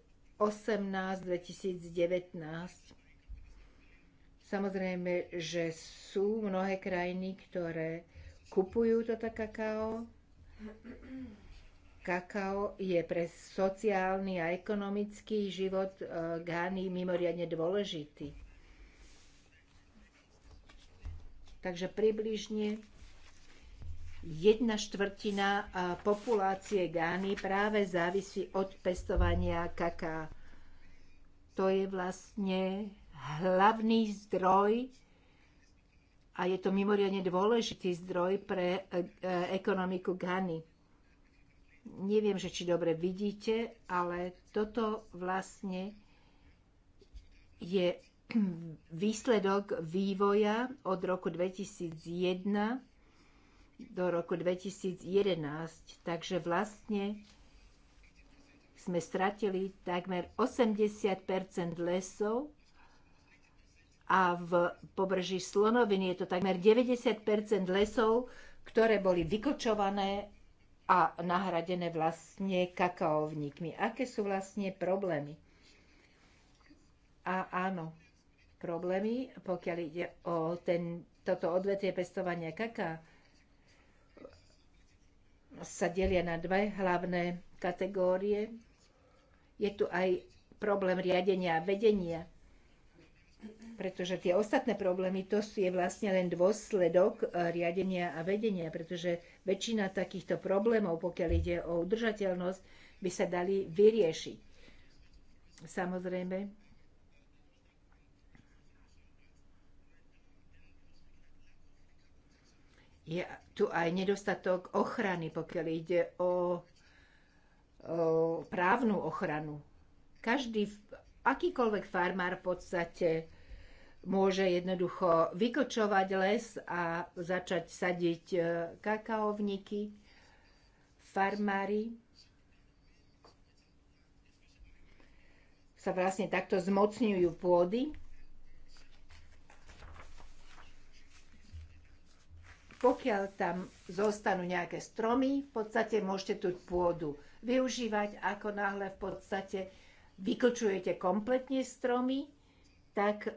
Samozrejme, že sú mnohé krajiny, ktoré kupujú toto kakao. Kakao je pre sociálny a ekonomický život eh, Gány mimoriadne dôležitý. Takže približne jedna štvrtina eh, populácie Gány práve závisí od pestovania kaká. To je vlastne hlavný zdroj a je to mimoriadne dôležitý zdroj pre e, e, ekonomiku Ghany. Neviem, že či dobre vidíte, ale toto vlastne je výsledok vývoja od roku 2001 do roku 2011. Takže vlastne sme stratili takmer 80 lesov a v pobrží Slonoviny je to takmer 90 lesov, ktoré boli vykočované a nahradené vlastne kakaovníkmi. Aké sú vlastne problémy? A áno, problémy, pokiaľ ide o ten, toto odvetvie pestovania kaká, sa delia na dve hlavné kategórie. Je tu aj problém riadenia a vedenia pretože tie ostatné problémy to je vlastne len dôsledok e, riadenia a vedenia, pretože väčšina takýchto problémov, pokiaľ ide o udržateľnosť, by sa dali vyriešiť. Samozrejme, je tu aj nedostatok ochrany, pokiaľ ide o, o právnu ochranu. Každý, akýkoľvek farmár v podstate môže jednoducho vykočovať les a začať sadiť e, kakaovníky, farmári sa vlastne takto zmocňujú pôdy. Pokiaľ tam zostanú nejaké stromy, v podstate môžete tú pôdu využívať, ako náhle v podstate vykočujete kompletne stromy, tak e,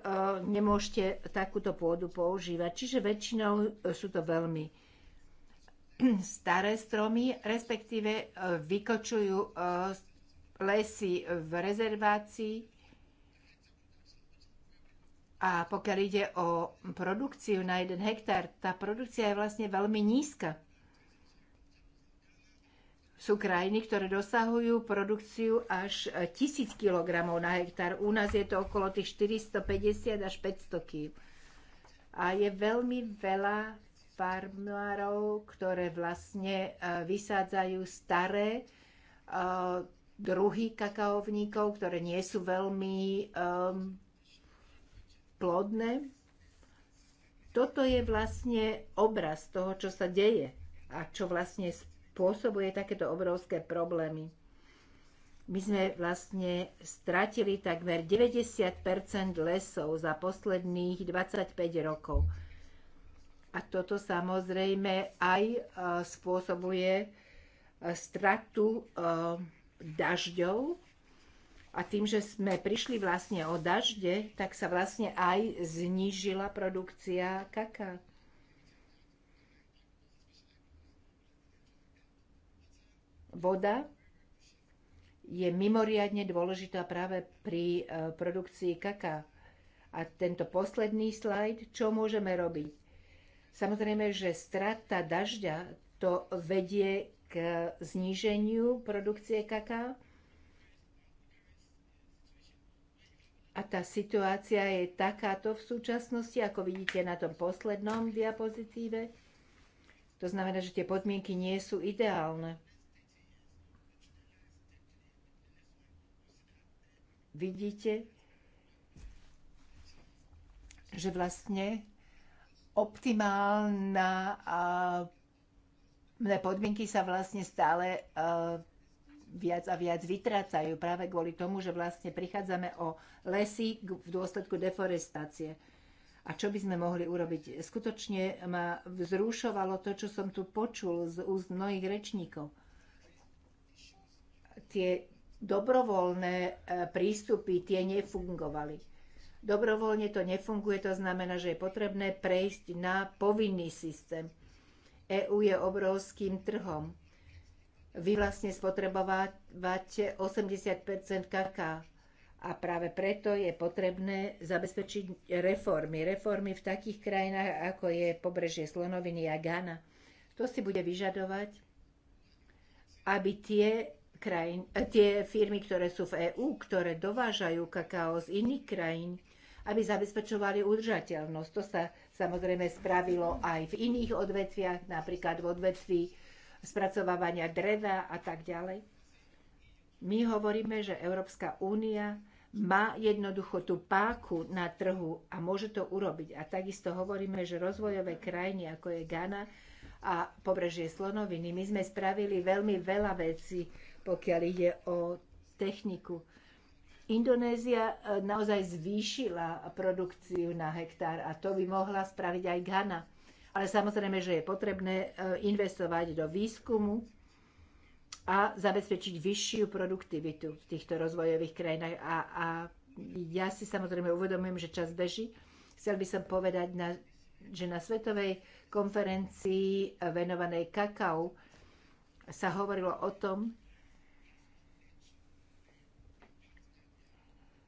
nemôžete takúto pôdu používať. Čiže väčšinou e, sú to veľmi staré stromy, respektíve e, vykočujú lesy v rezervácii. A pokiaľ ide o produkciu na jeden hektár, tá produkcia je vlastne veľmi nízka sú krajiny, ktoré dosahujú produkciu až 1000 kg na hektár. U nás je to okolo tých 450 až 500 kg. A je veľmi veľa farmárov, ktoré vlastne e, vysádzajú staré e, druhy kakaovníkov, ktoré nie sú veľmi um, plodné. Toto je vlastne obraz toho, čo sa deje a čo vlastne spôsobuje takéto obrovské problémy. My sme vlastne stratili takmer 90 lesov za posledných 25 rokov. A toto samozrejme aj e, spôsobuje e, stratu e, dažďov. A tým, že sme prišli vlastne o dažde, tak sa vlastne aj znížila produkcia kaká. voda je mimoriadne dôležitá práve pri e, produkcii kaká. A tento posledný slajd, čo môžeme robiť? Samozrejme, že strata dažďa to vedie k zníženiu produkcie kaká. A tá situácia je takáto v súčasnosti, ako vidíte na tom poslednom diapozitíve. To znamená, že tie podmienky nie sú ideálne. vidíte, že vlastne optimálna a podmienky sa vlastne stále viac a viac vytrácajú práve kvôli tomu, že vlastne prichádzame o lesy v dôsledku deforestácie. A čo by sme mohli urobiť? Skutočne ma vzrušovalo to, čo som tu počul z úst mnohých rečníkov. Tie dobrovoľné e, prístupy, tie nefungovali. Dobrovoľne to nefunguje, to znamená, že je potrebné prejsť na povinný systém. EÚ je obrovským trhom. Vy vlastne spotrebovávate 80 kaká a práve preto je potrebné zabezpečiť reformy. Reformy v takých krajinách, ako je pobrežie Slonoviny a Ghana. To si bude vyžadovať, aby tie krajín, eh, tie firmy, ktoré sú v EÚ, ktoré dovážajú kakao z iných krajín, aby zabezpečovali udržateľnosť. To sa samozrejme spravilo aj v iných odvetviach, napríklad v odvetví spracovávania dreva a tak ďalej. My hovoríme, že Európska únia má jednoducho tú páku na trhu a môže to urobiť. A takisto hovoríme, že rozvojové krajiny, ako je Ghana a pobrežie Slonoviny, my sme spravili veľmi veľa vecí pokiaľ ide o techniku. Indonézia e, naozaj zvýšila produkciu na hektár a to by mohla spraviť aj Ghana. Ale samozrejme, že je potrebné e, investovať do výskumu a zabezpečiť vyššiu produktivitu v týchto rozvojových krajinách. A, a ja si samozrejme uvedomujem, že čas beží. Chcel by som povedať, na, že na svetovej konferencii venovanej kakao sa hovorilo o tom,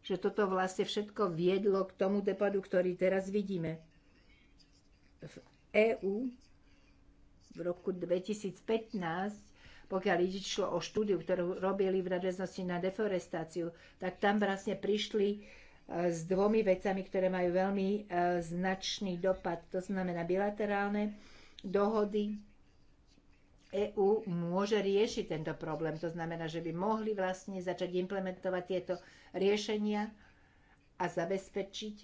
že toto vlastne všetko viedlo k tomu depadu, ktorý teraz vidíme. V EÚ v roku 2015, pokiaľ šlo o štúdiu, ktorú robili v nadväznosti na deforestáciu, tak tam vlastne prišli e, s dvomi vecami, ktoré majú veľmi e, značný dopad. To znamená bilaterálne dohody EÚ môže riešiť tento problém. To znamená, že by mohli vlastne začať implementovať tieto riešenia a zabezpečiť,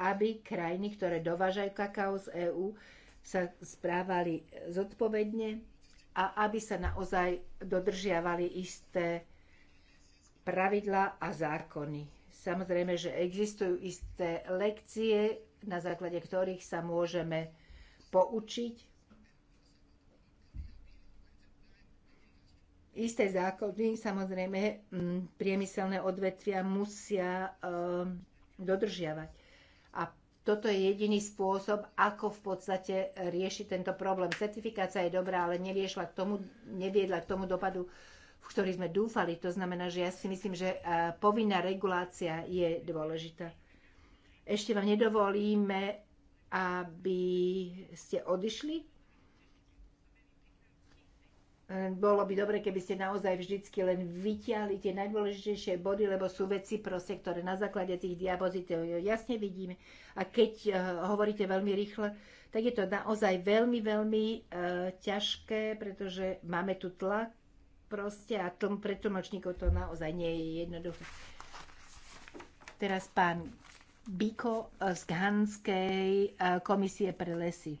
aby krajiny, ktoré dovážajú kakao z EÚ, sa správali zodpovedne a aby sa naozaj dodržiavali isté pravidlá a zákony. Samozrejme, že existujú isté lekcie, na základe ktorých sa môžeme poučiť isté zákony, samozrejme, mm, priemyselné odvetvia musia ehm, dodržiavať. A toto je jediný spôsob, ako v podstate riešiť tento problém. Certifikácia je dobrá, ale neviedla k tomu, neviedla k tomu dopadu, v ktorý sme dúfali. To znamená, že ja si myslím, že povinná regulácia je dôležitá. Ešte vám nedovolíme, aby ste odišli bolo by dobre, keby ste naozaj vždycky len vyťahli tie najdôležitejšie body, lebo sú veci proste, ktoré na základe tých diapozitív jasne vidíme. A keď eh, hovoríte veľmi rýchle, tak je to naozaj veľmi, veľmi uh, ťažké, pretože máme tu tlak proste a tom, pre tlmočníkov to naozaj nie je jednoduché. Teraz pán Biko z Hanskej eh, komisie pre lesy.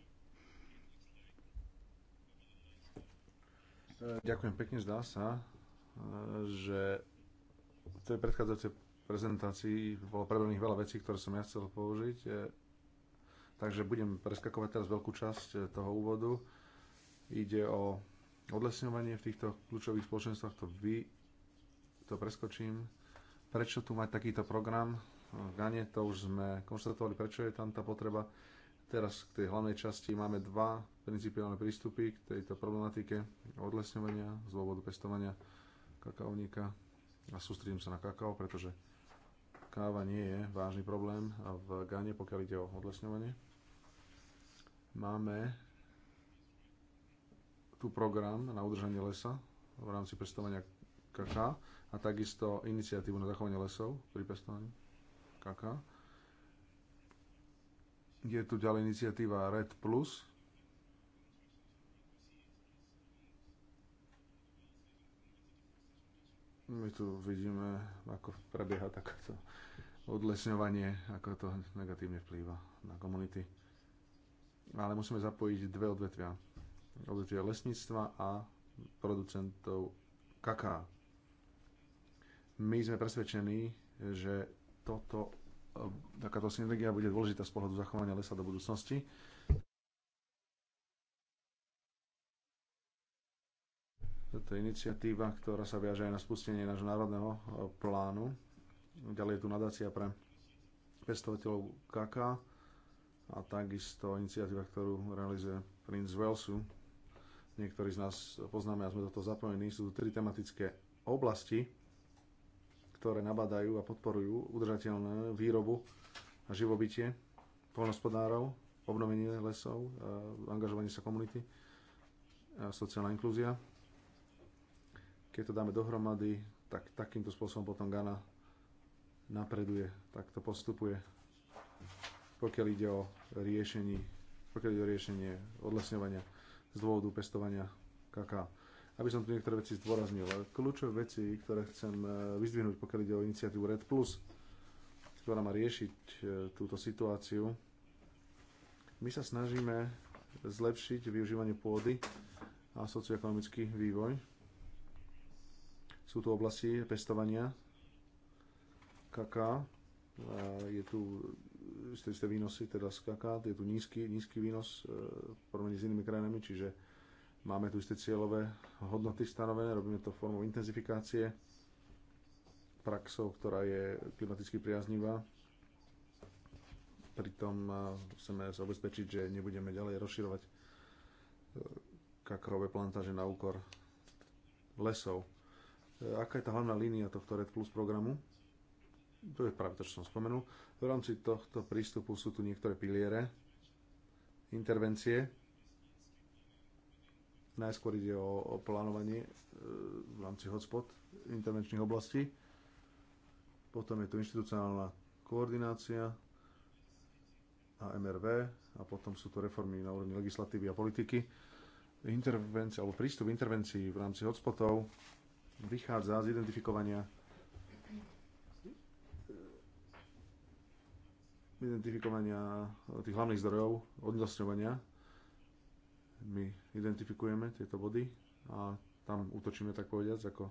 Ďakujem pekne, zdá sa, e, že v tej predchádzajúcej prezentácii bolo prebraných veľa vecí, ktoré som ja chcel použiť. E, takže budem preskakovať teraz veľkú časť e, toho úvodu. Ide o odlesňovanie v týchto kľúčových spoločenstvách, to vy to preskočím. Prečo tu mať takýto program? V Gane to už sme konštatovali, prečo je tam tá potreba Teraz k tej hlavnej časti máme dva principiálne prístupy k tejto problematike odlesňovania z dôvodu pestovania kakaovníka a sústredím sa na kakao, pretože káva nie je vážny problém a v Gane, pokiaľ ide o odlesňovanie. Máme tu program na udržanie lesa v rámci pestovania kaká a takisto iniciatívu na zachovanie lesov pri pestovaní kaká je tu ďalej iniciatíva Red Plus. My tu vidíme, ako prebieha takéto odlesňovanie, ako to negatívne vplýva na komunity. Ale musíme zapojiť dve odvetvia. Odvetvia lesníctva a producentov kaká. My sme presvedčení, že toto E, takáto synergia bude dôležitá z pohľadu zachovania lesa do budúcnosti. Toto je iniciatíva, ktorá sa viaže aj na spustenie nášho národného e, plánu. Ďalej je tu nadácia pre pestovateľov Kaka, a takisto iniciatíva, ktorú realizuje Prince Walesu. Niektorí z nás poznáme a sme do toho zapojení. Sú tu tri tematické oblasti, ktoré nabadajú a podporujú udržateľnú výrobu a živobytie poľnohospodárov, obnovenie lesov, angažovanie sa komunity, a sociálna inklúzia. Keď to dáme dohromady, tak takýmto spôsobom potom Ghana napreduje, takto postupuje, pokiaľ ide o riešenie, pokiaľ ide o riešenie odlesňovania z dôvodu pestovania kaká aby som tu niektoré veci zdôraznil. Kľúčové veci, ktoré chcem e, vyzdvihnúť, pokiaľ ide o iniciatívu Red Plus, ktorá má riešiť e, túto situáciu. My sa snažíme zlepšiť využívanie pôdy a socioekonomický vývoj. Sú tu oblasti pestovania kaká, je tu e, isté, výnosy teda z kaká, je tu nízky, nízky výnos v porovnaní s inými krajinami, čiže Máme tu isté cieľové hodnoty stanovené, robíme to formou intenzifikácie, praxou, ktorá je klimaticky priaznivá. Pritom eh, chceme sa ubezpečiť, že nebudeme ďalej rozširovať eh, kakrové plantáže na úkor lesov. Eh, aká je tá hlavná línia tohto Red Plus programu? To je práve to, čo som spomenul. V rámci tohto prístupu sú tu niektoré piliere, intervencie, Najskôr ide o, o plánovanie e, v rámci hotspot intervenčných oblastí. Potom je tu inštitucionálna koordinácia a MRV a potom sú tu reformy na úrovni legislatívy a politiky. Intervencia, alebo prístup intervencií v rámci hotspotov vychádza z identifikovania identifikovania tých hlavných zdrojov, odlesňovania. My identifikujeme tieto body a tam útočíme tak povediac ako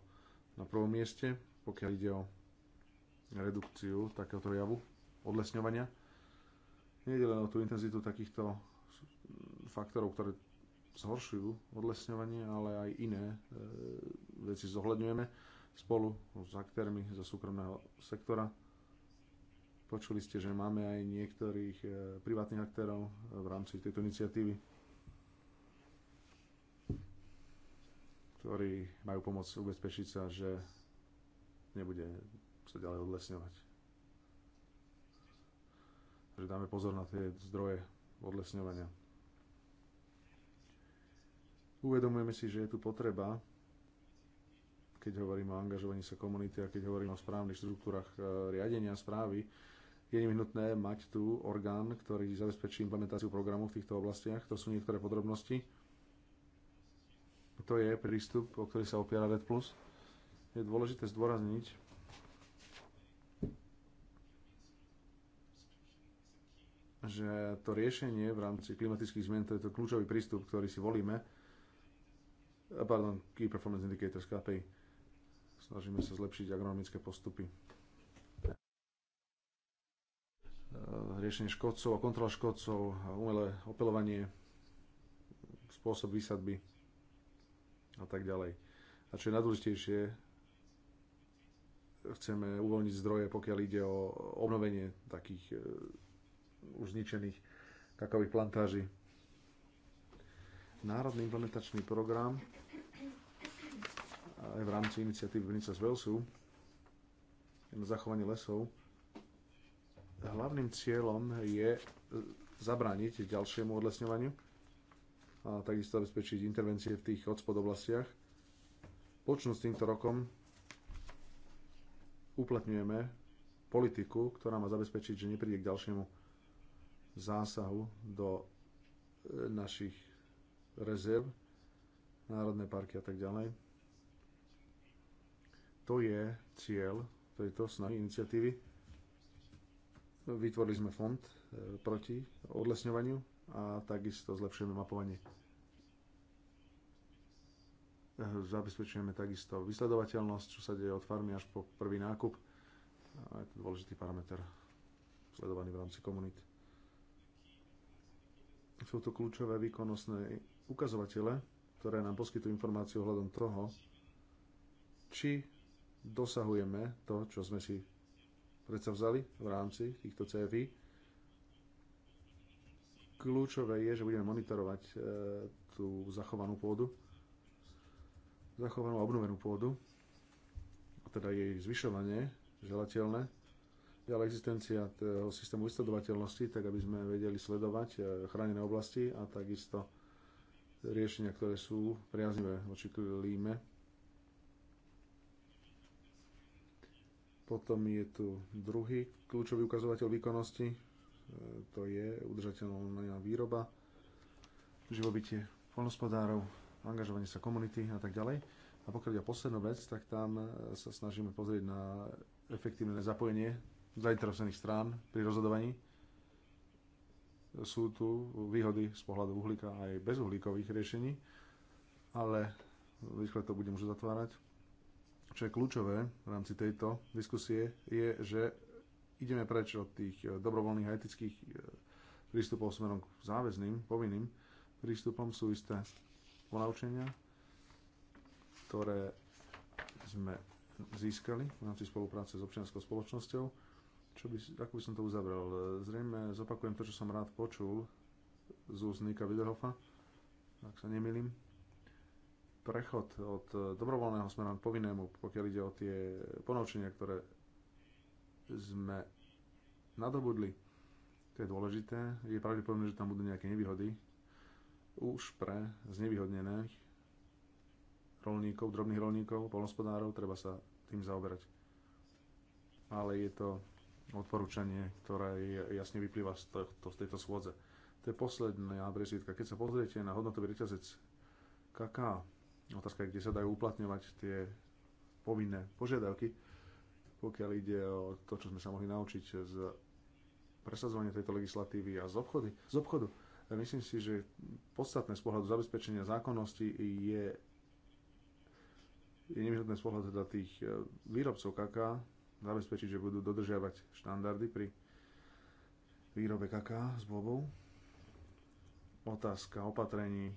na prvom mieste, pokiaľ ide o redukciu takéhoto javu, odlesňovania. Nejde len o tú intenzitu takýchto faktorov, ktoré zhoršujú odlesňovanie, ale aj iné e, veci zohľadňujeme spolu s aktérmi zo súkromného sektora. Počuli ste, že máme aj niektorých e, privátnych aktérov v rámci tejto iniciatívy ktorí majú pomôcť ubezpečiť sa, že nebude sa ďalej odlesňovať. Takže dáme pozor na tie zdroje odlesňovania. Uvedomujeme si, že je tu potreba, keď hovoríme o angažovaní sa komunity a keď hovoríme o správnych štruktúrach e, riadenia správy, je nevyhnutné mať tu orgán, ktorý zabezpečí implementáciu programu v týchto oblastiach. To sú niektoré podrobnosti to je prístup, o ktorý sa opiera Red Plus. Je dôležité zdôrazniť, že to riešenie v rámci klimatických zmien, to je to kľúčový prístup, ktorý si volíme, eh, pardon, Key Performance Indicators, KPI. Snažíme sa zlepšiť agronomické postupy. Eh, riešenie škodcov a kontrola škodcov, umelé opelovanie, spôsob výsadby a tak ďalej. A čo je najdôležitejšie, chceme uvoľniť zdroje, pokiaľ ide o obnovenie takých e, už zničených kakových plantáží. Národný implementačný program aj v rámci iniciatívy Vnica z Velsu na zachovanie lesov. Hlavným cieľom je e, zabrániť ďalšiemu odlesňovaniu a takisto zabezpečiť intervencie v tých hotspot oblastiach. Počnúť s týmto rokom uplatňujeme politiku, ktorá má zabezpečiť, že nepríde k ďalšiemu zásahu do e, našich rezerv, národné parky a tak ďalej. To je cieľ tejto snahy iniciatívy. Vytvorili sme fond e, proti odlesňovaniu a takisto zlepšujeme mapovanie. Zabezpečujeme takisto vysledovateľnosť, čo sa deje od farmy až po prvý nákup. A je to dôležitý parameter sledovaný v rámci komunít. Sú to kľúčové výkonnostné ukazovatele, ktoré nám poskytujú informáciu ohľadom toho, či dosahujeme to, čo sme si predsa vzali v rámci týchto CFI Kľúčové je, že budeme monitorovať e, tú zachovanú pôdu, zachovanú a obnovenú pôdu, a teda jej zvyšovanie želateľné, ďalej existencia toho systému vysledovateľnosti, tak aby sme vedeli sledovať e, chránené oblasti a takisto riešenia, ktoré sú priaznivé voči klíme. Potom je tu druhý kľúčový ukazovateľ výkonnosti, to je udržateľná výroba, živobytie poľnospodárov, angažovanie sa komunity a tak ďalej. A pokiaľ ide poslednú vec, tak tam e, sa snažíme pozrieť na efektívne zapojenie zainteresovaných strán pri rozhodovaní. Sú tu výhody z pohľadu uhlíka aj bezuhlíkových riešení, ale rýchle to budem už zatvárať. Čo je kľúčové v rámci tejto diskusie je, že ideme preč od tých e, dobrovoľných a etických e, prístupov smerom k záväzným, povinným prístupom sú isté ponaučenia, ktoré sme získali v rámci spolupráce s občianskou spoločnosťou. Čo by, ako by som to uzavrel? E, zrejme zopakujem to, čo som rád počul z úst Nika Widerhofa, ak sa nemýlim. Prechod od dobrovoľného smerom k povinnému, pokiaľ ide o tie ponaučenia, ktoré sme nadobudli. To je dôležité. Je pravdepodobné, že tam budú nejaké nevýhody. Už pre znevýhodnených rolníkov, drobných rolníkov, polnospodárov, treba sa tým zaoberať. Ale je to odporúčanie, ktoré jasne vyplýva z, tohto, z tejto schôdze. To je posledná brežitka. Keď sa pozriete na hodnotový reťazec kaká, otázka je, kde sa dajú uplatňovať tie povinné požiadavky, pokiaľ ide o to, čo sme sa mohli naučiť z presadzovania tejto legislatívy a z, obchody, z obchodu. Myslím si, že podstatné z pohľadu zabezpečenia zákonnosti je, je nevyhnutné z pohľadu teda tých e, výrobcov kaká zabezpečiť, že budú dodržiavať štandardy pri výrobe kaká s bobou. Otázka opatrení,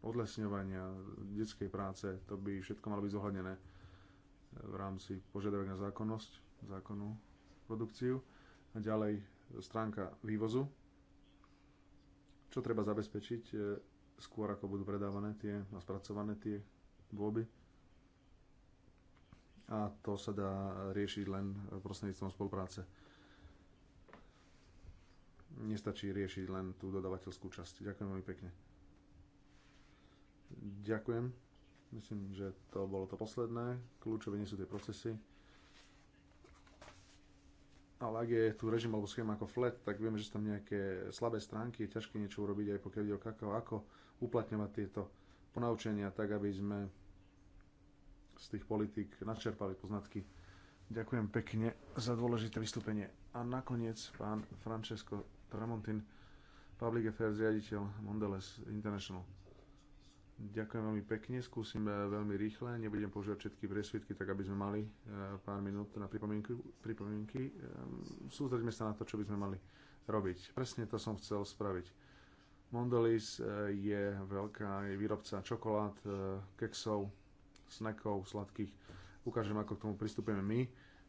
odlesňovania, detskej práce, to by všetko malo byť zohľadnené v rámci požiadavek na zákonnosť, zákonnú produkciu. A ďalej stránka vývozu, čo treba zabezpečiť e, skôr ako budú predávané tie a spracované tie vôby. A to sa dá riešiť len prostredníctvom spolupráce. Nestačí riešiť len tú dodavateľskú časť. Ďakujem veľmi pekne. Ďakujem. Myslím, že to bolo to posledné. Kľúčové nie sú tie procesy. Ale ak je tu režim alebo schéma ako flat, tak vieme, že sú tam nejaké slabé stránky, je ťažké niečo urobiť aj pokiaľ ide o kakao, ako uplatňovať tieto ponaučenia tak, aby sme z tých politík načerpali poznatky. Ďakujem pekne za dôležité vystúpenie. A nakoniec pán Francesco Tramontin, Public Affairs riaditeľ Mondelez International. Ďakujem veľmi pekne, skúsim e, veľmi rýchle, nebudem používať všetky presvitky, tak aby sme mali e, pár minút na pripomienky. pripomienky. Ehm, Sústredíme sa na to, čo by sme mali robiť. Presne to som chcel spraviť. Mondolis e, je veľká je výrobca čokolád, keksov, snackov, sladkých. Ukážem, ako k tomu pristupujeme my.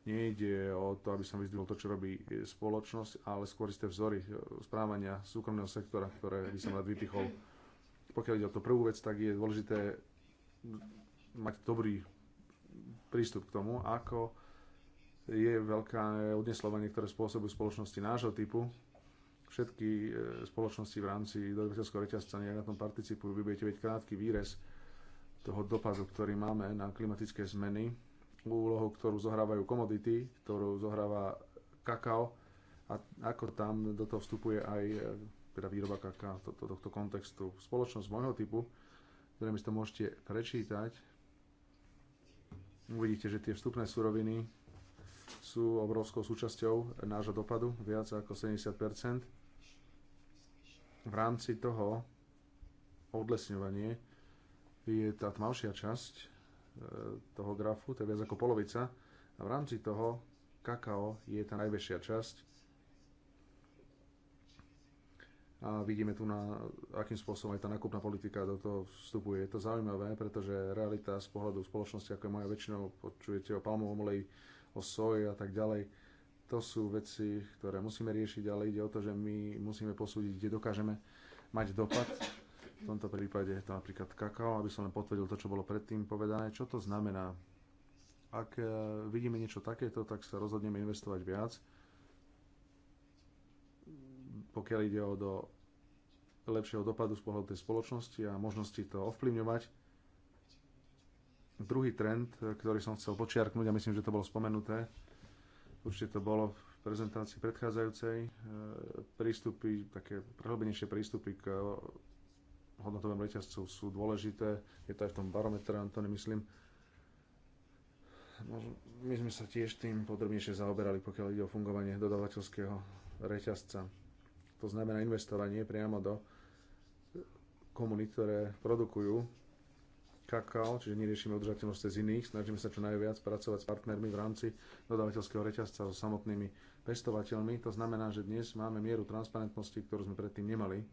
Nejde o to, aby som vyzdvihol to, čo robí spoločnosť, ale skôr isté vzory správania súkromného sektora, ktoré by som rád vypichol pokiaľ ide o tú prvú vec, tak je dôležité mať dobrý prístup k tomu, ako je veľká odneslovanie, ktoré spôsobujú spoločnosti nášho typu. Všetky e, spoločnosti v rámci dodavateľského reťazca nejak na tom participujú. Vy budete vedieť krátky výrez toho dopadu, ktorý máme na klimatické zmeny, úlohu, ktorú zohrávajú komodity, ktorú zohráva kakao a ako tam do toho vstupuje aj e, teda výroba kaká to, to, tohto kontextu. Spoločnosť môjho typu, ktoré mi to môžete prečítať, uvidíte, že tie vstupné suroviny sú obrovskou súčasťou nášho dopadu, viac ako 70 V rámci toho odlesňovanie je tá tmavšia časť e, toho grafu, to je viac ako polovica. A v rámci toho kakao je tá najväčšia časť, a vidíme tu, na, akým spôsobom aj tá nakupná politika do toho vstupuje. Je to zaujímavé, pretože realita z pohľadu spoločnosti, ako je moja väčšinou, počujete o palmovom oleji, o soji a tak ďalej, to sú veci, ktoré musíme riešiť, ale ide o to, že my musíme posúdiť, kde dokážeme mať dopad. V tomto prípade je to napríklad kakao, aby som len potvrdil to, čo bolo predtým povedané. Čo to znamená? Ak eh, vidíme niečo takéto, tak sa rozhodneme investovať viac pokiaľ ide o do lepšieho dopadu z pohľadu tej spoločnosti a možnosti to ovplyvňovať. Druhý trend, ktorý som chcel počiarknúť a myslím, že to bolo spomenuté, určite to bolo v prezentácii predchádzajúcej, e, prístupy, také prehlbenejšie prístupy k hodnotovému reťazcu sú dôležité, je to aj v tom barometre, Antony, myslím, no, my sme sa tiež tým podrobnejšie zaoberali, pokiaľ ide o fungovanie dodavateľského reťazca to znamená investovanie priamo do komunít, ktoré produkujú kakao, čiže neriešime udržateľnosť z iných, snažíme sa čo najviac pracovať s partnermi v rámci dodávateľského reťazca so samotnými pestovateľmi. To znamená, že dnes máme mieru transparentnosti, ktorú sme predtým nemali.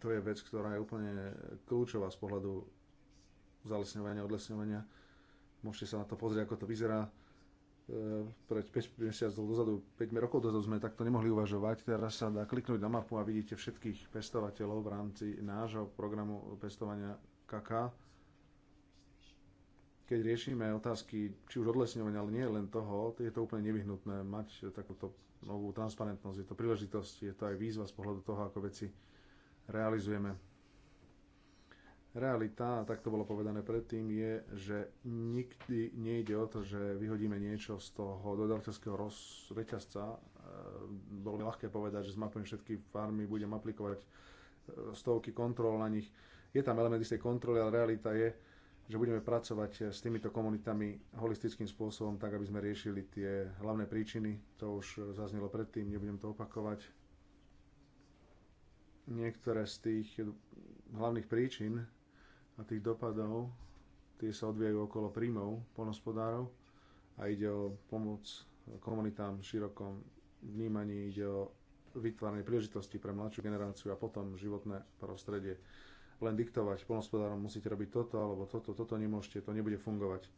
To je vec, ktorá je úplne kľúčová z pohľadu zalesňovania, odlesňovania. Môžete sa na to pozrieť, ako to vyzerá E, pred 5 mesiacov dozadu, 5 rokov dozadu sme takto nemohli uvažovať. Teraz sa dá kliknúť na mapu a vidíte všetkých pestovateľov v rámci nášho programu pestovania KK. Keď riešime otázky, či už odlesňovania, ale nie len toho, je to úplne nevyhnutné mať takúto novú transparentnosť. Je to príležitosť, je to aj výzva z pohľadu toho, ako veci realizujeme Realita, a tak to bolo povedané predtým, je, že nikdy nejde o to, že vyhodíme niečo z toho dodavateľského reťazca. E, bolo mi ľahké povedať, že zmapujem všetky farmy, budem aplikovať e, stovky kontrol na nich. Je tam element istej kontroly, ale realita je, že budeme pracovať e, s týmito komunitami holistickým spôsobom, tak aby sme riešili tie hlavné príčiny. To už zaznelo predtým, nebudem to opakovať. Niektoré z tých hlavných príčin a tých dopadov, tie sa odvíjajú okolo príjmov polnospodárov a ide o pomoc komunitám v širokom vnímaní, ide o vytváranie príležitosti pre mladšiu generáciu a potom životné prostredie. Len diktovať polnospodárom musíte robiť toto alebo toto, toto nemôžete, to nebude fungovať.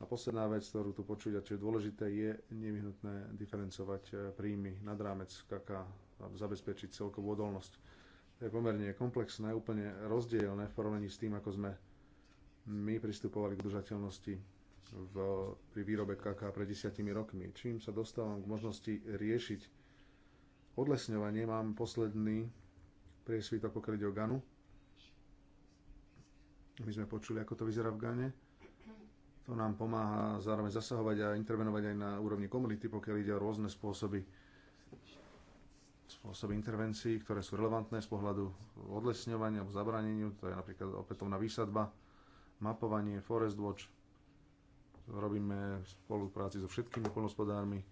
A posledná vec, ktorú tu počuť a čo je dôležité, je nevyhnutné diferencovať eh, príjmy nad rámec KK a zabezpečiť celkovú odolnosť je pomerne komplexné, úplne rozdielne v porovnaní s tým, ako sme my pristupovali k udržateľnosti v, pri výrobe kaká pred desiatimi rokmi. Čím sa dostávam k možnosti riešiť odlesňovanie, mám posledný priesvitok, pokiaľ ide o Ganu. My sme počuli, ako to vyzerá v Gane. To nám pomáha zároveň zasahovať a intervenovať aj na úrovni komunity, pokiaľ ide o rôzne spôsoby spôsoby intervencií, ktoré sú relevantné z pohľadu odlesňovania alebo zabraneniu, to je napríklad opätovná výsadba, mapovanie, forest watch, robíme v spolupráci so všetkými polnospodármi. E,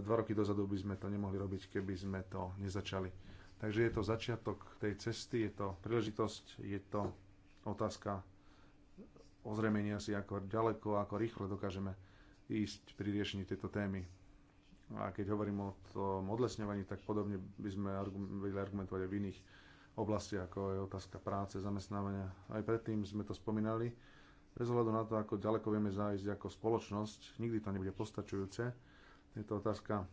dva roky dozadu by sme to nemohli robiť, keby sme to nezačali. Takže je to začiatok tej cesty, je to príležitosť, je to otázka ozremenia si, ako ďaleko, ako rýchlo dokážeme ísť pri riešení tejto témy. A keď hovorím o tom odlesňovaní, tak podobne by sme vedeli argumentovať aj v iných oblastiach, ako je otázka práce, zamestnávania. Aj predtým sme to spomínali. Bez ohľadu na to, ako ďaleko vieme zájsť ako spoločnosť, nikdy to nebude postačujúce. Je to otázka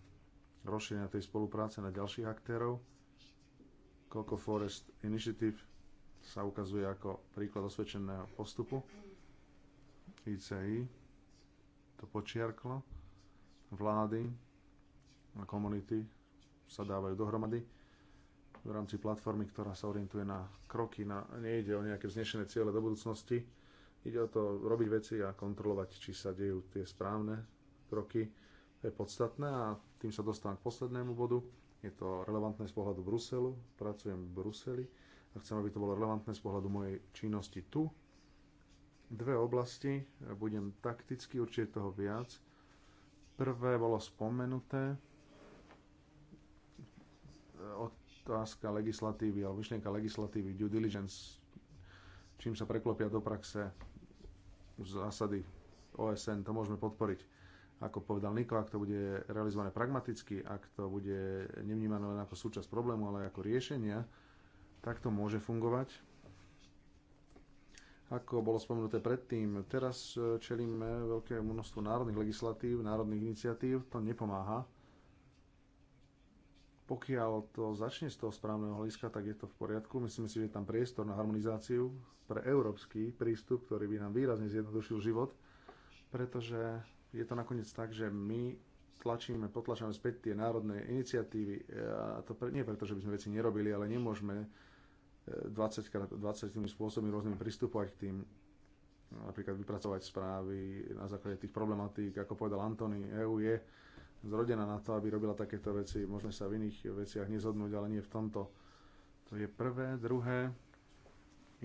rozšírenia tej spolupráce na ďalších aktérov. Coco Forest Initiative sa ukazuje ako príklad osvedčeného postupu. ICI to počiarklo. Vlády, a komunity sa dávajú dohromady v rámci platformy, ktorá sa orientuje na kroky, na, nejde o nejaké vznešené ciele do budúcnosti, ide o to robiť veci a kontrolovať, či sa dejú tie správne kroky. To je podstatné a tým sa dostávam k poslednému bodu. Je to relevantné z pohľadu Bruselu, pracujem v Bruseli a chcem, aby to bolo relevantné z pohľadu mojej činnosti tu. Dve oblasti, budem takticky určite toho viac. Prvé bolo spomenuté, otázka legislatívy alebo myšlienka legislatívy, due diligence, čím sa preklopia do praxe zásady OSN, to môžeme podporiť. Ako povedal Niko, ak to bude realizované pragmaticky, ak to bude nevnímané len ako súčasť problému, ale ako riešenia, tak to môže fungovať. Ako bolo spomenuté predtým, teraz čelíme veľké množstvo národných legislatív, národných iniciatív, to nepomáha. Pokiaľ to začne z toho správneho hľadiska, tak je to v poriadku. Myslím si, že je tam priestor na harmonizáciu pre európsky prístup, ktorý by nám výrazne zjednodušil život, pretože je to nakoniec tak, že my tlačíme, potlačame späť tie národné iniciatívy. E, a to pre, nie preto, že by sme veci nerobili, ale nemôžeme 20 e, krát 20 tými spôsobmi rôznymi pristupovať k tým napríklad vypracovať správy na základe tých problematík, ako povedal Antony, EU je zrodená na to, aby robila takéto veci. Možno sa v iných veciach nezhodnúť, ale nie v tomto. To je prvé. Druhé,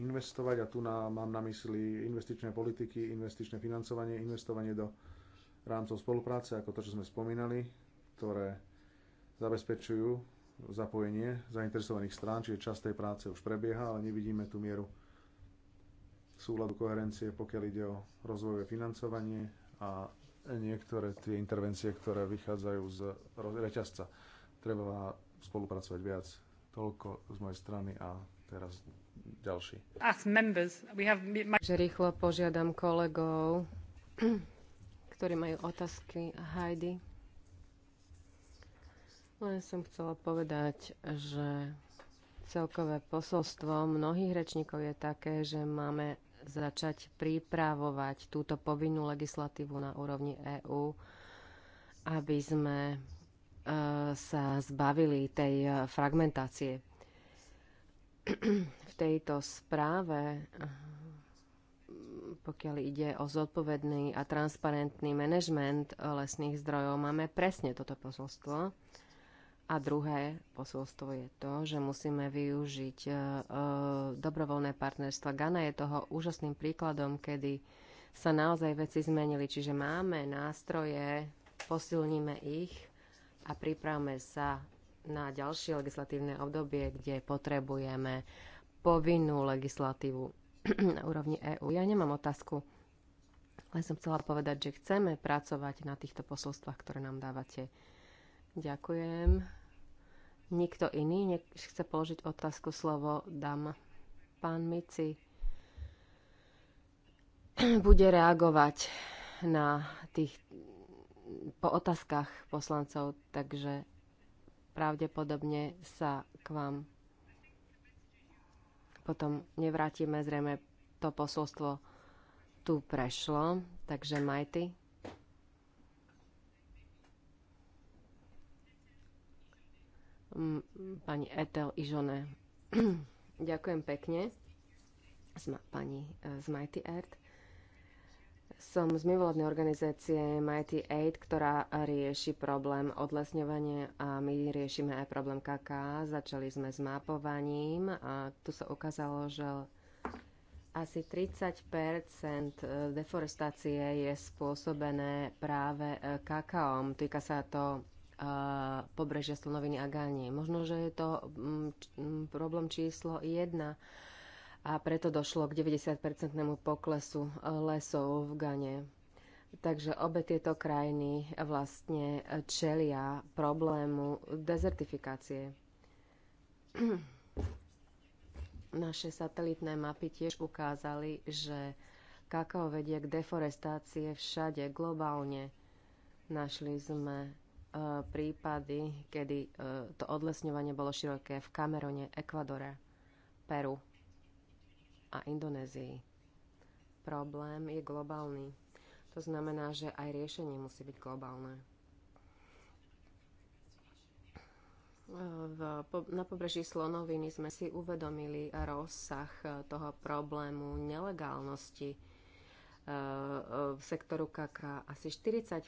investovať, a tu na, mám na mysli investičné politiky, investičné financovanie, investovanie do rámcov spolupráce, ako to, čo sme spomínali, ktoré zabezpečujú zapojenie zainteresovaných strán, čiže čas tej práce už prebieha, ale nevidíme tú mieru súladu koherencie, pokiaľ ide o rozvojové financovanie a niektoré tie intervencie, ktoré vychádzajú z reťazca. Treba spolupracovať viac. Toľko z mojej strany a teraz ďalší. Že rýchlo požiadam kolegov, ktorí majú otázky. Heidi. Len no, som chcela povedať, že celkové posolstvo mnohých rečníkov je také, že máme začať pripravovať túto povinnú legislatívu na úrovni EÚ, aby sme e, sa zbavili tej e, fragmentácie. V tejto správe, pokiaľ ide o zodpovedný a transparentný manažment lesných zdrojov, máme presne toto posolstvo a druhé posolstvo je to, že musíme využiť e, e, dobrovoľné partnerstva. Gana je toho úžasným príkladom, kedy sa naozaj veci zmenili. Čiže máme nástroje, posilníme ich a pripravme sa na ďalšie legislatívne obdobie, kde potrebujeme povinnú legislatívu na úrovni EÚ. Ja nemám otázku, len som chcela povedať, že chceme pracovať na týchto posolstvách, ktoré nám dávate. Ďakujem. Nikto iný nech chce položiť otázku slovo dám. Pán Mici bude reagovať na tých po otázkach poslancov, takže pravdepodobne sa k vám potom nevrátime. Zrejme to posolstvo tu prešlo, takže Majty. Mm, pani Etel Ižone. Ďakujem pekne. Sma, pani eh, z Mighty Earth. Som z mimovládnej organizácie Mighty Aid, ktorá rieši problém odlesňovania a my riešime aj problém kaká. Začali sme s mapovaním a tu sa ukázalo, že asi 30 eh, deforestácie je spôsobené práve eh, kakaom. Týka sa to pobrežia slonoviny a Gánie. Možno, že je to mm, mm, problém číslo 1 a preto došlo k 90-percentnému poklesu e, lesov v Gane. Takže obe tieto krajiny vlastne čelia problému dezertifikácie. Naše satelitné mapy tiež ukázali, že kakao vedie k deforestácie všade globálne. Našli sme prípady, kedy e, to odlesňovanie bolo široké v Kamerone, Ekvadore, Peru a Indonézii. Problém je globálny. To znamená, že aj riešenie musí byť globálne. E, v, po, na pobreží Slonoviny sme si uvedomili rozsah e, toho problému nelegálnosti v sektoru kaká. Asi 40 eh,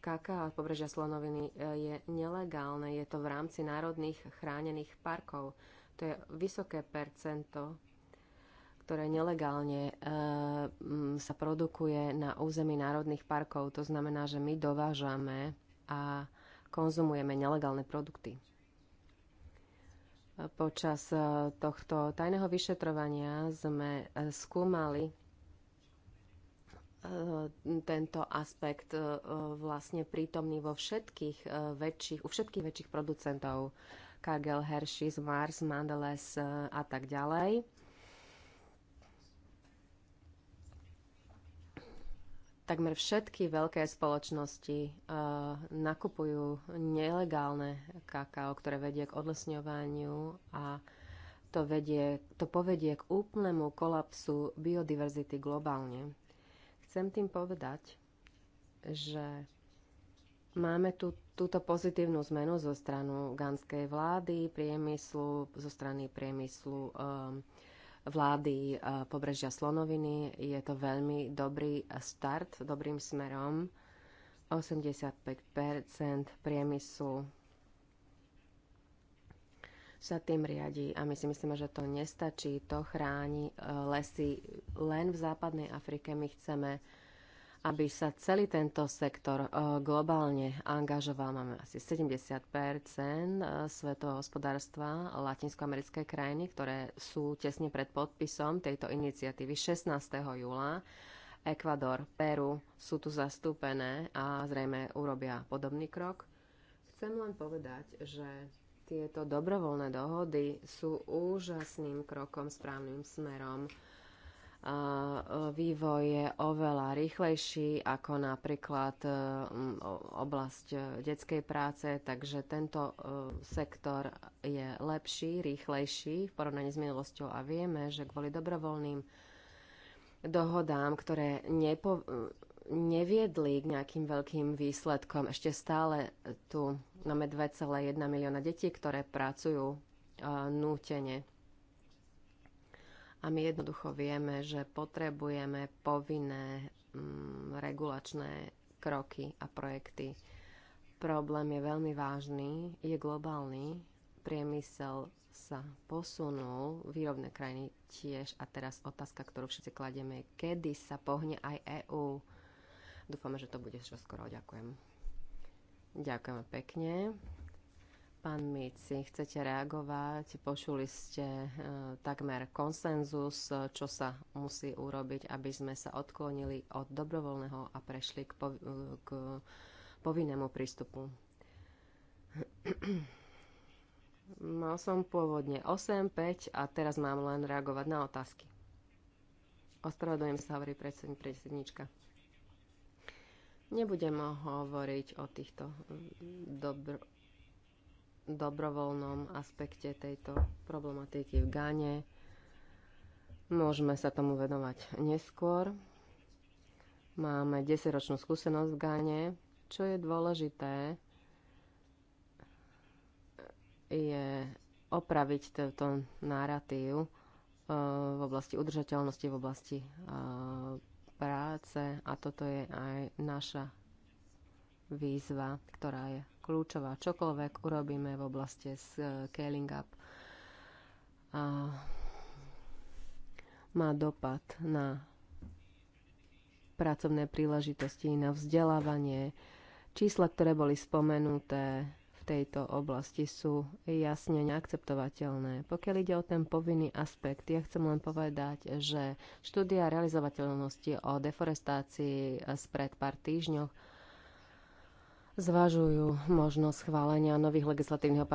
kaká a pobrežia Slonoviny eh, je nelegálne. Je to v rámci národných chránených parkov. To je vysoké percento, ktoré nelegálne eh, sa produkuje na území národných parkov. To znamená, že my dovážame a konzumujeme nelegálne produkty. Počas e, tohto tajného vyšetrovania sme e, skúmali e, tento aspekt vlastne prítomný vo všetkých väčších, u všetkých väčších producentov Kagel, Hershey's, Mars, Mandeles a tak ďalej. Takmer všetky veľké spoločnosti eh, nakupujú nelegálne kakao, ktoré vedie k odlesňovaniu a to, vedie, to povedie k úplnému kolapsu biodiverzity globálne. Chcem tým povedať, že máme tu, túto pozitívnu zmenu zo stranu ganskej vlády, priemyslu, zo strany priemyslu um, vlády eh, pobrežia Slonoviny. Je to veľmi dobrý start, dobrým smerom. 85 priemyslu sa tým riadi a my si myslíme, že to nestačí, to chráni eh, lesy len v západnej Afrike. My chceme aby sa celý tento sektor e, globálne angažoval. Máme asi 70 e, svetového hospodárstva latinskoamerické krajiny, ktoré sú tesne pred podpisom tejto iniciatívy 16. júla. Ekvador, Peru sú tu zastúpené a zrejme urobia podobný krok. Chcem len povedať, že tieto dobrovoľné dohody sú úžasným krokom správnym smerom E, vývoj je oveľa rýchlejší ako napríklad e, oblasť e, detskej práce, takže tento sektor je lepší, rýchlejší v porovnaní s minulosťou a vieme, že kvôli dobrovoľným dohodám, ktoré nepo, neviedli k nejakým veľkým výsledkom, ešte stále tu máme 2,1 milióna detí, ktoré pracujú nútene a my jednoducho vieme, že potrebujeme povinné mm, regulačné kroky a projekty. Problém je veľmi vážny, je globálny. Priemysel sa posunul, výrobné krajiny tiež. A teraz otázka, ktorú všetci kladieme, kedy sa pohne aj EÚ? Dúfame, že to bude skoro. Ďakujem. Ďakujeme pekne. Pán Mici, chcete reagovať? Počuli ste e, takmer konsenzus, čo sa musí urobiť, aby sme sa odklonili od dobrovoľného a prešli k, pov- k povinnému prístupu. Mal som pôvodne 8, 5 a teraz mám len reagovať na otázky. Ospravedlňujem sa, hovorí predsednička. Nebudem hovoriť o týchto dobro dobrovoľnom aspekte tejto problematiky v Gáne. Môžeme sa tomu venovať neskôr. Máme 10-ročnú skúsenosť v Gáne. Čo je dôležité, je opraviť tento narratív e, v oblasti udržateľnosti, v oblasti e, práce a toto je aj naša výzva, ktorá je kľúčová. Čokoľvek urobíme v oblasti e, scaling up a má dopad na pracovné príležitosti, na vzdelávanie. Čísla, ktoré boli spomenuté v tejto oblasti sú jasne neakceptovateľné. Pokiaľ ide o ten povinný aspekt, ja chcem len povedať, že štúdia realizovateľnosti o deforestácii spred pár týždňov zvažujú možnosť schválenia nových legislatívnych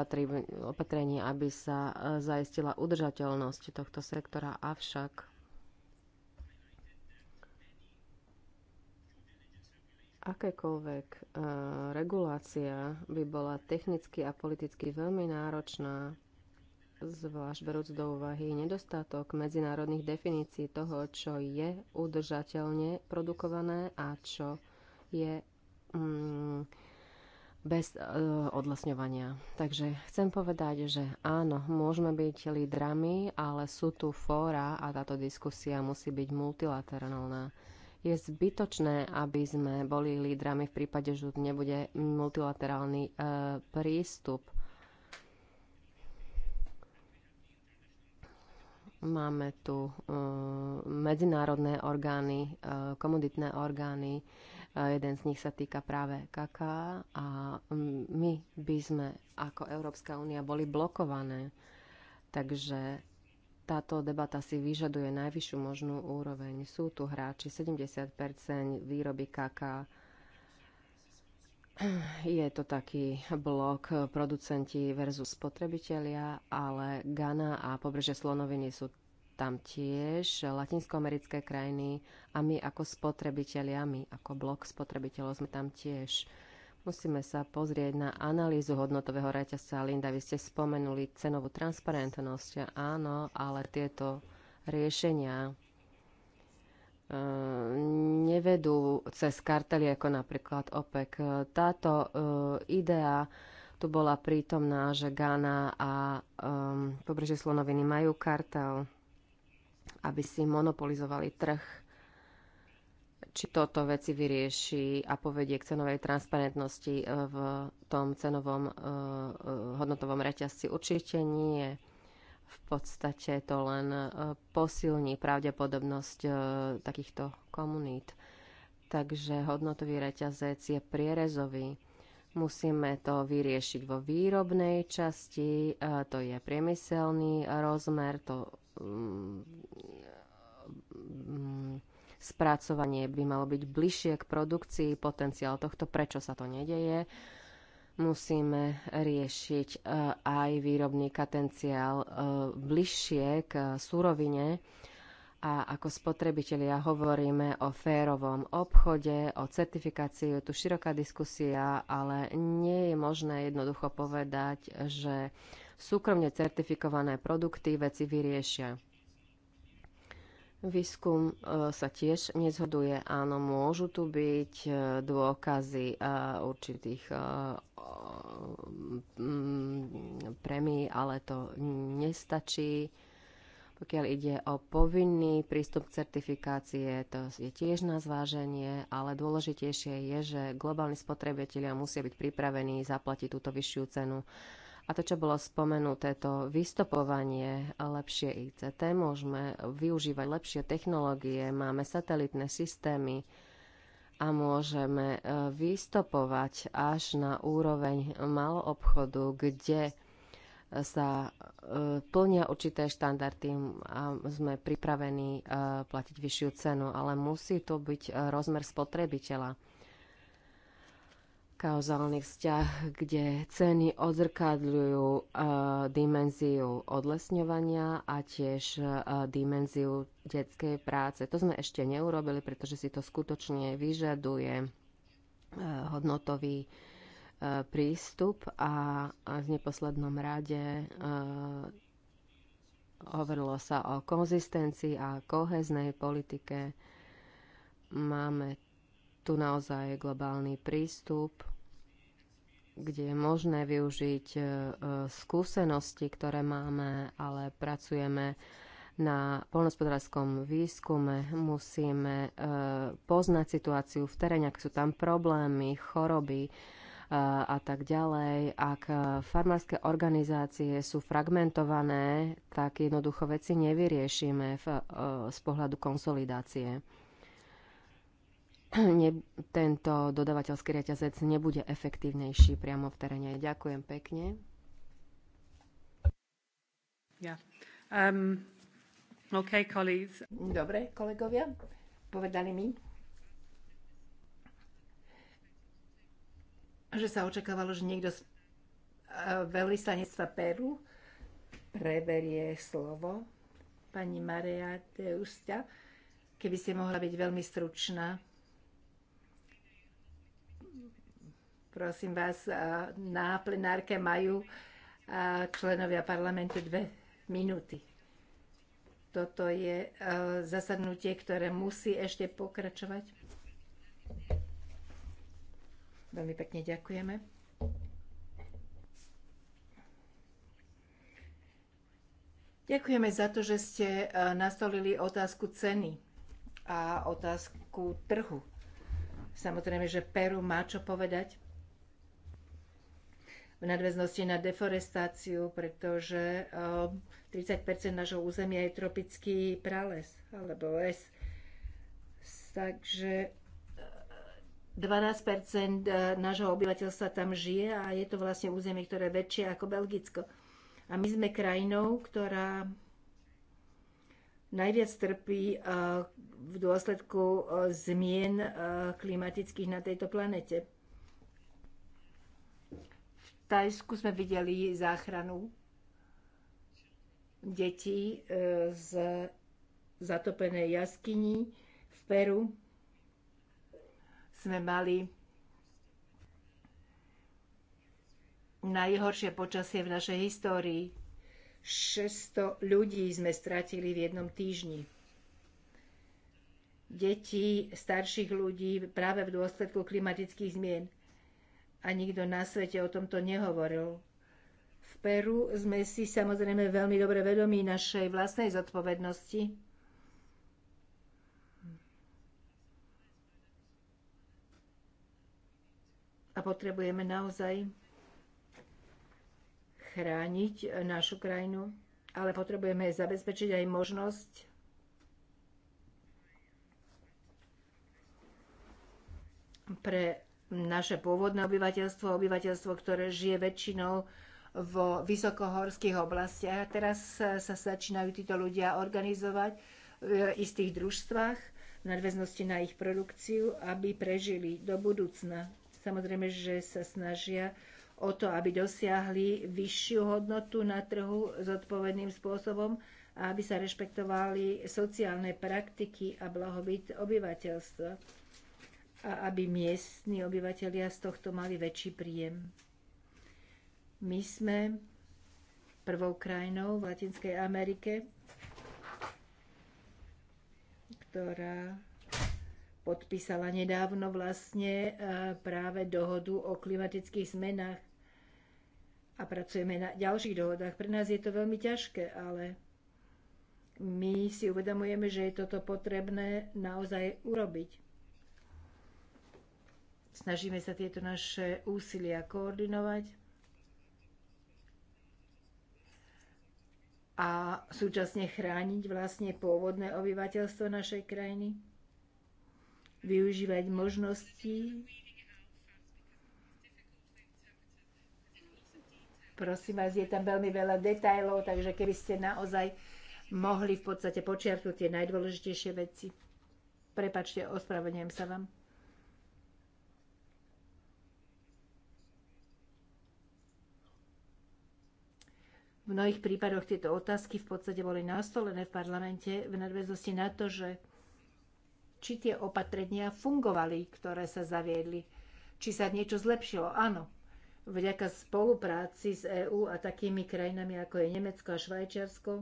opatrení, aby sa e, zaistila udržateľnosť tohto sektora. Avšak akékoľvek e, regulácia by bola technicky a politicky veľmi náročná, zvlášť berúc do úvahy nedostatok medzinárodných definícií toho, čo je udržateľne produkované a čo je mm, bez e, odlesňovania. Takže chcem povedať, že áno, môžeme byť lídrami, ale sú tu fóra a táto diskusia musí byť multilaterálna. Je zbytočné, aby sme boli lídrami v prípade, že nebude multilaterálny e, prístup. Máme tu e, medzinárodné orgány, e, komoditné orgány, e, Jeden z nich sa týka práve kaká a mm, my by sme ako Európska únia boli blokované. Takže táto debata si vyžaduje najvyššiu možnú úroveň. Sú tu hráči, 70 výroby kaká je to taký blok producenti versus spotrebitelia, ale Ghana a pobrežie Slonoviny sú tam tiež latinskoamerické krajiny a my ako spotrebitelia, my ako blok spotrebiteľov sme tam tiež. Musíme sa pozrieť na analýzu hodnotového reťazca. Linda, vy ste spomenuli cenovú transparentnosť. Áno, ale tieto riešenia e, nevedú cez kartely ako napríklad OPEC. Táto e, idea tu bola prítomná, že Ghana a um, pobrežie Slonoviny majú kartel aby si monopolizovali trh. Či toto veci vyrieši a povedie k cenovej transparentnosti e, v tom cenovom e, e, hodnotovom reťazci? Určite nie. V podstate to len posilní pravdepodobnosť takýchto komunít. Takže hodnotový reťazec je prierezový. Musíme to vyriešiť vo výrobnej časti, to je priemyselný rozmer, to spracovanie by malo byť bližšie k produkcii, potenciál tohto, prečo sa to nedeje. Musíme riešiť e, aj výrobný katenciál e, bližšie k surovine a ako spotrebitelia hovoríme o férovom obchode, o certifikácii, je tu široká diskusia, ale nie je možné jednoducho povedať, že súkromne certifikované produkty veci vyriešia. Výskum e, sa tiež nezhoduje. Áno, môžu tu byť e, dôkazy e, určitých premí, ale to nestačí. Pokiaľ ide o povinný prístup k certifikácie, to je tiež na zváženie, ale dôležitejšie je, že globálni spotrebitelia musia byť pripravení zaplatiť túto vyššiu cenu a to, čo bolo spomenuté, to vystopovanie, lepšie ICT, môžeme využívať lepšie technológie, máme satelitné systémy a môžeme e, vystopovať až na úroveň maloobchodu, kde sa e, plnia určité štandardy a sme pripravení e, platiť vyššiu cenu, ale musí to byť rozmer spotrebiteľa kauzálny vzťah, kde ceny odzrkadľujú e, dimenziu odlesňovania a tiež e, dimenziu detskej práce. To sme ešte neurobili, pretože si to skutočne vyžaduje e, hodnotový e, prístup a, a v neposlednom rade e, hovorilo sa o konzistencii a koheznej politike. Máme tu naozaj globálny prístup kde je možné využiť e, e, skúsenosti, ktoré máme, ale pracujeme na polnospodárskom výskume, musíme e, poznať situáciu v teréne, ak sú tam problémy, choroby a tak ďalej. Ak farmárske organizácie sú fragmentované, tak jednoducho veci nevyriešime v, z pohľadu konsolidácie. ne, tento dodavateľský reťazec nebude efektívnejší priamo v teréne. Ďakujem pekne. Yeah. Um, okay, colleagues. Dobre, kolegovia, povedali mi, že sa očakávalo, že niekto z eh, veľvyslanectva Peru preberie slovo pani Maria Deusta. Keby ste mohla byť veľmi stručná. Prosím vás, na plenárke majú členovia parlamentu dve minúty. Toto je e, zasadnutie, ktoré musí ešte pokračovať. Veľmi pekne ďakujeme. Ďakujeme za to, že ste e, nastolili otázku ceny a otázku trhu. Samozrejme, že Peru má čo povedať v nadväznosti na deforestáciu, pretože 30 eh, nášho územia je tropický prales alebo les. Takže 12 eh, eh, nášho obyvateľstva tam žije a je to vlastne územie, ktoré je väčšie ako Belgicko. A my sme krajinou, ktorá najviac trpí v dôsledku zmien klimatických na tejto planete. Tajsku sme videli záchranu detí e, z zatopenej jaskyni v Peru. Sme mali najhoršie počasie v našej histórii. 600 ľudí sme stratili v jednom týždni. Deti, starších ľudí práve v dôsledku klimatických zmien a nikto na svete o tomto nehovoril. V Peru sme si samozrejme veľmi dobre vedomí našej vlastnej zodpovednosti. A potrebujeme naozaj chrániť našu krajinu, ale potrebujeme zabezpečiť aj možnosť pre naše pôvodné obyvateľstvo, obyvateľstvo, ktoré žije väčšinou v vysokohorských oblastiach. A teraz sa začínajú títo ľudia organizovať v istých družstvách v nadväznosti na ich produkciu, aby prežili do budúcna. Samozrejme, že sa snažia o to, aby dosiahli vyššiu hodnotu na trhu odpovedným spôsobom a aby sa rešpektovali sociálne praktiky a blahobyt obyvateľstva a aby miestni obyvateľia z tohto mali väčší príjem. My sme prvou krajinou v Latinskej Amerike, ktorá podpísala nedávno vlastne e, práve dohodu o klimatických zmenách a pracujeme na ďalších dohodách. Pre nás je to veľmi ťažké, ale my si uvedomujeme, že je toto potrebné naozaj urobiť. Snažíme sa tieto naše úsilia koordinovať a súčasne chrániť vlastne pôvodné obyvateľstvo našej krajiny, využívať možnosti Prosím vás, je tam veľmi veľa detajlov, takže keby ste naozaj mohli v podstate počiarknúť tie najdôležitejšie veci. Prepačte, ospravedlňujem sa vám. V mnohých prípadoch tieto otázky v podstate boli nastolené v parlamente v nadväznosti na to, že či tie opatrenia fungovali, ktoré sa zaviedli, či sa niečo zlepšilo. Áno, vďaka spolupráci s EÚ a takými krajinami ako je Nemecko a Švajčiarsko,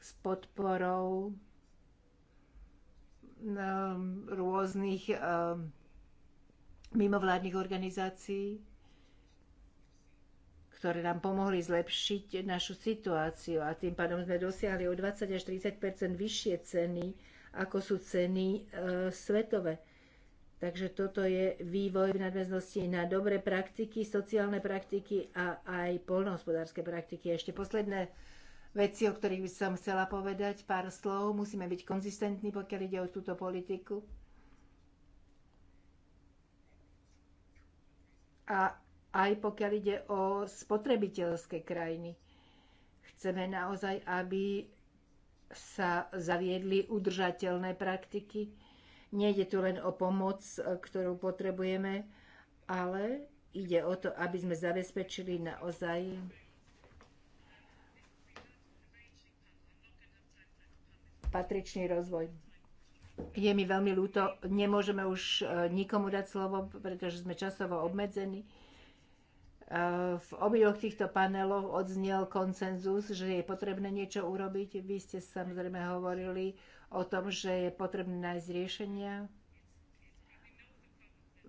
s podporou ehm, rôznych ehm, mimovládnych organizácií, ktoré nám pomohli zlepšiť našu situáciu a tým pádom sme dosiahli o 20 až 30 vyššie ceny, ako sú ceny e, svetové. Takže toto je vývoj v nadväznosti na dobré praktiky, sociálne praktiky a aj poľnohospodárske praktiky. Ešte posledné veci, o ktorých by som chcela povedať, pár slov. Musíme byť konzistentní, pokiaľ ide o túto politiku. A aj pokiaľ ide o spotrebiteľské krajiny. Chceme naozaj, aby sa zaviedli udržateľné praktiky. Nejde tu len o pomoc, ktorú potrebujeme, ale ide o to, aby sme zabezpečili naozaj patričný rozvoj. Je mi veľmi ľúto, nemôžeme už e, nikomu dať slovo, pretože sme časovo obmedzení. V obidvoch týchto paneloch odznel koncenzus, že je potrebné niečo urobiť. Vy ste samozrejme hovorili o tom, že je potrebné nájsť riešenia.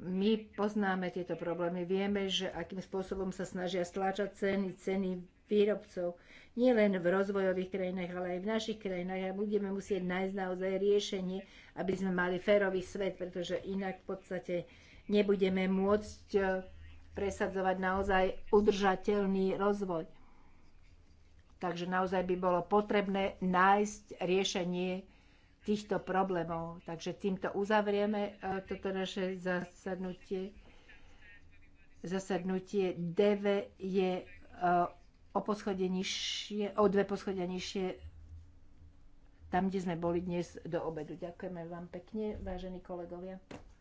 My poznáme tieto problémy, vieme, že akým spôsobom sa snažia stláčať ceny, ceny výrobcov, nie len v rozvojových krajinách, ale aj v našich krajinách a budeme musieť nájsť naozaj riešenie, aby sme mali férový svet, pretože inak v podstate nebudeme môcť presadzovať naozaj udržateľný rozvoj. Takže naozaj by bolo potrebné nájsť riešenie týchto problémov. Takže týmto uzavrieme e, toto naše zasadnutie. Zasadnutie DV je e, o, poschodie nižšie, o dve poschodia nižšie tam, kde sme boli dnes do obedu. Ďakujeme vám pekne, vážení kolegovia.